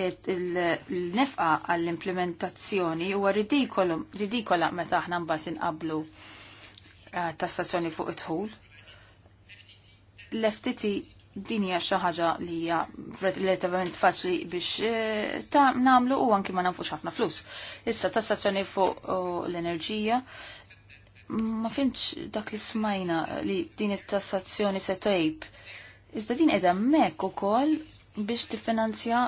Il-nefqa għall-implementazzjoni huwa ridikola meta aħna mbagħad inqablu eh, tassazzjoni fuq it-tħul l-FTT din hija xi ħaġa li hija relativament faċli biex eh, ta' nagħmlu u anki ma nafux ħafna flus. Issa tassazzjoni fuq eh, l-enerġija ma fimx dak li smajna li din it-tassazzjoni se tgħid. Iżda din qiegħda hemmhekk ukoll biex tiffinanzja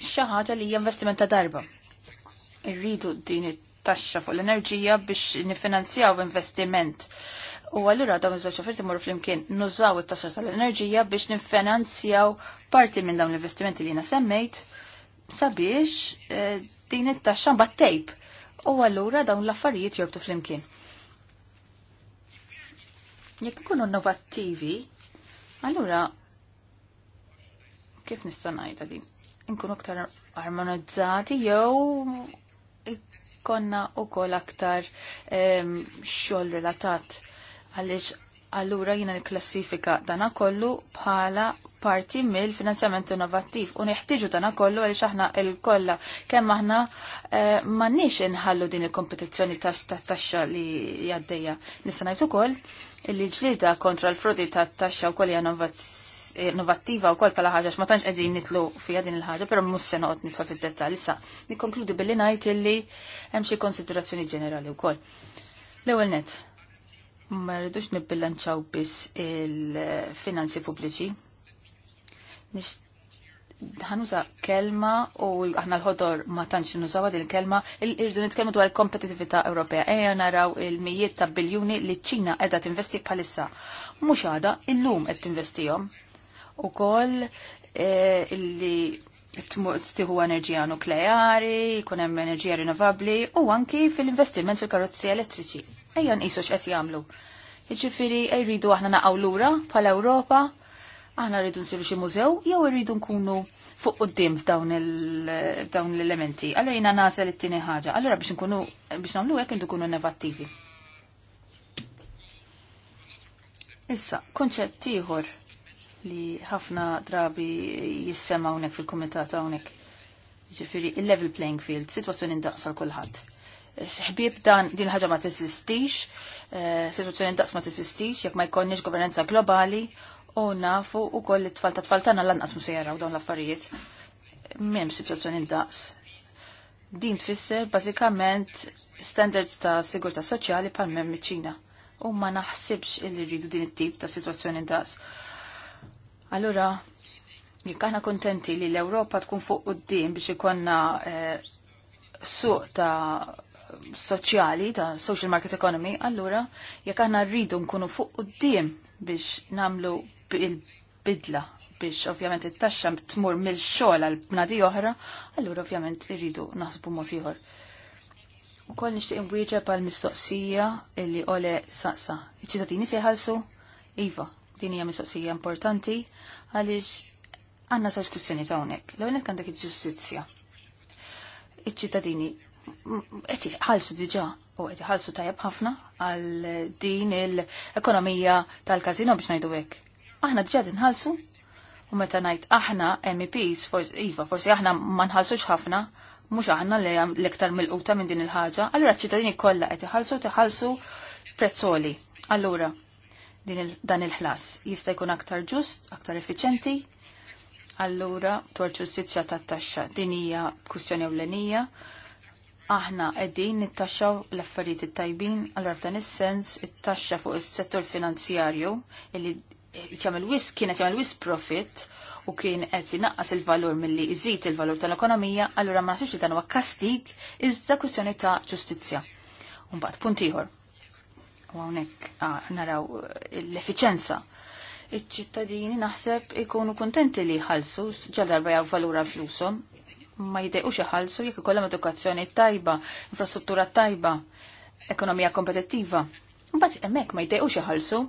xi ħaġa li hija investiment ta' darba. Irridu din it-taxxa fuq l-enerġija biex nifinanzjaw investiment U għallura dawn iż-żewġ offerti morru flimkien nużaw it-taxxa tal-enerġija biex nifinanzjaw parti minn dawn l-investimenti li jiena semmejt sabiex eh, din it-taxxa mbagħad tejb. U allura dawn l-affarijiet jorbtu flimkien. Jekk ikunu innovattivi, allura kif nista' ngħidha din? Inkunu aktar armonizzati jew konna wkoll aktar ehm, xogħol relatat għaliex allura jina l-klassifika dana kollu bħala parti mill finanzjament innovattiv u neħtiġu dana kollu għaliex aħna il-kolla kemm aħna eh, m'għandniex inħallu din il-kompetizzjoni tax-taxxa li għaddejja. Nista' ngħid ukoll li ġlida kontra l-frodi tat-taxxa u hija innovattiva wkoll bħala ħaġa ma tantx qegħdin nitlu fiha din il-ħaġa, però mhux se noqgħod nitfa' fid-dettall lissa. Nikkonkludi billi najt il hemm xi konsiderazzjoni ġenerali wkoll. L-ewwel nett, Ma rridux nibbilanċaw biss il-finanzi pubbliċi. Ħanuża kelma u aħna l-ħodor ma tantx nużaw din kelma irridu nitkellmu dwar il-kompetitività Ewropea. Ejja naraw il-mijiet ta' biljuni li ċ-Ċina qiegħda tinvesti bħalissa. Mhux għada, illum qed tinvestihom. Ukoll eh, li tiħu enerġija nukleari, jkun hemm enerġija rinnovabbli u anki fil-investiment fil-karozzi elettriċi. Ejja nqisu x'qed jagħmlu. Jiġifieri jridu aħna naqgħu lura bħala Ewropa, aħna rridu nsiru xi mużew jew irridu nkunu fuq qudiem f'dawn l-elementi. Allura jiena nasel it-tieni ħaġa. allura biex nkunu biex nagħmlu hekk irridu nkunu innovattivi. Issa, konċett ieħor li ħafna drabi jissema unek fil-komitat unek. Ġifiri, il-level playing field, situazzjoni ndaqsa l-kulħadd. Sħbib dan din ħaġa ma t-sistix, eh, situazzjoni ndaqsa ma t-sistix, jekk ma jkollniex governanza globali, u nafu u koll li tfal ta' tfal l-anqas mu u dawn l-affarijiet. M'hemm situazzjoni ndaqs. Din tfisser bażikament standards ta' sigurtà soċjali bħal mem miċ-Ċina. U ma naħsibx li rridu din it-tip ta' situazzjoni ndaqs Allura, jikana kontenti li l-Europa tkun fuq d-din biex ikonna eh, suq ta' soċjali, ta' social market economy, allura jekk aħna rridu nkunu fuq qoddim biex namlu il-bidla biex ovvjament it-taxxa tmur mill-xogħol għal bnadi oħra, allura ovvjament irridu naħsbu mod ieħor. Ukoll nixtieq inwieġeb għal mistoqsija li ole saqsa. Iċ-ċittadini se jħallsu? Iva, din hija mistoqsija importanti għaliex għandna żewġ kustjoni ta' hawnhekk. L-ewwel għandak għandek il-ġustizzja. Iċ-ċittadini qed ħalsu diġà u qed ħalsu tajjeb ħafna għal din l-ekonomija tal kazino biex ngħidu hekk. Aħna diġà din ħalsu u meta ngħid aħna MEPs forsi iva forsi aħna ma nħallsux ħafna mhux aħna li l-iktar mill-quta minn din il-ħaġa, għallura ċ-ċittadini kollha qed iħallsu tiħallsu prezzoli. Allura, dan il-ħlas. Jista' jkun aktar ġust, aktar effiċenti, allura dwar ġustizzja tat-taxxa. Din hija kwistjoni ewlenija. Aħna qegħdin nittaxxaw l-affarijiet it-tajbin, allura f'dan is-sens it-taxxa fuq is-settur finanzjarju illi jagħmel wis kienet jagħmel wis profit u kien qed inaqqas il-valur milli iżid il-valur tal-ekonomija, allura ma nasibx li dan huwa kastig iżda kwistjoni ta' ġustizzja. Mbagħad punt ieħor u hawnhekk ah, naraw eh, l-effiċenza. Iċ-ċittadini naħseb ikunu kontenti li jħallsu ġadarba jgħu valura flusom, ma jdequx iħallsu jekk ikollhom edukazzjoni tajba, infrastruttura tajba, ekonomija kompetittiva. Mbagħad hemmhekk ma jdequx iħallsu,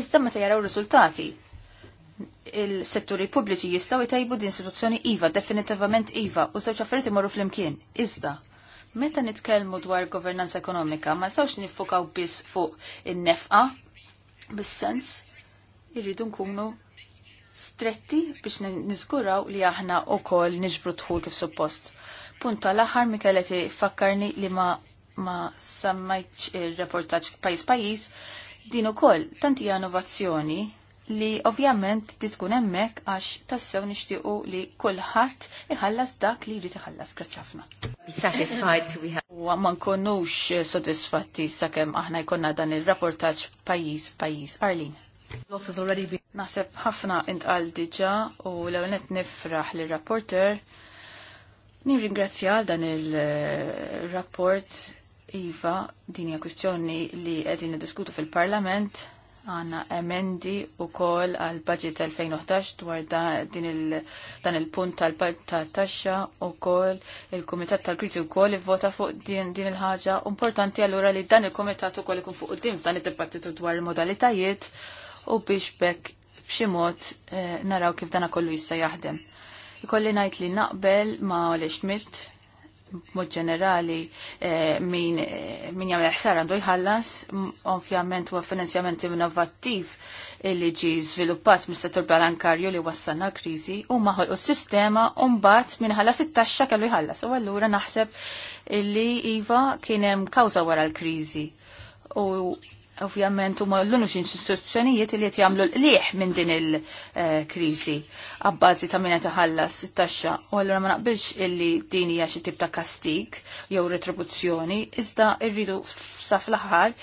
iżda meta jaraw riżultati il-setturi pubbliċi jistgħu jtajbu din situazzjoni iva, definitivament iva, u żewġ affarijiet imorru flimkien. Iżda, Meta nitkellmu dwar governanza ekonomika, ma sawx nifukaw biss fuq in-nefqa bis-sens irridu nkunu stretti biex niżguraw li aħna wkoll niġbru dħul kif suppost. Punt tal-aħħar mi kellet fakkarni li ma ma sammajtx il reportaġġ pajjiż pajis din ukoll tanti innovazzjoni li ovvjament titkun hemmhekk għax tassew nixtiequ li kulħadd iħallas dak li jrid iħallas. Grazzi ħafna. Wa ma nkunux sodisfatti sakemm aħna jkollna dan il-rapportaġġ pajjiż pajjiż. Arlin. Naħseb ħafna intqal diġa u l-ewwel qed nifraħ lir-rapporter. għal dan il-rapport Iva, din hija kwistjoni li qegħdin niddiskutu fil-Parlament għanna emendi u kol għal budget 2011 dwar dan il-punt tal-taxxa u kol il-Komitat tal-Krizi u kol vota fuq din, din il-ħaġa. Importanti għallura li dan il-Komitat u kol ikun fuq din f'dan id-dibattitu dwar il-modalitajiet u biex bekk b'xi mod eh, naraw kif dana kollu jista' jaħdem. Ikolli ngħid li naqbel ma' Ole Schmidt mod ġenerali eh, min, eh, min jagħmel ħsar għandu jħallas, ovvjament huwa finanzjament innovattiv li ġi żviluppat mis-settur balankarju li wassalna kriżi u maħol u sistema u mbagħad min ħallas it-taxxa kellu jħallas. U allura naħseb li iva kien hemm kawża wara l-kriżi. U Ovvjament huma l-unux istituzzjonijiet li qed jagħmlu l minn din il-kriżi għabbazi ta' minna taħallas it-taxxa u allura ma naqbilx illi din hija xi tip ta' kastig jew retribuzzjoni iżda rridu sa fl-aħħar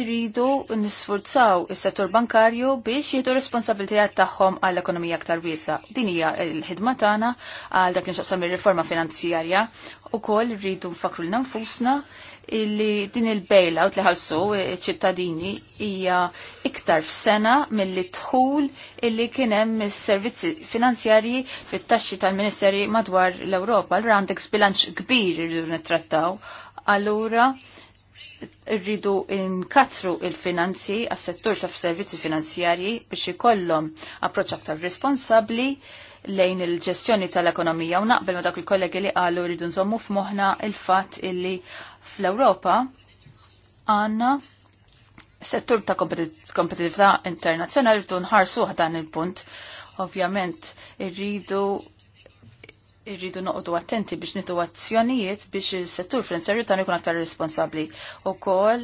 irridu nisfurzaw is-settur bankarju biex jieħdu responsabilitajiet tagħhom għall-ekonomija aktar wiesa. Din hija l-ħidma tagħna għal dak li nxaqsam ir-riforma finanzjarja ukoll rridu nfakru l nfusna illi din il-bailout li ħalsu ċittadini hija iktar f'sena mill-li tħul illi kien hemm is-servizzi finanzjarji fit-taxxi tal-Ministeri madwar l-Ewropa. l għandek bilanċ kbir irridu nittrattaw. Allura rridu inkatru il-finanzi għas-settur ta' servizzi finanzjarji biex ikollhom approċċ aktar responsabbli lejn il-ġestjoni tal-ekonomija u naqbel ma dak il-kollegi li qalu rridu nżommu f'moħħna il-fatt illi fl-Ewropa għandna settur ta' kompetitività internazzjonali rridu nħarsu dan il-punt. Ovvjament irridu irridu noqdu attenti biex nitu azzjonijiet biex il-settur finanzjarju tan ikun aktar responsabli. U kol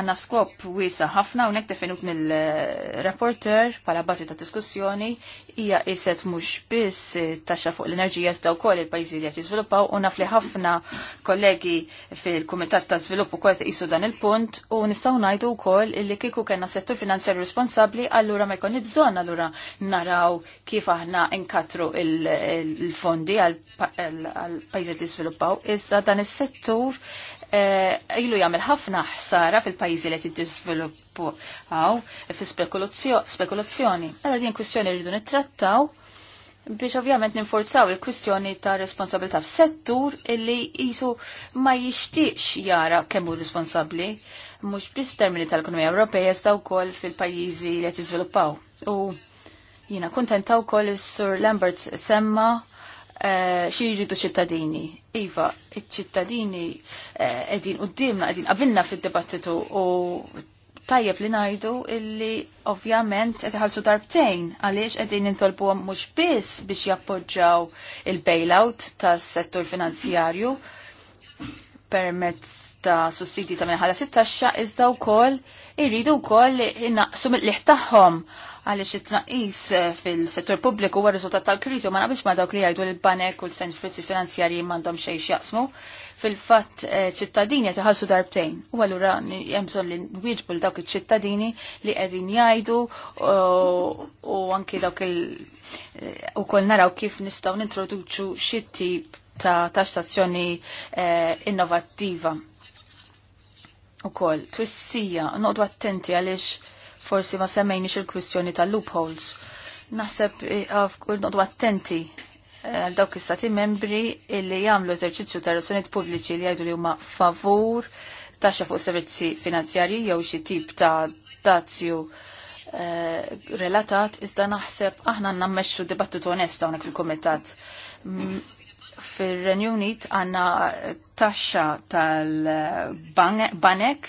għanna skop wisa ħafna unek definut mill-reporter pala bazi ta' diskussjoni hija qiset mhux biss eh, taxxa fuq l-enerġija iżda wkoll il-pajjiżi li qed jiżviluppaw u naf li ħafna kollegi fil-Kumitat ta' Żvilupp ukoll qisu dan il-punt u nistgħu ngħidu wkoll li kieku kellna settur finanzjarju responsabbli allura ma jkun bżonn allura naraw kif aħna nkatru il-fondi għal pajjiżi li jiżviluppaw iżda dan is-settur Eh, ilu jagħmel ħafna ħsara fil-pajjiżi li qed jiddiżviluppaw fi spekulazzjoni. Allora din kwistjoni rridu nittrattaw biex ovvjament ninforzaw il-kwistjoni ta' responsabilità f'settur illi jisu ma jixtieqx jara kemm hu responsabbli mhux biss termini tal-ekonomija Ewropea jistgħu wkoll fil-pajjiżi li qed jiżviluppaw. U jiena kuntenta wkoll is-Sur Lambert semma Eh, xi jridu ċittadini. Iva, iċ-ċittadini qegħdin eh, dimna edin qabilna fid-dibattitu u tajjeb li ngħidu illi ovvjament qed iħallsu darbtejn għaliex qegħdin nintolbuhom mhux biss biex jappoġġaw il-bailout tas-settur finanzjarju permezz ta' sussidi ta' minħala sittaxxa iżda wkoll irridu wkoll innaqsu mill-liħ tagħhom għaliex it-tnaqqis eh, fil-settur pubbliku għal riżultat tal-kriżi u ma nabix ma dawk li jgħidu l-banek u l-servizzi finanzjarji m'għandhom xejn jaqsmu. Fil-fatt eh, ċittadini qed iħallsu darbtejn. U allura hemm bżonn li nwieġbu l dawk iċ-ċittadini li qegħdin jgħidu eh, u anki dawk il- u kol naraw kif nistgħu nintroduċu xi tip ta' tassazzjoni innovattiva u kol, twissija, noqdu attenti għalix forsi ma semmejniex il-kwistjoni tal-loopholes. Naħseb eh, noqdu attenti eh, għal dawk istati membri illi jagħmlu eżerċizzju ta' razzjonijiet pubbliċi li jgħidu li huma favur taxxa fuq servizzi finanzjarji jew xi tip ta' dazzju eh, relatat, iżda naħseb aħna għandna mmexxu dibattitu onest hawnhekk fil-kumitat. Fir-Renju Unit għandna taxxa tal-banek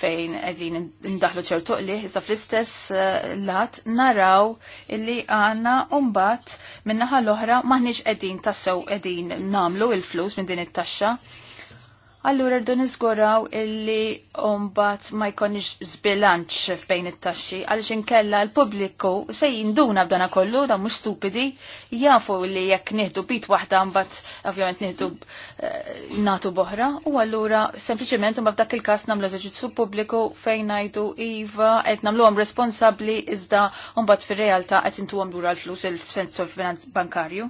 fejn qegħdin ndaħlu ċertu li issa fl-istess eh, lat naraw illi għandna mbagħad minnaħa l-oħra maħniex qegħdin tassew qegħdin namlu il-flus minn din it-taxxa Allura rdu niżguraw illi mbagħad ma jkonix zbilanċ f'bejn it-taxxi għaliex inkella l-pubbliku se jinduna b'dana kollu dan mhux stupidi jafu li jekk nieħdu bit waħda mbagħad ovvjament nieħdu eh, natu boħra u allura sempliċement imma f'dak il-każ nagħmlu eżerċizzju pubbliku fejn ngħidu iva qed nagħmluhom responsabbli iżda mbagħad fir-realtà qed intuhom lura l-flus il-sens bankarju.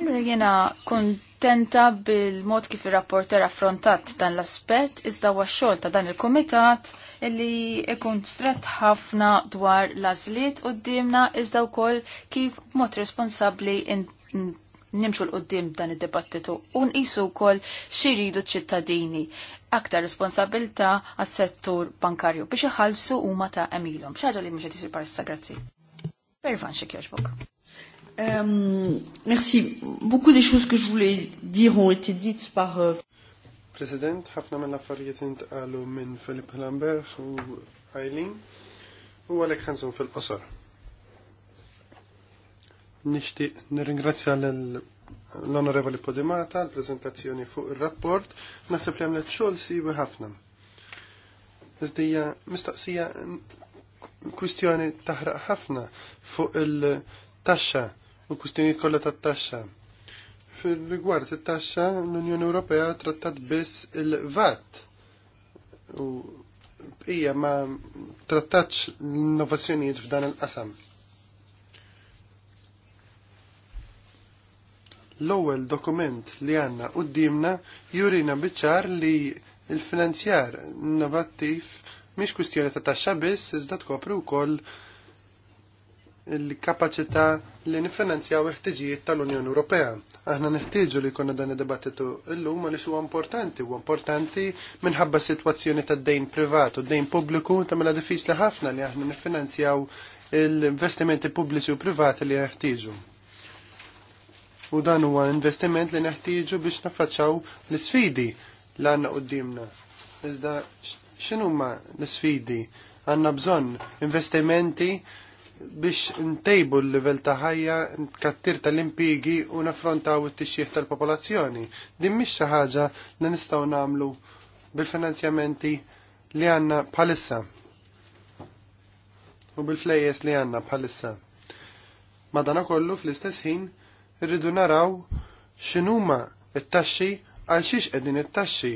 Allura jiena kont kontenta bil-mod kif ir-rapporter affrontat dan l-aspett iżda huwa xogħol ta' dan il-kumitat li ikun strett ħafna dwar l-għażliet qudiemna iżda wkoll kif mod responsabbli nimxu l-qoddim dan id debattitu u nqisu wkoll xiridu ċittadini aktar responsabilta għas-settur bankarju biex iħallsu huma ta' għamilhom. Xi li mhux qed isir parissa grazzi. Pervan xi kjoġbok. Euh, merci. Beaucoup des choses que je voulais dire ont été dites par... Euh... President, ħafna mill affarijiet intqalu minn Filip Lambert u Eileen u għalek ħanżum fil-qosor. Nishtiq nirringrazzja l-Onorevoli Podimata l-prezentazzjoni fuq il-rapport, nasib li għamlet xogħol siwi ħafna. Iżdija mistaqsija kwistjoni taħraq ħafna fuq il-taxxa u kustinijiet kollha tat-taxxa. Fil-rigward it-taxxa, l-Unjoni Ewropea trattat biss il-VAT u hija ma trattatx l-innovazzjonijiet f'dan il-qasam. L-ewwel dokument li għandna qudiemna jurina biċċar li l-finanzjar innovattiv mhix kwistjoni ta' taxxa biss iżda tkopri wkoll il-kapacità li nifinanzjaw il-ħtiġijiet tal-Unjoni Ewropea. Aħna neħtieġu li jkollna dan id-dibattitu illum għaliex huwa importanti, huwa importanti minħabba sitwazzjoni tad-dejn u dejn pubbliku ta mela diffiċli ħafna li aħna nifinanzjaw l-investimenti pubbliċi u privati li neħtieġu. U dan huwa investiment li neħtieġu biex naffaċċaw l-sfidi li għandna qudiemna. Iżda x'inhuma l-sfidi? Għandna bżonn investimenti biex ntejbu l-level ta' ħajja, kattir tal-impigi u naffrontaw it-tixjih tal-popolazzjoni. Din mhix xi ħaġa li nistgħu nagħmlu bil-finanzjamenti li għandna bħalissa u bil-flejjes li għandna bħalissa. Madana kollu fl-istess ħin irridu naraw x'inhuma t-taxxi għal xiex qegħdin it-taxxi.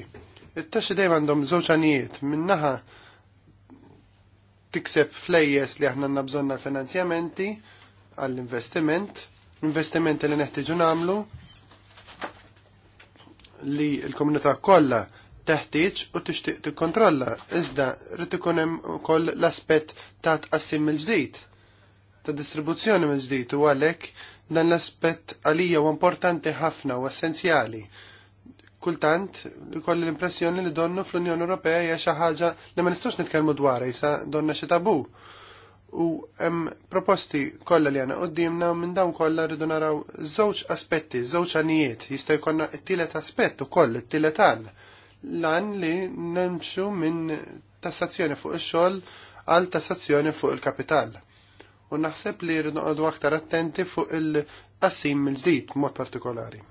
It-taxxi dejjem għandhom żewġ għanijiet, min-naħa tikseb flejjes li aħna nabżonna finanzjamenti għall-investiment, investimenti li neħtiġu namlu li l-komunità kollha teħtieġ u tixtieq tikkontrolla, iżda rrid ikun hemm ukoll l-aspett ta' tqassim mill-ġdid, ta' distribuzzjoni mill-ġdid u għalhekk dan l-aspett għalija u importanti ħafna u essenzjali kultant kolli l-impressjoni li donnu fl-Unjoni Ewropea hija xi ħaġa li ma nistgħux nitkellmu dwar isa donna xi tabu. U hemm proposti kollha li għandna qudiemna minn dawn kollha rridu naraw żewġ aspetti, żewġ għanijiet, jista' jkollna t-tielet aspett ukoll it-tielet għan. Lan li nemxu minn tassazzjoni fuq ix-xogħol għal tassazzjoni fuq il-kapital. U naħseb li rridu aktar attenti fuq il-qassim mill-ġdid mod partikolari.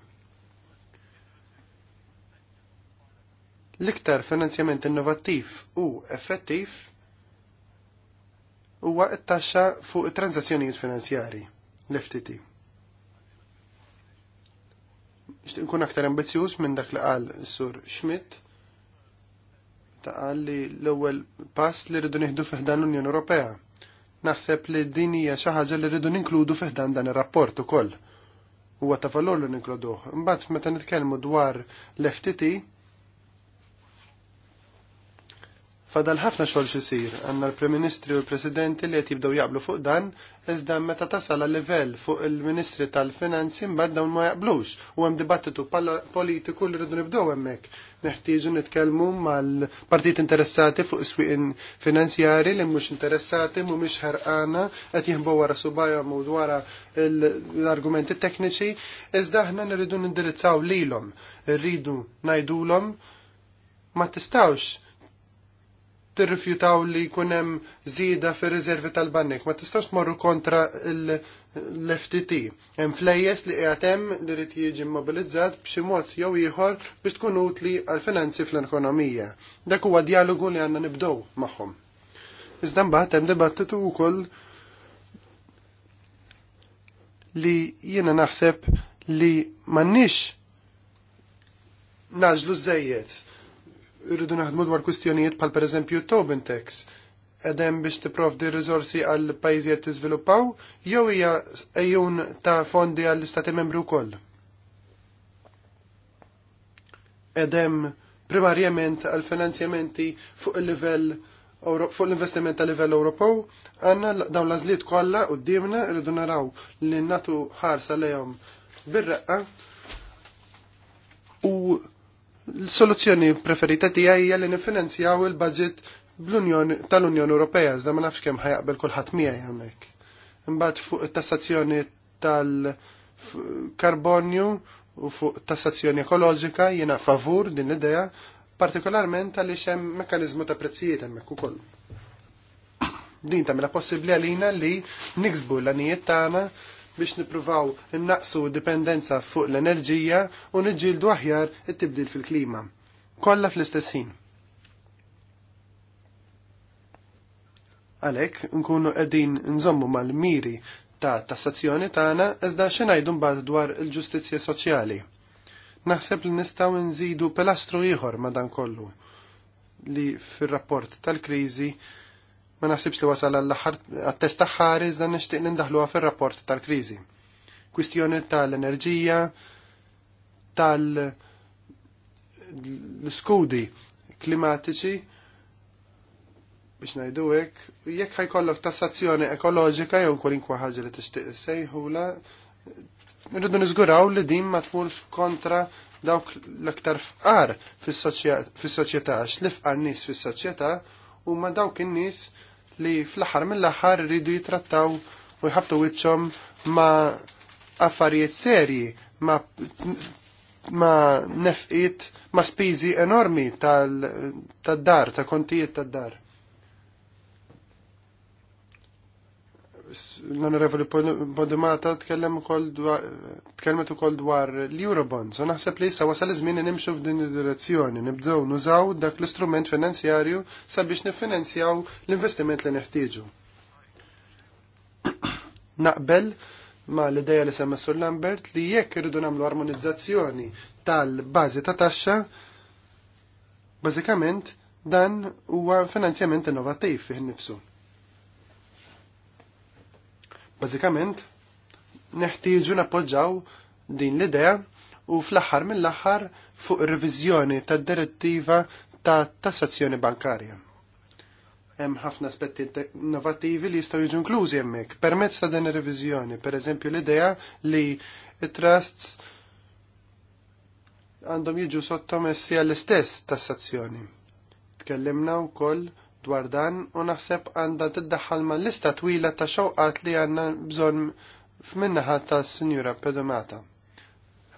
L-iktar finanzjament innovattiv u effettiv huwa t-taxxa fuq it-transazzjonijiet finanzjari, l-FTT. Nkun aktar ambizzjuż minn dak li qal sur Schmidt ta' qal li l-ewwel pass li rridu nieħdu fiħdan l-Unjoni Ewropea. Naħseb li din hija xi ħaġa li rridu ninkludu fiħdan dan ir-rapport ukoll. Huwa ta' valur li ninkluduh. Imbagħad meta nitkellmu dwar l-FTT, Fadal ħafna xogħol xisir, għandna l-Prem-Ministri u l-Presidenti li qed jibdew jaqblu fuq dan, iżda meta tasal għal livell fuq il-Ministri tal-Finanzi mbagħad dawn ma jaqblux u hemm dibattitu politiku li rridu nibdew hemmhekk. Neħtieġu nitkellmu mal-partit interessati fuq swieq finanzjari li mhux interessati mhumiex ħerqana qed jieħbu wara subajhom u wara l-argumenti tekniċi, iżda aħna nirridu nindirizzaw lilhom, irridu ngħidulhom ma tistawx tirrifjutaw li jkun hemm żieda fir tal-bannek. Ma tistax morru kontra l-FTT. Hemm flejjes li qiegħed hemm li rid jiġi mobilizzat b'xi mod jew ieħor biex tkun utli għal finanzi fl-ekonomija. Dak huwa dialogu li għandna nibdew magħhom. Iżda mbagħad hemm dibattitu wkoll li jiena naħseb li m'għandniex naġlu żejjed rridu naħdmu dwar kwistjonijiet bħal pereżempju Tobin Tax. Edem biex tipprovdi rizorsi għal t-izviluppaw, jew hija ejjun ta' fondi għall istati membri wkoll. Edem primarjament għal finanzjamenti fuq il level fuq l-investiment tal livell Ewropew, għanna dawn l u kollha dimna rridu naraw li natu ħarsa lejhom bir-reqqa u L-soluzzjoni preferita tiegħi hija li nifinanzjaw il-budget tal-Unjoni Ewropea, iżda ma nafx kemm ħajaqbel kulħadd miegħi hemmhekk. Imbagħad fuq it-tassazzjoni tal-karbonju u fuq tassazzjoni ekoloġika jiena favur din l-idea, partikolarment għaliex hemm mekkaniżmu ta' prezzijiet hemmhekk ukoll din tamela possibli għalina li niksbu l-għanijiet tagħna biex nipruvaw innaqsu dipendenza fuq l-enerġija u niġġieldu aħjar it-tibdil fil-klima. Kollha fl-istess ħin. Għalhekk nkunu qegħdin nżommu mal-miri ta' tassazzjoni tagħna iżda xinajdu mbagħad dwar il-ġustizzja soċjali. Naħseb li nistgħu nżidu pilastru ieħor ma' dan kollu li fir-rapport tal-kriżi ma naħsibx li wasal għall-aħħar għat-test aħħar iżda nixtieq nindaħluha fir-rapport tal-kriżi. Kwistjoni tal-enerġija, tal-skudi klimatiċi biex ngħidu hekk, jekk ħajkollok tassazzjoni ekoloġika jew kwalinkwa ħaġa li tixtieq sejħula, nridu niżguraw li din ma tmurx kontra dawk l-aktar fqar fis-soċjetà, għax l-ifqar nies fis-soċjetà huma dawk in-nies li fl-aħħar mill-aħħar rridu jitrattaw u jħabtu wiċċhom ma' affarijiet serji, ma' ma' nefqiet, ma' spiżi enormi tal-dar, ta' kontijiet tad-dar. l-Onorevoli Bodumata tkellem ukoll dwar tkellmet ukoll dwar l-Eurobonds u naħseb li issa wasal iż-żmien nimxu f'din id-direzzjoni, nibdew nużaw dak l-istrument finanzjarju sabiex niffinanzjaw l-investiment li neħtieġu. Naqbel ma l-ideja li semma Sur Lambert li jekk irridu nagħmlu armonizzazzjoni tal-bażi ta' taxxa, bażikament dan huwa finanzjament innovattiv fih nifsu Bażikament, neħtieġu nappoġġaw din l-idea u fl-aħħar mill-aħħar fuq ir-reviżjoni tad-direttiva ta' tassazzjoni bankarja. Hemm ħafna aspetti innovattivi li jistgħu jiġu inklużi hemmhekk permezz ta' din ir-reviżjoni, pereżempju l-idea li t trusts għandhom jiġu sottomessi għall-istess tassazzjoni. Tkellimna wkoll dwar dan u naħseb għandha tiddaħħal ma lista twila ta' xewqat li għandna bżonn f'minnaħa ta' Sinjura Pedomata.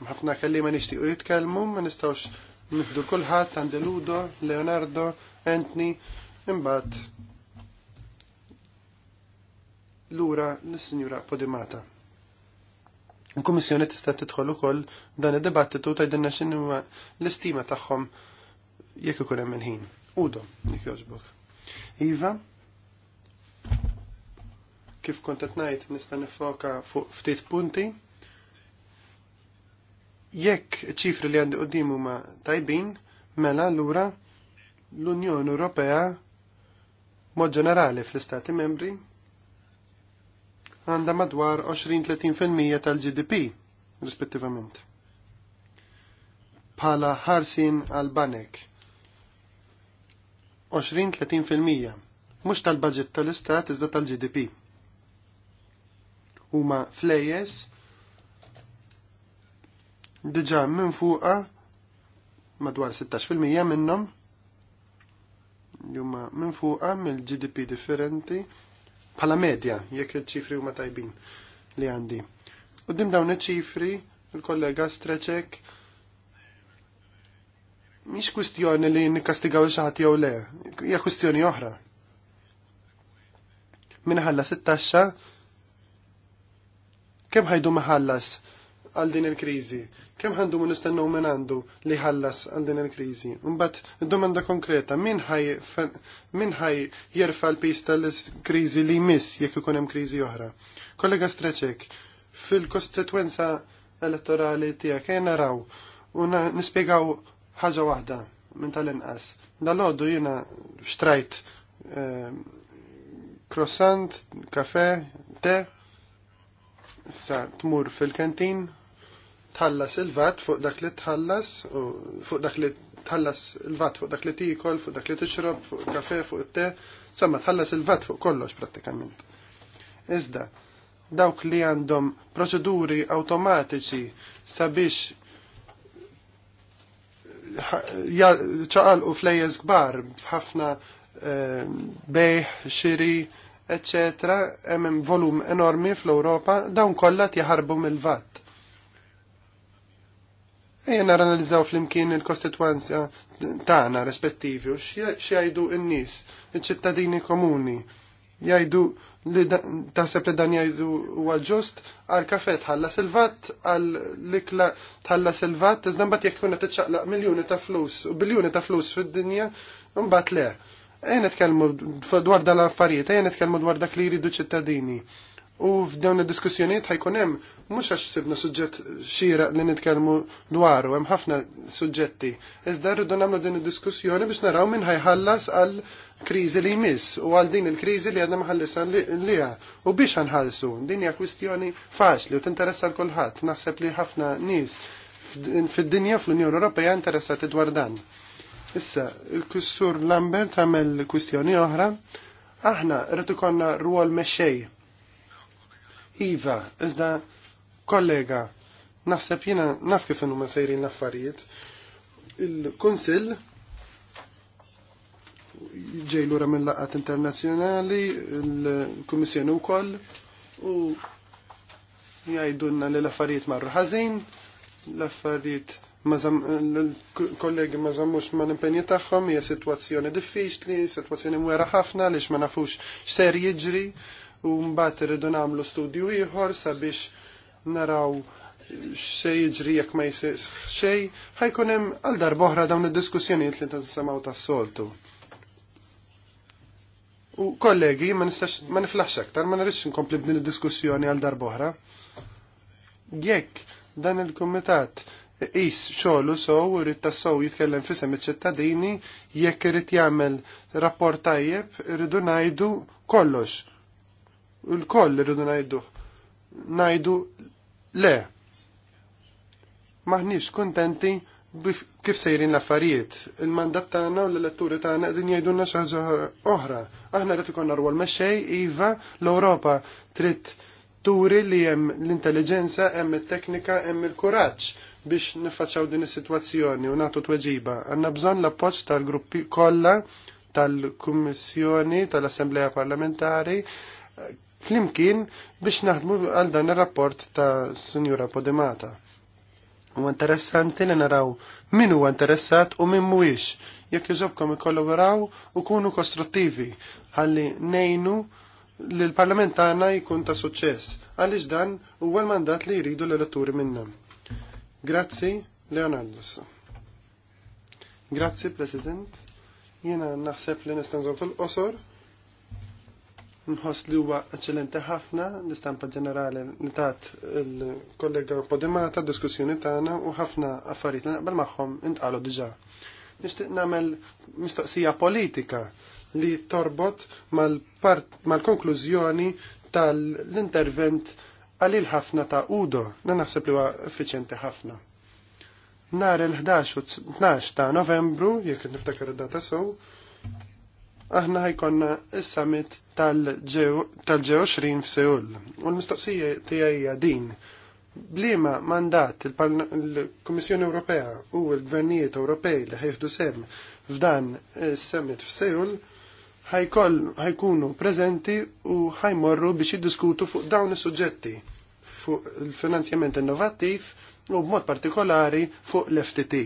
Ħafna kelli ma nixtiequ jitkellmu, ma nistgħux nifdu kulħadd għandi Ludo, Leonardo, Anthony, imbagħad lura l-Sinjura Podimata. Il-Kummissjoni tista' tidħol ukoll dan id-dibattitu tgħidilna x'inhuma l-istima tagħhom jekk ikun hemm il-ħin. Udo, jekk jogħġbok. Iva, kif kont qed ngħid nista' nifoka fuq ftit punti. Jekk ċifri li għandi għoddimu huma tajbin, mela allura l-Unjoni Ewropea mod ġenerali fl-Istati Membri għandha madwar 20-30% tal-GDP rispettivament. Pala ħarsin għal banek 20-30%, mhux tal-budget tal-istat iżda tal-GDP. Huma flejes diġà minn fuqa madwar 16% minnhom juma minn fuqa mill-GDP differenti bħala medja jekk il-ċifri huma tajbin li għandi. U dim dawn iċ-ċifri il-kollega Streċek Mhix kwistjoni li nikkastigaw xi ħadd jew le, hija kwistjoni oħra. Min ħallas it-taxxa kemm ħajdu maħallas għal din il-kriżi? Kemm ħandu nistennew minn għandu li ħallas għal din il-kriżi? Imbagħad domanda konkreta, min ħaj min ħaj jerfa l-pis tal-kriżi li jmiss jekk ikun hemm kriżi oħra? Kollega Streċek, fil kostitwenza elettorali tiegħek ejja naraw u nispjegaw ħaġa waħda minn tal-inqas. dal ħoddu jina xtrajt eh, croissant, kafe, te, sa tmur fil-kantin, tħallas il-vat fuq dak li tħallas, fuq dak li tħallas il-vat fuq dak li tikol, fuq dak li tixrob, fuq kafe, fuq te, samma tħallas il-vat fuq kollox pratikament. Iżda, dawk li għandhom proċeduri automatiċi sabiex u flejjeż kbar b'ħafna eh, beħ, xiri, etc. hemm volum enormi fl-Ewropa dawn kollha jaħarbu mill-vatt. Ejja nara analizzaw fl-imkien il-kostituenza tagħna rispettivi u x'jgħidu n-nies, iċ-ċittadini komuni, jgħidu li taħseb li dan jgħidu huwa ġust għal kafe tħalla silvat għal likla tħalla silvat iżda mbagħad jekk tkun qed miljuni ta' flus u biljuni ta' flus fid-dinja mbagħad le. Ejn nitkellmu dwar dal affarijiet ejn nitkellmu dwar dak li jridu ċittadini. U f'dawn id-diskussjonijiet ħajkun hemm mhux għax sibna suġġett xira li nitkellmu dwaru, hemm ħafna suġġetti. Iżda rridu nagħmlu din id-diskussjoni biex naraw min ħajħallas għal kriżi li jmiss u għal din il-kriżi li għadna li liha u biex ħanħallsu din hija kwistjoni faċli u tinteressa l kulħadd naħseb li ħafna nies fid-dinja fl-Unjoni Ewropea interessati dwar dan. Issa, il-kussur Lambert għamel kwistjoni oħra, aħna rritu konna ruol meċċej. Iva, iżda kollega, naħseb jina naf kif ma sejrin l-affarijiet. il konsil ġej lura minn laqat internazzjonali, l-Kummissjoni wkoll u jgħidulna li l-affarijiet marru ħażin, l-affarijiet l-kollegi ma zammux ma nimpenji tagħhom hija sitwazzjoni diffiċli, situazzjoni mwera ħafna li ma nafux x'ser jiġri u mbagħad irridu nagħmlu studju ieħor sabiex naraw xej jiġri jekk ma jisix xej, ħajkun hemm għal darba oħra dawn id-diskussjonijiet li tinsemgħu tas-soltu. U kollegi, ma nistax, ma niflax aktar, ma nirriċ nkompli b'din id-diskussjoni għal darboħra. Jekk dan il-komitat is xogħlu sow irid tassow jitkellem fisem iċ-ċittadini jekk irid jagħmel rapport tajjeb rridu ngħidu kollox. Il-koll rridu ngħidu ngħidu le. Maħniex kuntenti kif sejrin l-affarijiet. Il-mandat tagħna u l-elettori tagħna qegħdin jgħidulna xi ħaġa oħra. Aħna rid ikollna rwol xej. iva l-Ewropa trid turi li hemm l-intelligenza, hemm it-teknika, hemm il-kuraġġ biex niffaċċaw din is-sitwazzjoni u nagħtu tweġiba. Għandna bżonn l-appoġġ tal-gruppi kollha tal-Kummissjoni, tal-Assembleja Parlamentari, flimkien biex naħdmu għal dan ir-rapport ta' Sinjura Podemata. U interessanti li naraw min huwa interessat u min mhuwiex. Jekk iżobkom ikkollaboraw u kunu kostruttivi ħalli nejnu li l-Parlament tagħna jkun ta' suċċess għaliex dan huwa l-mandat li jridu l-elettori minnha. Grazzi, Leonardo. Grazzi, President. Jiena naħseb li nistanżon fil-qosor nħoss li huwa eċċellenti ħafna l-istampa ġenerali nitat il-kollega Podimata diskussjoni tagħna u ħafna affarijiet li naqbel magħhom intqalu diġà. Nixtieq nagħmel mistoqsija politika li torbot mal-konklużjoni tal-intervent għalil ħafna ta' Udo, na naħseb li huwa effiċjenti ħafna. Nar il-11 u 12 ta' Novembru, jekk niftakar id-data sew, so, aħna ħajkonna is-summit tal-G20 f'Seul. U l-mistoqsija tiegħi din. Blima mandat il-Kummissjoni Ewropea u l-Gvernijiet Ewropej li ħejħdu sem f'dan is-summit f'Seul ħajkunu preżenti u ħajmorru biex jiddiskutu fuq dawn is-suġġetti fuq il-finanzjament innovattiv u b'mod partikolari fuq l-FTT,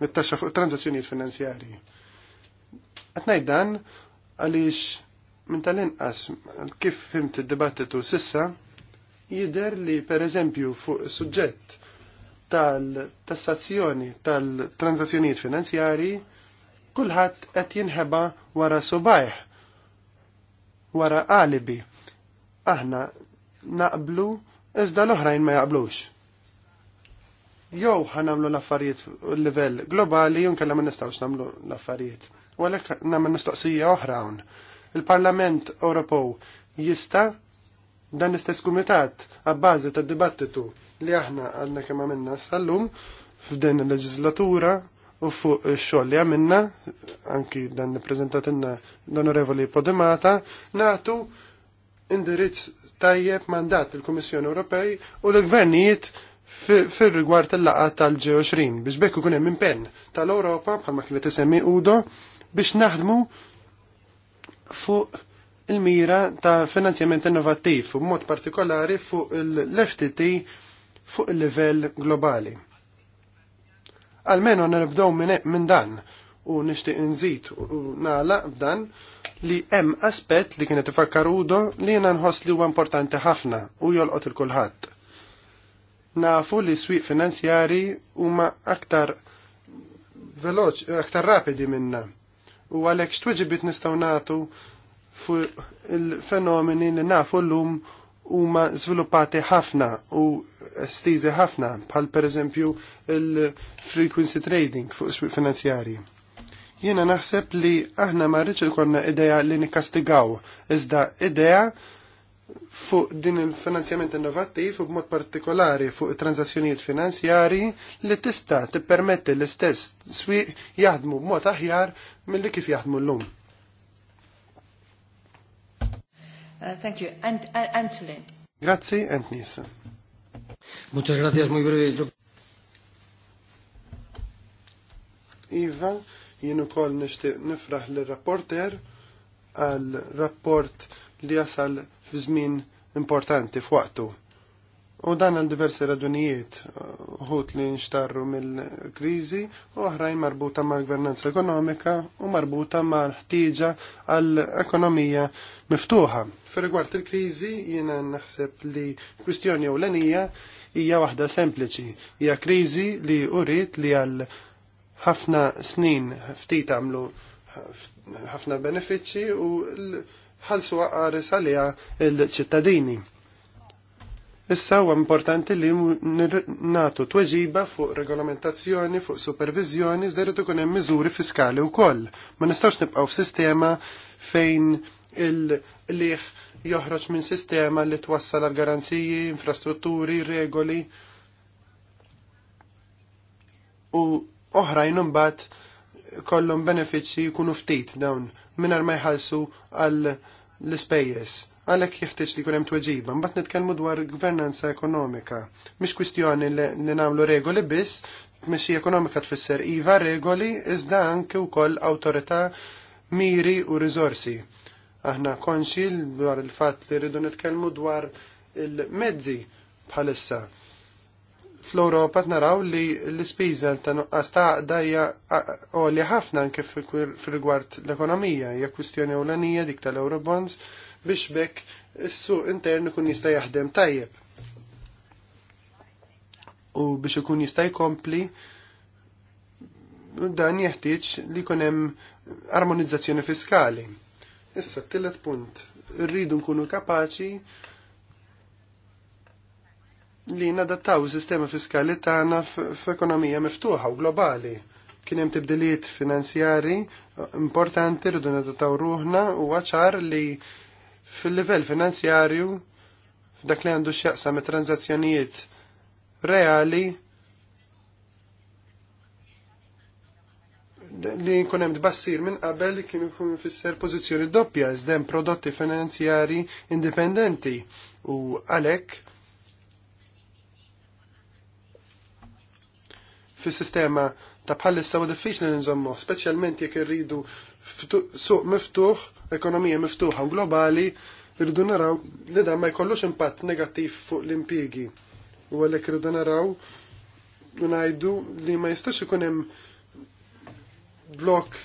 it-taxxa fuq transazzjonijiet finanzjarji. Qed ngħid dan għaliex minn tal-inqas kif fimt id-dibattitu sissa jider li per eżempju fuq suġġett tal-tassazzjoni tal-transazzjonijiet finanzjari kulħadd qed jinħeba wara subajh wara alibi, Aħna naqblu iżda l-oħrajn ma jaqblux. Jew ħanamlu l-affarijiet livell globali jew ma nistgħux nagħmlu l-affarijiet. U għalhekk nagħmel mistoqsija oħra hawn. Il-Parlament Ewropew jista' dan l-istess kumitat għabbażi ta' dibattitu li aħna għadna kemm għamilna sal-lum f'din il-leġislatura u fuq ix-xogħol li għamilna, anki dan nippreżentatilna preżentatilna l-Onorevoli Podemata, natu indirizz tajjeb mandat il-Kummissjoni Ewropej u l gvernijiet fir fil-rigward laqgħa tal tal-G20 biex bekk ikun hemm impenn tal-Ewropa bħalma kienet isemmi Udo biex naħdmu fuq il-mira ta' finanzjament innovattiv u mod partikolari fuq l-FTT fuq il-livell globali. Almenu għanna nibdow e- minn dan u nishtiq nżid u nala b'dan li hemm aspett li kienet ifakkar udo li jiena nħoss li huwa importanti ħafna u jolqot il kulħadd. Nafu li swieq finanzjari huma aktar veloċ, aktar rapidi minna u għalhekk x'tweġibit nistgħu nagħtu fuq il-fenomeni li nafu llum huma żviluppati ħafna u stizi ħafna bħal pereżempju il-frequency trading fuq is-swieq finanzjarji. Jiena naħseb li aħna ma rridx ikollna idea li nikastigaw iżda idea fuq din il-finanzjament innovattiv u b'mod partikolari fuq transazzjonijiet finanzjari li tista' tippermetti l-istess swieq jaħdmu b'mod aħjar milli kif jaħdmu llum. Uh, thank you. And, uh, Grazzi, Antnisa. Muchas gracias, muy breve. Iva, jien ukoll nixtieq nifraħ lir rapporter għal rapport li jasal fi żmien importanti f'waqtu. U dan għal diversi raġunijiet, uħut li nxtarru mill-krizi, u oħrajn marbuta mal-gvernanza ekonomika u marbuta mal-ħtieġa għall-ekonomija miftuħa. Fir rigward il-krizi, jiena naħseb li kwistjoni l-enija hija waħda sempliċi. Hija krizi li uriet li għal ħafna snin ftit għamlu ħafna benefiċċji u l- ħalsu għaris għalija il-ċittadini. Issa huwa importanti li nagħtu tweġiba fuq regolamentazzjoni, fuq supervizjoni, iżda jrid ikun hemm miżuri fiskali wkoll. Ma nistgħux nibqgħu f'sistema fejn il-liħ joħroġ minn sistema li twassal għal garanziji, infrastrutturi, regoli u oħrajn imbagħad kollhom benefiċċji jkunu ftit dawn mingħajr ma jħallsu għal l-ispejjeż għalhekk jeħtieġ li jkun hemm tweġiba. Mbagħad nitkellmu dwar gvernanza ekonomika. Mhix kwistjoni li nagħmlu regoli biss, mexi ekonomika tfisser iva regoli iżda anke wkoll awtorità miri u riżorsi. Aħna konxi dwar il-fatt li rridu nitkellmu dwar il-mezzi bħalissa fl-Europa naraw li l-ispiża ta' nuqqas ta' għaqdajja għolja ħafna anke fil-rigward l-ekonomija, hija kwistjoni ewlenija dik tal-Eurobonds biex bekk is-suq intern ikun jista' jaħdem tajjeb. U biex ikun jista' jkompli dan jeħtieġ li jkun hemm armonizzazzjoni fiskali. Issa t-tillet punt, rridu nkunu kapaċi li nadattaw sistema fiskali tagħna f'ekonomija miftuħa u globali. Kien hemm tibdiliet finanzjari importanti rridu nadattaw ruħna u għaċar li fil-livell finanzjarju f'dak li għandu xjaqsam me tranzazzjonijiet reali li jkun hemm tbassir minn qabel kien ikun fisser pożizzjoni doppja iżda hemm prodotti finanzjari indipendenti u għalhekk fis-sistema ta' bħalissa u diffiċli nżommu, speċjalment jekk irridu suq miftuħ, ekonomija miftuħa u globali, irridu naraw li dan ma jkollux impatt negattiv fuq l impiegi U għalhekk irridu naraw ngħidu li ma jistax ikun hemm blok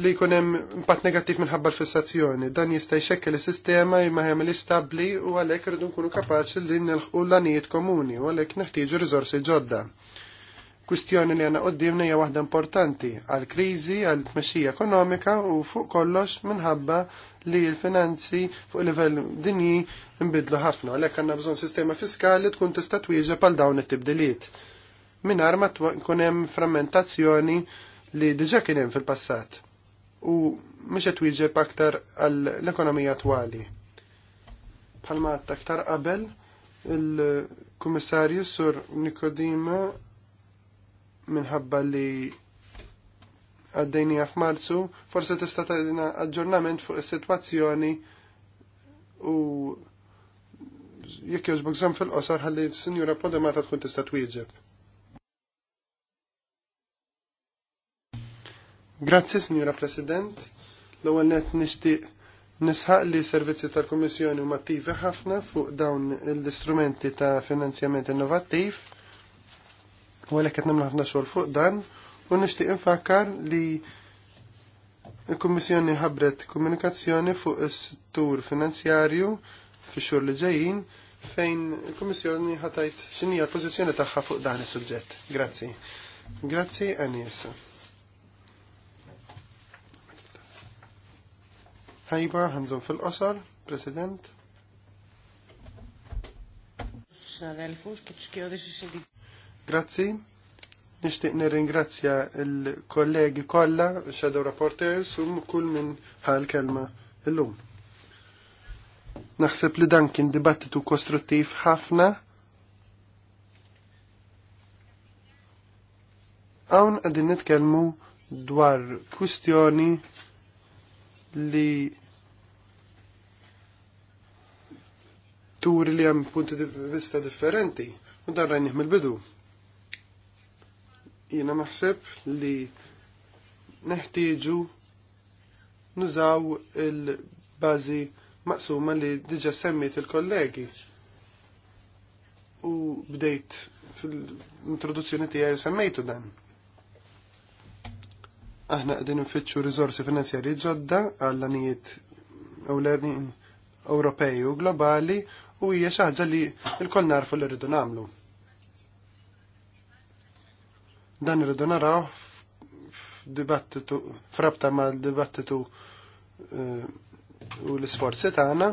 li jkun hemm impatt negattiv minħabba l-fissazzjoni. Dan jista' jxekke l sistema imma jagħmel stabbli u għalhekk irridu nkunu kapaċi li nilħqu l għanijiet komuni u għalhekk neħtieġu rizorsi ġodda Kwistjoni li għana qoddimna hija waħda importanti għal kriżi għal tmexxija ekonomika u fuq kollox minħabba li l-finanzi fuq livell dinji nbidlu ħafna għalhekk għandna bżonn sistema fiskali tkun tista' twieġeb għal dawn it-tibdiliet. Mingħajr ma tkun hemm frammentazzjoni li diġà kien hemm fil-passat u mhux qed twieġeb aktar għall-ekonomija twali. Palma aktar qabel il-Kummissarju Sur Nikodima minħabba li għaddejnija f'Marzu, forse tista' tagħtina aġġornament fuq is-sitwazzjoni u jekk jogħġbok żamm fil qosar ħalli s senjura Podemata tkun tista' twieġeb. Grazzi, Sinjura President. L-ewwel nett nixtieq nisħaq li servizzi tal-Kummissjoni huma ħafna fuq dawn l-istrumenti ta' finanzjament innovattiv U għalek qed nagħmlu ħafna xogħol fuq dan u nixtieq infakkar li il kommissjoni ħabret komunikazzjoni fuq is-settur finanzjarju fi xhur li ġejjin fejn il-Kummissjoni ħatajt x'inhi l-pożizzjoni tagħha fuq dan is-suġġett. Grazzi. Grazzi Anis. Ħajba ħanżum fil-qosor, President. Grazzi. Nishtiq nirringrazzja il-kollegi kollha, shadow reporters, u um kull minn ħal kelma illum. Naħseb li dan kien dibattitu kostruttiv ħafna. Hawn qegħdin nitkellmu dwar kwistjoni li turi li hemm punti di vista differenti u dan rajnih mill-bidu. Jiena naħseb li neħtieġu nużaw il-bażi maqsuma li diġa semmiet il-kollegi. U bdejt fil-introduzzjoni tiegħi semmejtu dan. Aħna qegħdin nfittxu riżorsi finanzjarji ġodda għall anijiet Ewropej u globali u hija xi ħaġa li l-kol narfu li rridu nagħmlu. Dan irridu naraw f'dibattitu frabta mal-dibattitu eh, u l-isforzi tagħna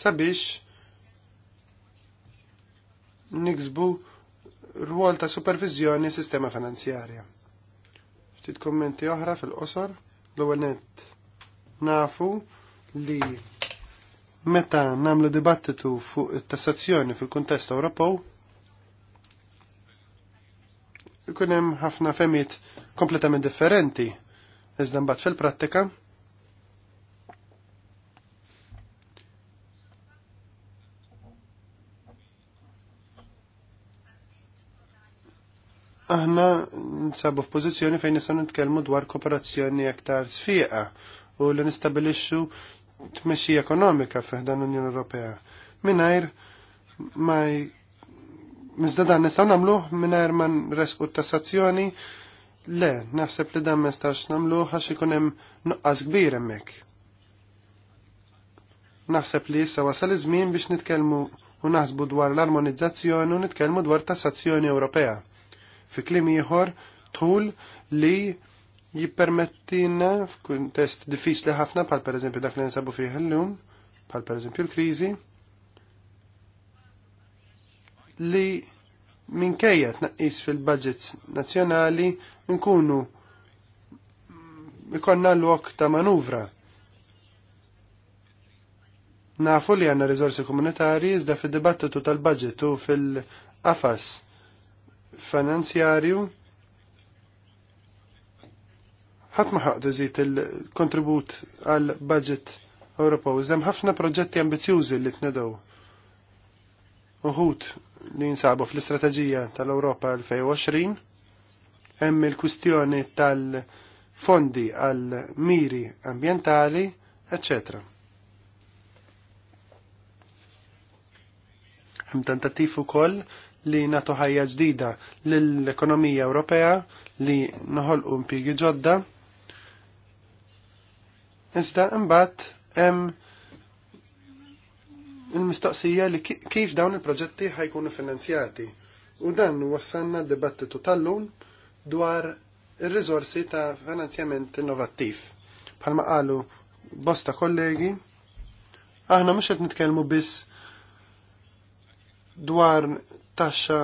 sabiex niksbu rwol ta' supervizjoni sistema finanzjarja. Ftit kommenti oħra fil-qosor, l net nafu li meta nagħmlu dibattitu fuq it-tassazzjoni fil-kuntest Ewropew ikun hemm ħafna femiet kompletament differenti iżda mbagħad fil-prattika aħna nsabu f'pożizzjoni fejn nistgħu nitkellmu dwar kooperazzjoni aktar sfiqa u li nistabilixxu tmexxija ekonomika fih dan l-Unjoni Ewropea mingħajr ma Mizda dan nistgħu nagħmluh mingħajr ma resku t-tassazzjoni? Le, naħseb li dan ma nistax għax ikun hemm nuqqas kbir hemmhekk. Naħseb li issa wasal iż-żmien biex nitkellmu u naħsbu dwar l-armonizzazzjoni u nitkellmu dwar tassazzjoni Ewropea. Fi klim ieħor tul li jippermettina f'kuntest diffiċli ħafna pal pereżempju dak li nsabu fih illum, bħal pereżempju l-kriżi, li minkejja tnaqqis fil-budgets nazzjonali nkunu ikonna l-wok ta' manuvra. Nafu li għanna rizorsi komunitari iżda fil-dibattitu tal-budget u fil-qafas finanzjarju ħat maħaqdu zit il-kontribut għal-budget Ewropew. Iżda ħafna proġetti ambizjużi li tnedow. Uħut li nsabu fl-Istrateġija tal-Ewropa 2020 hemm il-kwistjoni tal-fondi għal miri ambientali, eccetera. Hemm tentattiv ukoll li nagħtu ħajja ġdida lill-ekonomija Ewropea li noħolqu impjiegi ġodda. Iżda imbagħad hemm il-mistoqsija li kif dawn il-proġetti ħajkunu finanzjati. U dan wassanna dibattitu tal-lum dwar il-rizorsi ta' finanzjament innovattiv. Bħalma qalu bosta kollegi, aħna mhux qed nitkellmu biss dwar taxxa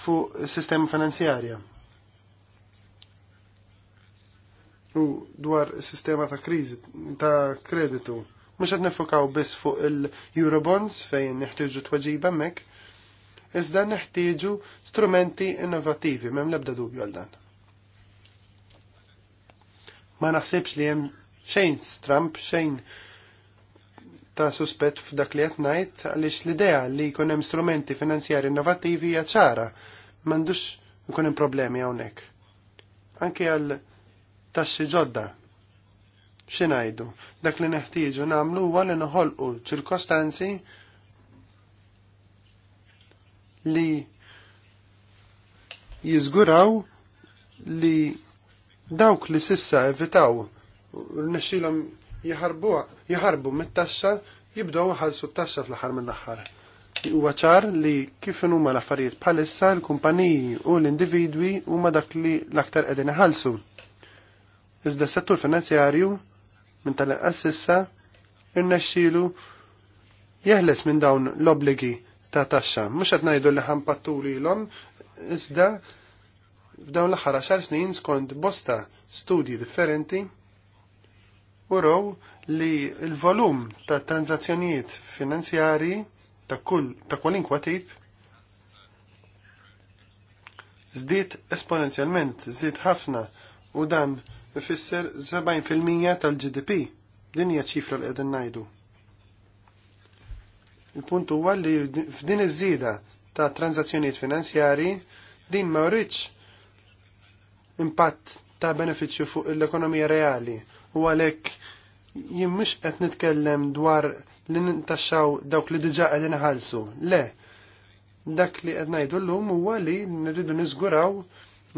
fuq sistema finanzjarja. U dwar sistema ta' kriżi ta' kreditu Mhux qed nifukaw biss fuq il-Eurobonds fejn neħtieġu tweġiba hemmhekk, iżda neħtieġu strumenti innovattivi m'hemm l-ebda dubju għal dan. Ma naħsibx li hemm xejn stramp, xejn ta' suspett f'dak li qed ngħid għaliex l-idea li jkun hemm strumenti finanzjari innovattivi hija ċara, m'għandux ikun hemm problemi hawnhekk. Anke għal taxxi ġodda xinajdu. Dak li neħtieġu namlu huwa li noħolqu ċirkostanzi li jizguraw li dawk li sissa evitaw rnexxilhom jħarbu mit-taxxa jibdew ħalsu t-taxxa fl-aħħar mill-aħħar. Huwa ċar li kif huma l-affarijiet bħalissa l-kumpaniji u l-individwi huma dak li l-aktar qegħdin iħallsu. Iżda s-settur finanzjarju minn tal-inqas s'issa irnexxielu jeħles minn dawn l-obligi ta' taxxa. Mhux qed ngħidu li ħampattu lilhom iżda f'dawn l-aħħar xar snin skont bosta studji differenti uraw li l-volum ta' tranzazzjonijiet finanzjari ta' kull ta' kwalinkwa tip żdied esponenzjalment, żdied ħafna u dan ifisser 70% tal-GDP. Din hija ċifra li qegħdin ngħidu. Il-punt huwa li f'din iż-żieda ta' tranzazzjonijiet finanzjarji din ma rridx impatt ta' benefiċċju fuq l-ekonomija reali u għalhekk jien mhux qed nitkellem dwar li nintaxxaw dawk li diġà qegħdin iħallsu. Le, dak li qed ngħidu llum huwa li nridu niżguraw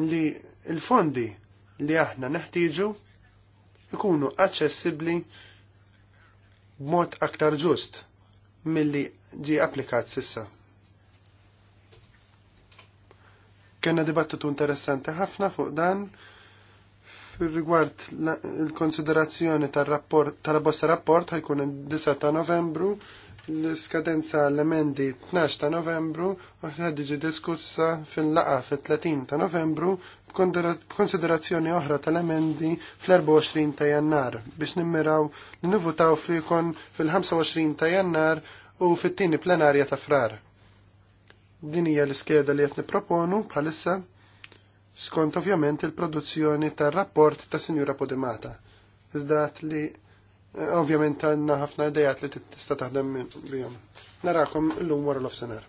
li l-fondi li aħna neħtieġu ikunu aċċessibbli b'mod aktar ġust milli ġi applikat sissa. Kenna dibattitu interessanti ħafna fuq dan rigward il-konsiderazzjoni tal-bossa rapport ħajkun il-9 ta' novembru l-skadenza l-emendi 12 ta' novembru u ħadiġi diskussa fil-laqa fil-30 ta' novembru b'konsiderazzjoni oħra tal-emendi fl-24 ta' jannar biex nimmiraw li nivutaw fikon fil-25 ta' jannar u fit-tieni plenarja ta' frar. Din hija l-iskeda li qed nipproponu bħalissa skont ovvjament il-produzzjoni tar-rapport ta' Sinjura Podimata. Iżdat li Ovvjament għandna ħafna idejat li tista' taħdem bihom. Narakom l-lum wara l-ofsenar.